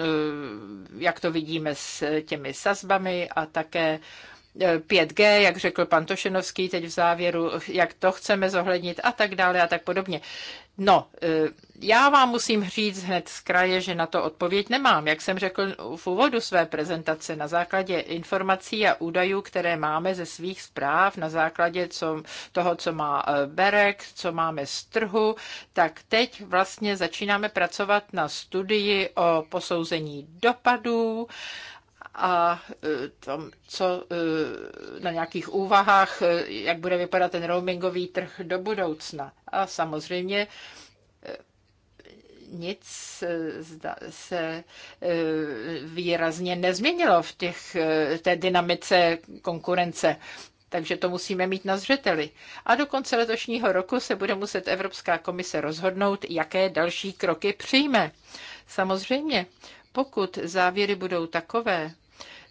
jak to vidíme s těmi sazbami a také 5G, jak řekl pan Tošenovský teď v závěru, jak to chceme zohlednit a tak dále a tak podobně. No, eh, já vám musím říct hned z kraje, že na to odpověď nemám. Jak jsem řekl v úvodu své prezentace, na základě informací a údajů, které máme ze svých zpráv, na základě co, toho, co má eh, Berek, co máme z trhu, tak teď vlastně začínáme pracovat na studii o posouzení dopadů, a e, tom, co e, na nějakých úvahách, e, jak bude vypadat ten roamingový trh do budoucna. A samozřejmě nic se výrazně nezměnilo v těch, té dynamice konkurence. Takže to musíme mít na zřeteli. A do konce letošního roku se bude muset Evropská komise rozhodnout, jaké další kroky přijme. Samozřejmě, pokud závěry budou takové,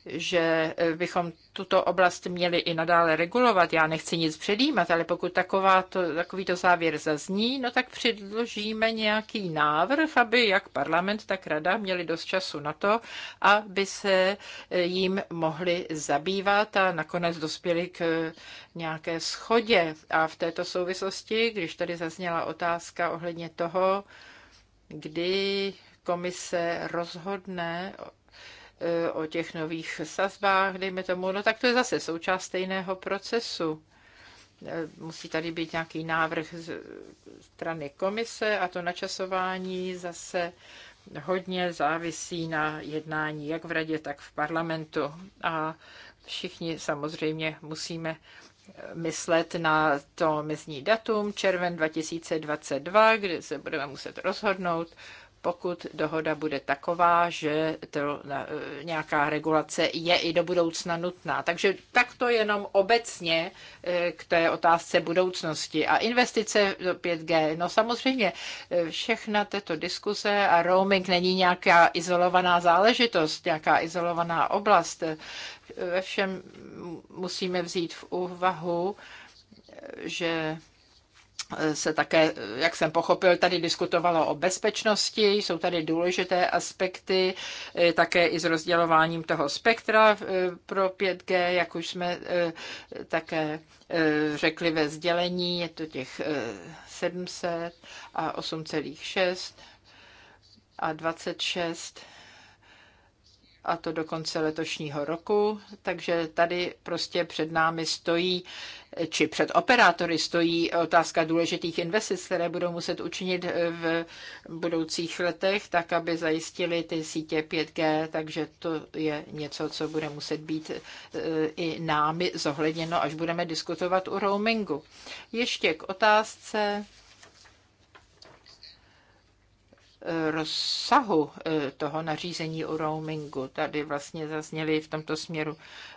že eh, bychom tuto oblast měli i nadále regulovat. Já nechci nic předjímat, ale pokud taková to, takovýto závěr zazní, no tak předložíme nějaký návrh, aby jak parlament, tak rada měli dost času na to, aby se eh, jim mohli zabývat a nakonec dospěli k eh, nějaké schodě. A v této souvislosti, když tady zazněla otázka ohledně toho, kdy komise rozhodne o těch nových sazbách, dejme tomu, no tak to je zase součást stejného procesu. Musí tady být nějaký návrh z strany komise a to načasování zase hodně závisí na jednání jak v radě, tak v parlamentu. A všichni samozřejmě musíme myslet na to mezní datum červen 2022, kdy se budeme muset rozhodnout pokud dohoda bude taková, že to, na, e, nějaká regulace je i do budoucna nutná. Takže takto jenom obecně e, k té otázce budoucnosti. A investice do 5G, no samozřejmě e, všechna tato diskuze a roaming není nějaká izolovaná záležitost, nějaká izolovaná oblast. Ve všem musíme vzít v úvahu, že se také, jak jsem pochopil, tady diskutovalo o bezpečnosti, jsou tady důležité aspekty, eh, také i s rozdělováním toho spektra eh, pro 5G, jak už jsme eh, také řekli ve sdělení, je to těch 700 a 8,6 a 26 a to do konce letošního roku. Takže tady prostě před námi stojí, či před operátory stojí otázka důležitých investic, které budou muset učinit v budoucích letech, tak aby zajistili ty sítě 5G, takže to je něco, co bude muset být e, i námi zohledněno, až budeme diskutovat o roamingu. Ještě k otázce rozsahu eh, toho nařízení o roamingu. Tady vlastně zazněly v tomto směru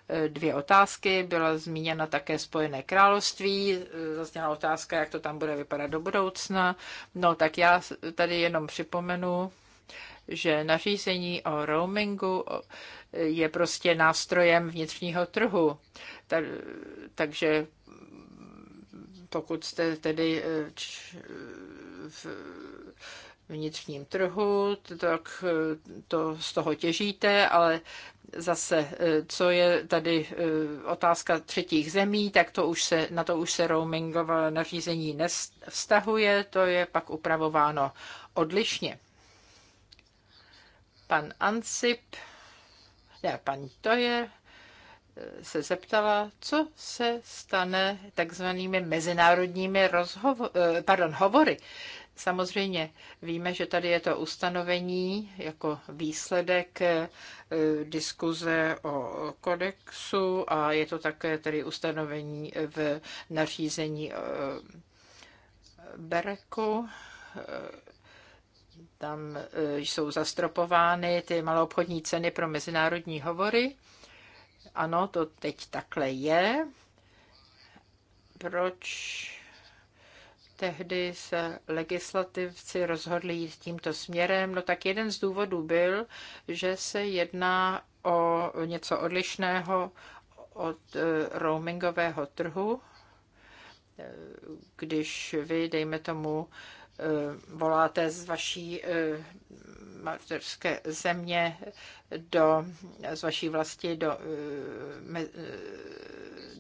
eh, dvě otázky. Byla zmíněna také Spojené království, eh, zazněla otázka, jak to tam bude vypadat do budoucna. No tak já tady jenom připomenu, že nařízení o roamingu je prostě nástrojem vnitřního trhu. takže pokud jste tedy v vnitřním trhu, tak eh, to z toho těžíte, ale zase, eh, co je tady eh, otázka třetích zemí, tak to už se, na to už se roamingové nařízení nevztahuje, to je pak upravováno odlišně. Pan Ancip, ne, paní Tojer, se zeptala, co se stane takzvanými mezinárodními rozhovory? pardon, hovory. Samozřejmě víme, že tady je to ustanovení jako výsledek eh, diskuze o kodexu a je to také tedy ustanovení v nařízení eh, Bereku eh, tam jsou zastropovány ty maloobchodní ceny pro mezinárodní hovory. Ano, to teď takhle je. Proč tehdy se legislativci rozhodli jít tímto směrem, no tak jeden z důvodů byl, že se jedná o něco odlišného od e, roamingového trhu, e, když vy, dejme tomu, e, voláte z vaší mateřské země do, z vaší vlasti do, eh, eh,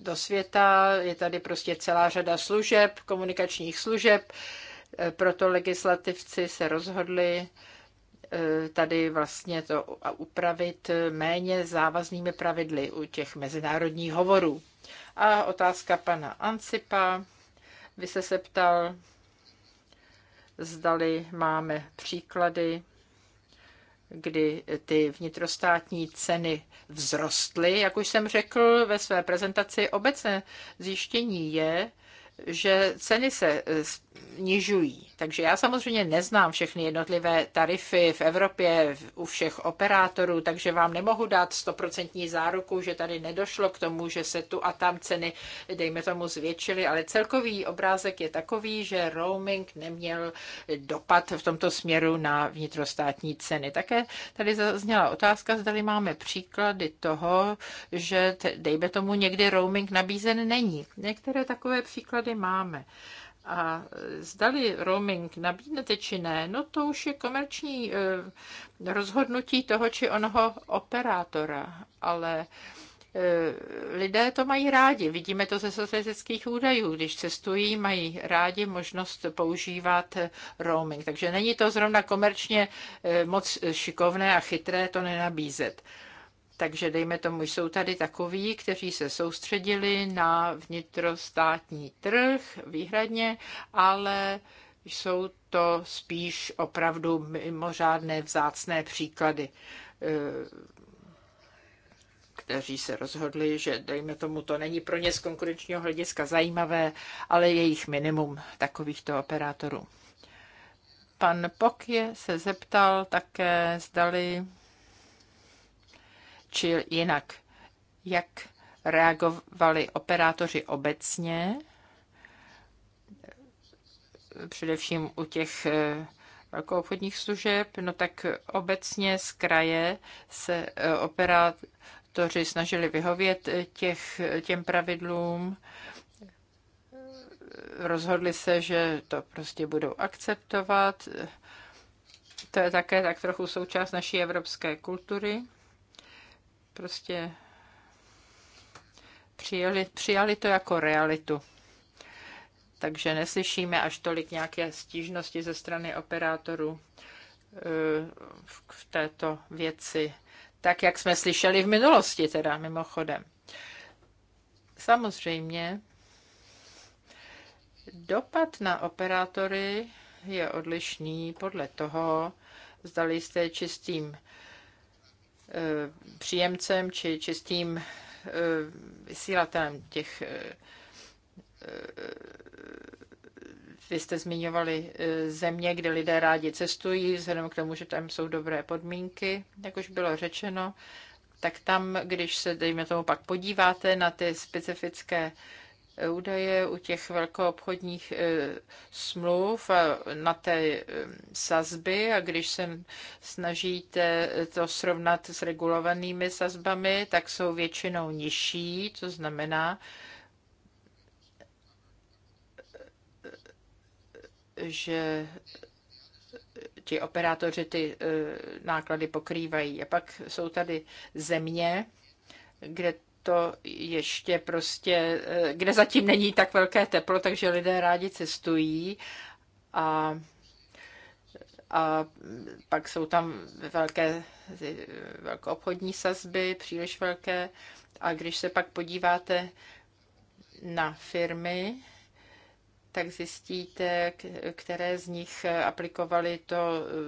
do světa. Je tady prostě celá řada služeb, komunikačních služeb, eh, proto legislativci se rozhodli tady vlastně to upravit méně závaznými pravidly u těch mezinárodních hovorů. A otázka pana Ancipa. Vy jste se ptal, zdali máme příklady kdy ty vnitrostátní ceny vzrostly. Jak už jsem řekl ve své prezentaci, obecné zjištění je, že ceny se e, snižují. Takže já samozřejmě neznám všechny jednotlivé tarify v Evropě u všech operátorů, takže vám nemohu dát stoprocentní záruku, že tady nedošlo k tomu, že se tu a tam ceny, dejme tomu, zvětšily, ale celkový obrázek je takový, že roaming neměl dopad v tomto směru na vnitrostátní ceny. Také tady zazněla otázka, zda máme příklady toho, že dejme tomu někdy roaming nabízen není. Některé takové příklady tady máme. A zdali roaming nabídnete či ne, no to už je komerční eh, rozhodnutí toho či onoho operátora, ale eh, lidé to mají rádi. Vidíme to ze statistických údajů. Když cestují, mají rádi možnost používat eh, roaming. Takže není to zrovna komerčně moc šikovné a chytré to nenabízet. Takže dejme tomu, jsou tady takoví, kteří se soustředili na vnitrostátní trh výhradně, ale jsou to spíš opravdu mimořádné vzácné příklady eh, kteří se rozhodli, že dejme tomu, to není pro ně z konkurenčního hlediska zajímavé, ale je jich minimum takovýchto operátorů. Pan Pokje se zeptal také, zdali či jinak. Jak reagovali operátoři obecně, především u těch eh, obchodních služeb, no tak obecně z kraje se eh, operátoři snažili vyhovět eh, těch, těm pravidlům, rozhodli se, že to prostě budou akceptovat. To je také tak trochu součást naší evropské kultury prostě přijeli, přijali to jako realitu. Takže neslyšíme až tolik nějaké stížnosti ze strany operátorů eh, v této věci, tak jak jsme slyšeli v minulosti teda mimochodem. Samozřejmě dopad na operátory je odlišný podle toho, zdali jste čistým Eh, příjemcem či čistým eh, vysílatelem těch. Eh, vy jste zmiňovali země, kde lidé rádi cestují, vzhledem k tomu, že tam jsou dobré podmínky, jak už bylo řečeno. Tak tam, když se, dejme tomu, pak podíváte na ty specifické údaje u těch velkoobchodních e, smluv a na té e, sazby a když se snažíte to srovnat s regulovanými sazbami, tak jsou většinou nižší, to znamená, že ti operátoři ty e, náklady pokrývají. A pak jsou tady země, kde to ještě prostě, eh, kde zatím není tak velké teplo, takže lidé rádi cestují a, a pak jsou tam velké, eh, velké obchodní sazby, příliš velké a když se pak podíváte na firmy, tak zjistíte, které z nich aplikovaly to,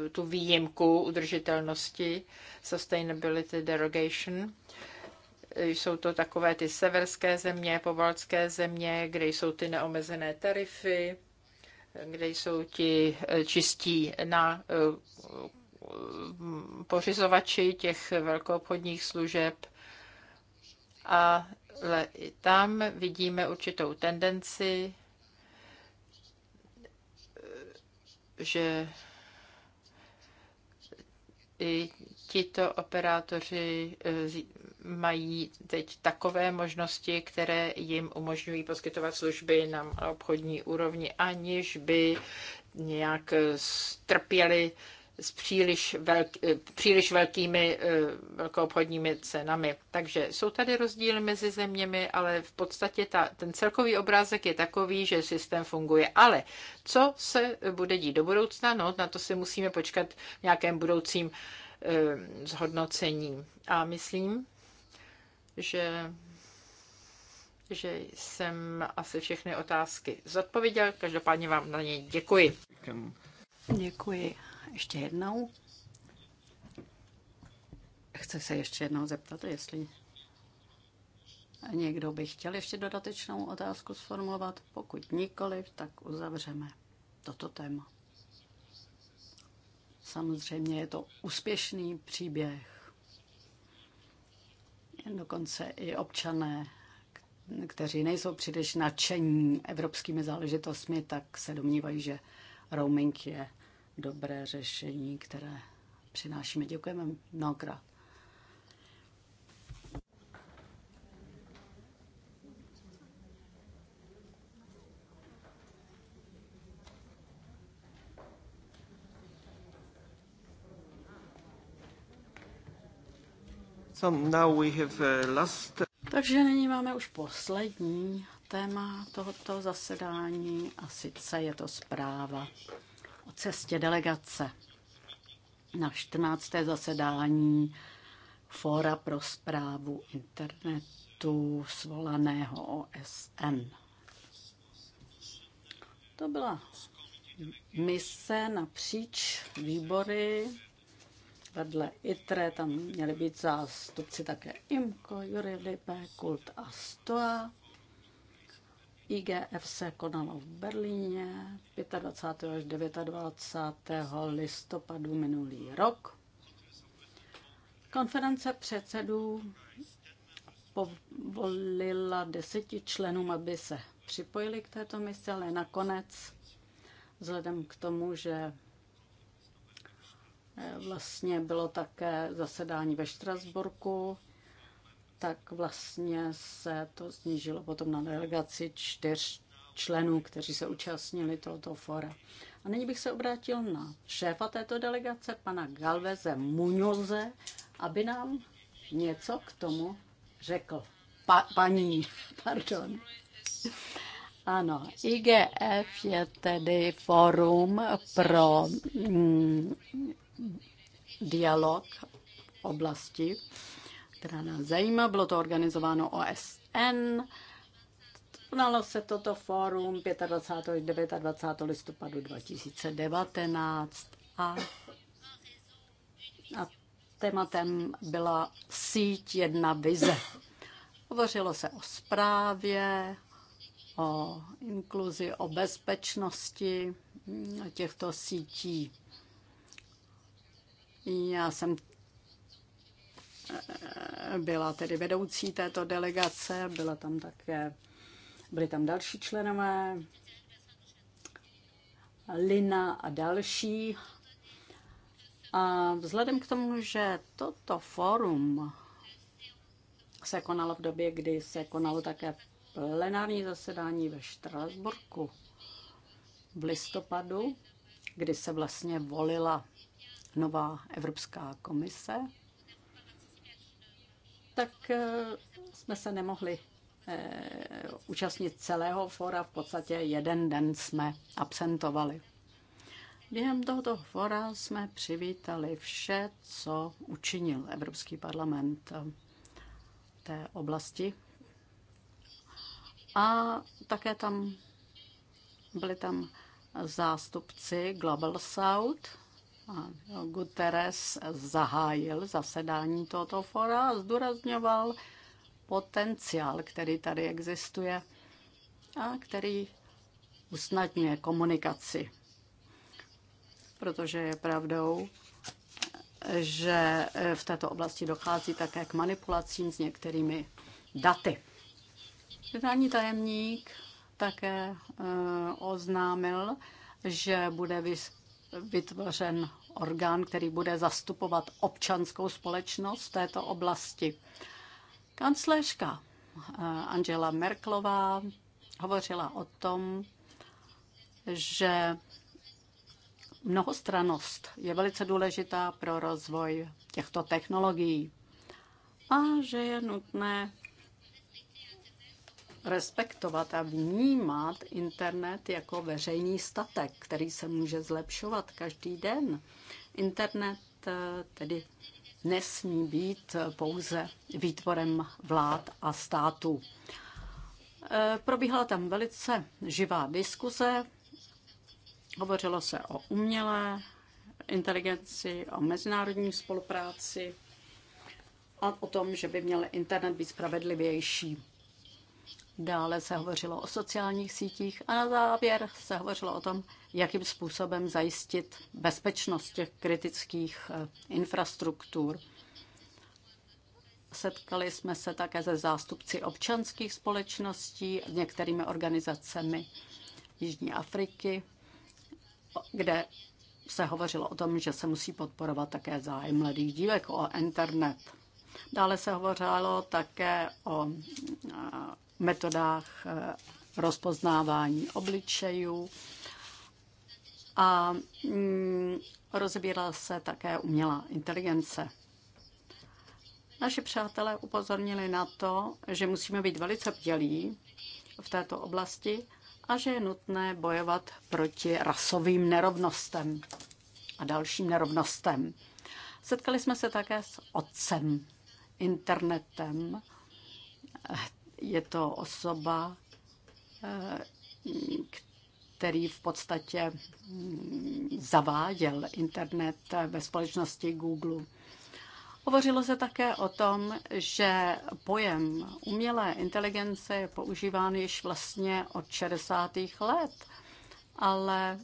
eh, tu výjimku udržitelnosti, sustainability derogation. Jsou to takové ty severské země, povalské země, kde jsou ty neomezené tarify, kde jsou ti eh, čistí na eh, pořizovači těch velkoobchodních služeb. Ale tam vidíme určitou tendenci, že i tito operátoři eh, mají teď takové možnosti, které jim umožňují poskytovat služby na obchodní úrovni, aniž by nějak strpěli s příliš, velk, eh, příliš velkými eh, velkoobchodními cenami. Takže jsou tady rozdíly mezi zeměmi, ale v podstatě ta, ten celkový obrázek je takový, že systém funguje. Ale co se bude dít do budoucna? No, na to si musíme počkat v nějakém budoucím eh, zhodnocení. A myslím, že že jsem asi všechny otázky zodpověděl. Každopádně vám na ně děkuji. Děkuji ještě jednou. Chci se ještě jednou zeptat, jestli někdo by chtěl ještě dodatečnou otázku sformulovat. Pokud nikoliv, tak uzavřeme toto téma. Samozřejmě je to úspěšný příběh dokonce i občané, kteří nejsou příliš nadšení evropskými záležitostmi, tak se domnívají, že roaming je dobré řešení, které přinášíme. Děkujeme mnohokrát. So now we have uh, last... Takže nyní máme už poslední téma tohoto zasedání a sice je to zpráva o cestě delegace na 14. zasedání Fóra pro zprávu internetu svolaného OSN. To byla mise napříč výbory Vedle ITRE tam měli být zástupci také IMCO, Jury Libe, Kult a STOA. IGF se konalo v Berlíně 25. až 29. listopadu minulý rok. Konference předsedů povolila deseti členům, aby se připojili k této misi, ale nakonec, vzhledem k tomu, že vlastně bylo také zasedání ve Štrasburku, tak vlastně se to snížilo potom na delegaci čtyř členů, kteří se účastnili tohoto fora. A nyní bych se obrátil na šéfa této delegace, pana Galveze Muñoze, aby nám něco k tomu řekl. Pa, paní, pardon. Ano, IGF je tedy forum pro mm, dialog v oblasti, která nás zajímá. Bylo to organizováno OSN. Konalo se toto fórum 25. a 29. listopadu 2019 a, a tématem byla síť jedna vize. Hovořilo se o správě, o inkluzi, o bezpečnosti těchto sítí. Já jsem eh, byla tedy vedoucí této delegace, byla tam také, byli tam další členové, Lina a další. A vzhledem k tomu, že toto fórum se konalo v době, kdy se konalo také plenární zasedání ve Štrasburku v listopadu, kdy se vlastně volila nová Evropská komise, tak eh, jsme se nemohli eh, účastnit celého fora, v podstatě jeden den jsme absentovali. Během tohoto fora jsme přivítali vše, co učinil Evropský parlament té oblasti. A také tam byli tam zástupci Global South, Guterres zahájil zasedání tohoto fora a zdůrazňoval potenciál, který tady existuje a který usnadňuje komunikaci. Protože je pravdou, že v této oblasti dochází také k manipulacím s některými daty. Generální tajemník také eh, oznámil, že bude vytvořen orgán, který bude zastupovat občanskou společnost v této oblasti. Kancléřka eh, Angela Merklová hovořila o tom, že mnohostranost je velice důležitá pro rozvoj těchto technologií a že je nutné respektovat a vnímat internet jako veřejný statek, který se může zlepšovat každý den. Internet eh, tedy nesmí být pouze výtvorem vlád a států. Eh, probíhala tam velice živá diskuze, hovořilo se o umělé inteligenci, o mezinárodní spolupráci a o tom, že by měl internet být spravedlivější. Dále se hovořilo o sociálních sítích a na závěr se hovořilo o tom, jakým způsobem zajistit bezpečnost těch kritických eh, infrastruktur. Setkali jsme se také se zástupci občanských společností, s některými organizacemi Jižní Afriky, kde se hovořilo o tom, že se musí podporovat také zájem mladých dívek o internet. Dále se hovořilo také o eh, metodách eh, rozpoznávání obličejů a mm, rozebírala se také umělá inteligence. Naši přátelé upozornili na to, že musíme být velice bdělí v této oblasti a že je nutné bojovat proti rasovým nerovnostem a dalším nerovnostem. Setkali jsme se také s otcem, internetem, je to osoba, eh, který v podstatě mm, zaváděl internet ve společnosti Google. Hovořilo se také o tom, že pojem umělé inteligence je používán již vlastně od 60. let, ale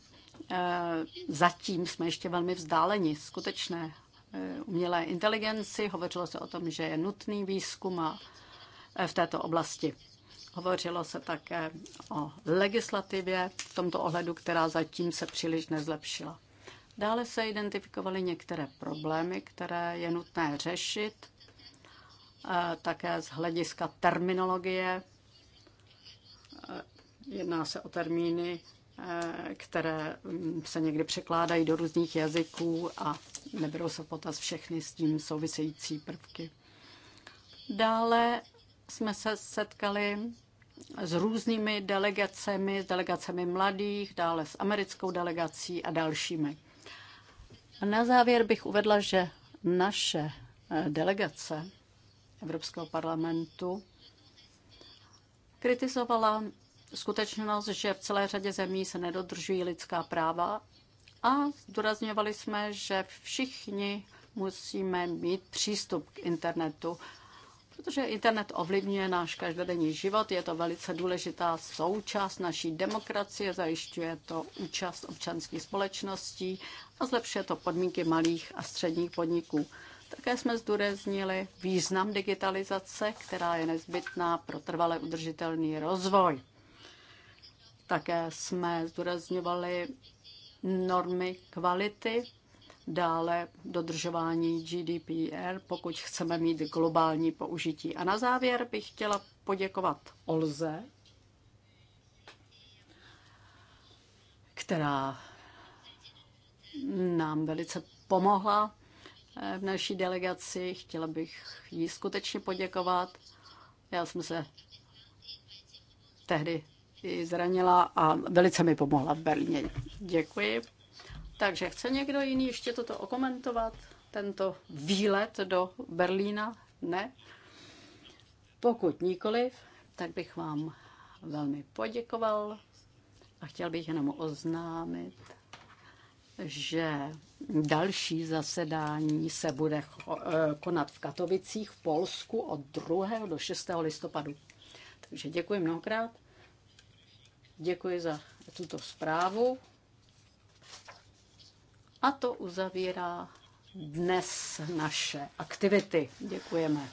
eh, zatím jsme ještě velmi vzdáleni skutečné eh, umělé inteligenci. Hovořilo se o tom, že je nutný výzkum a v této oblasti. Hovořilo se také o legislativě v tomto ohledu, která zatím se příliš nezlepšila. Dále se identifikovaly některé problémy, které je nutné řešit, eh, také z hlediska terminologie. Eh, jedná se o termíny, eh, které mm, se někdy překládají do různých jazyků a neberou se potaz všechny s tím související prvky. Dále jsme se setkali s různými delegacemi, s delegacemi mladých, dále s americkou delegací a dalšími. A na závěr bych uvedla, že naše eh, delegace Evropského parlamentu kritizovala skutečnost, že v celé řadě zemí se nedodržují lidská práva a zdůrazňovali jsme, že všichni musíme mít přístup k internetu protože internet ovlivňuje náš každodenní život, je to velice důležitá součást naší demokracie, zajišťuje to účast občanských společností a zlepšuje to podmínky malých a středních podniků. Také jsme zdůraznili význam digitalizace, která je nezbytná pro trvale udržitelný rozvoj. Také jsme zdůrazňovali normy kvality dále dodržování GDPR, pokud chceme mít globální použití. A na závěr bych chtěla poděkovat Olze, která nám velice pomohla eh, v naší delegaci. Chtěla bych jí skutečně poděkovat. Já jsem se tehdy i zranila a velice mi pomohla v Berlíně. Děkuji. Takže chce někdo jiný ještě toto okomentovat? Tento výlet do Berlína? Ne? Pokud nikoliv, tak bych vám velmi poděkoval a chtěl bych jenom oznámit, že další zasedání se bude eh, konat v Katovicích v Polsku od 2. do 6. listopadu. Takže děkuji mnohokrát. Děkuji za tuto zprávu. A to uzavírá dnes naše aktivity. Děkujeme.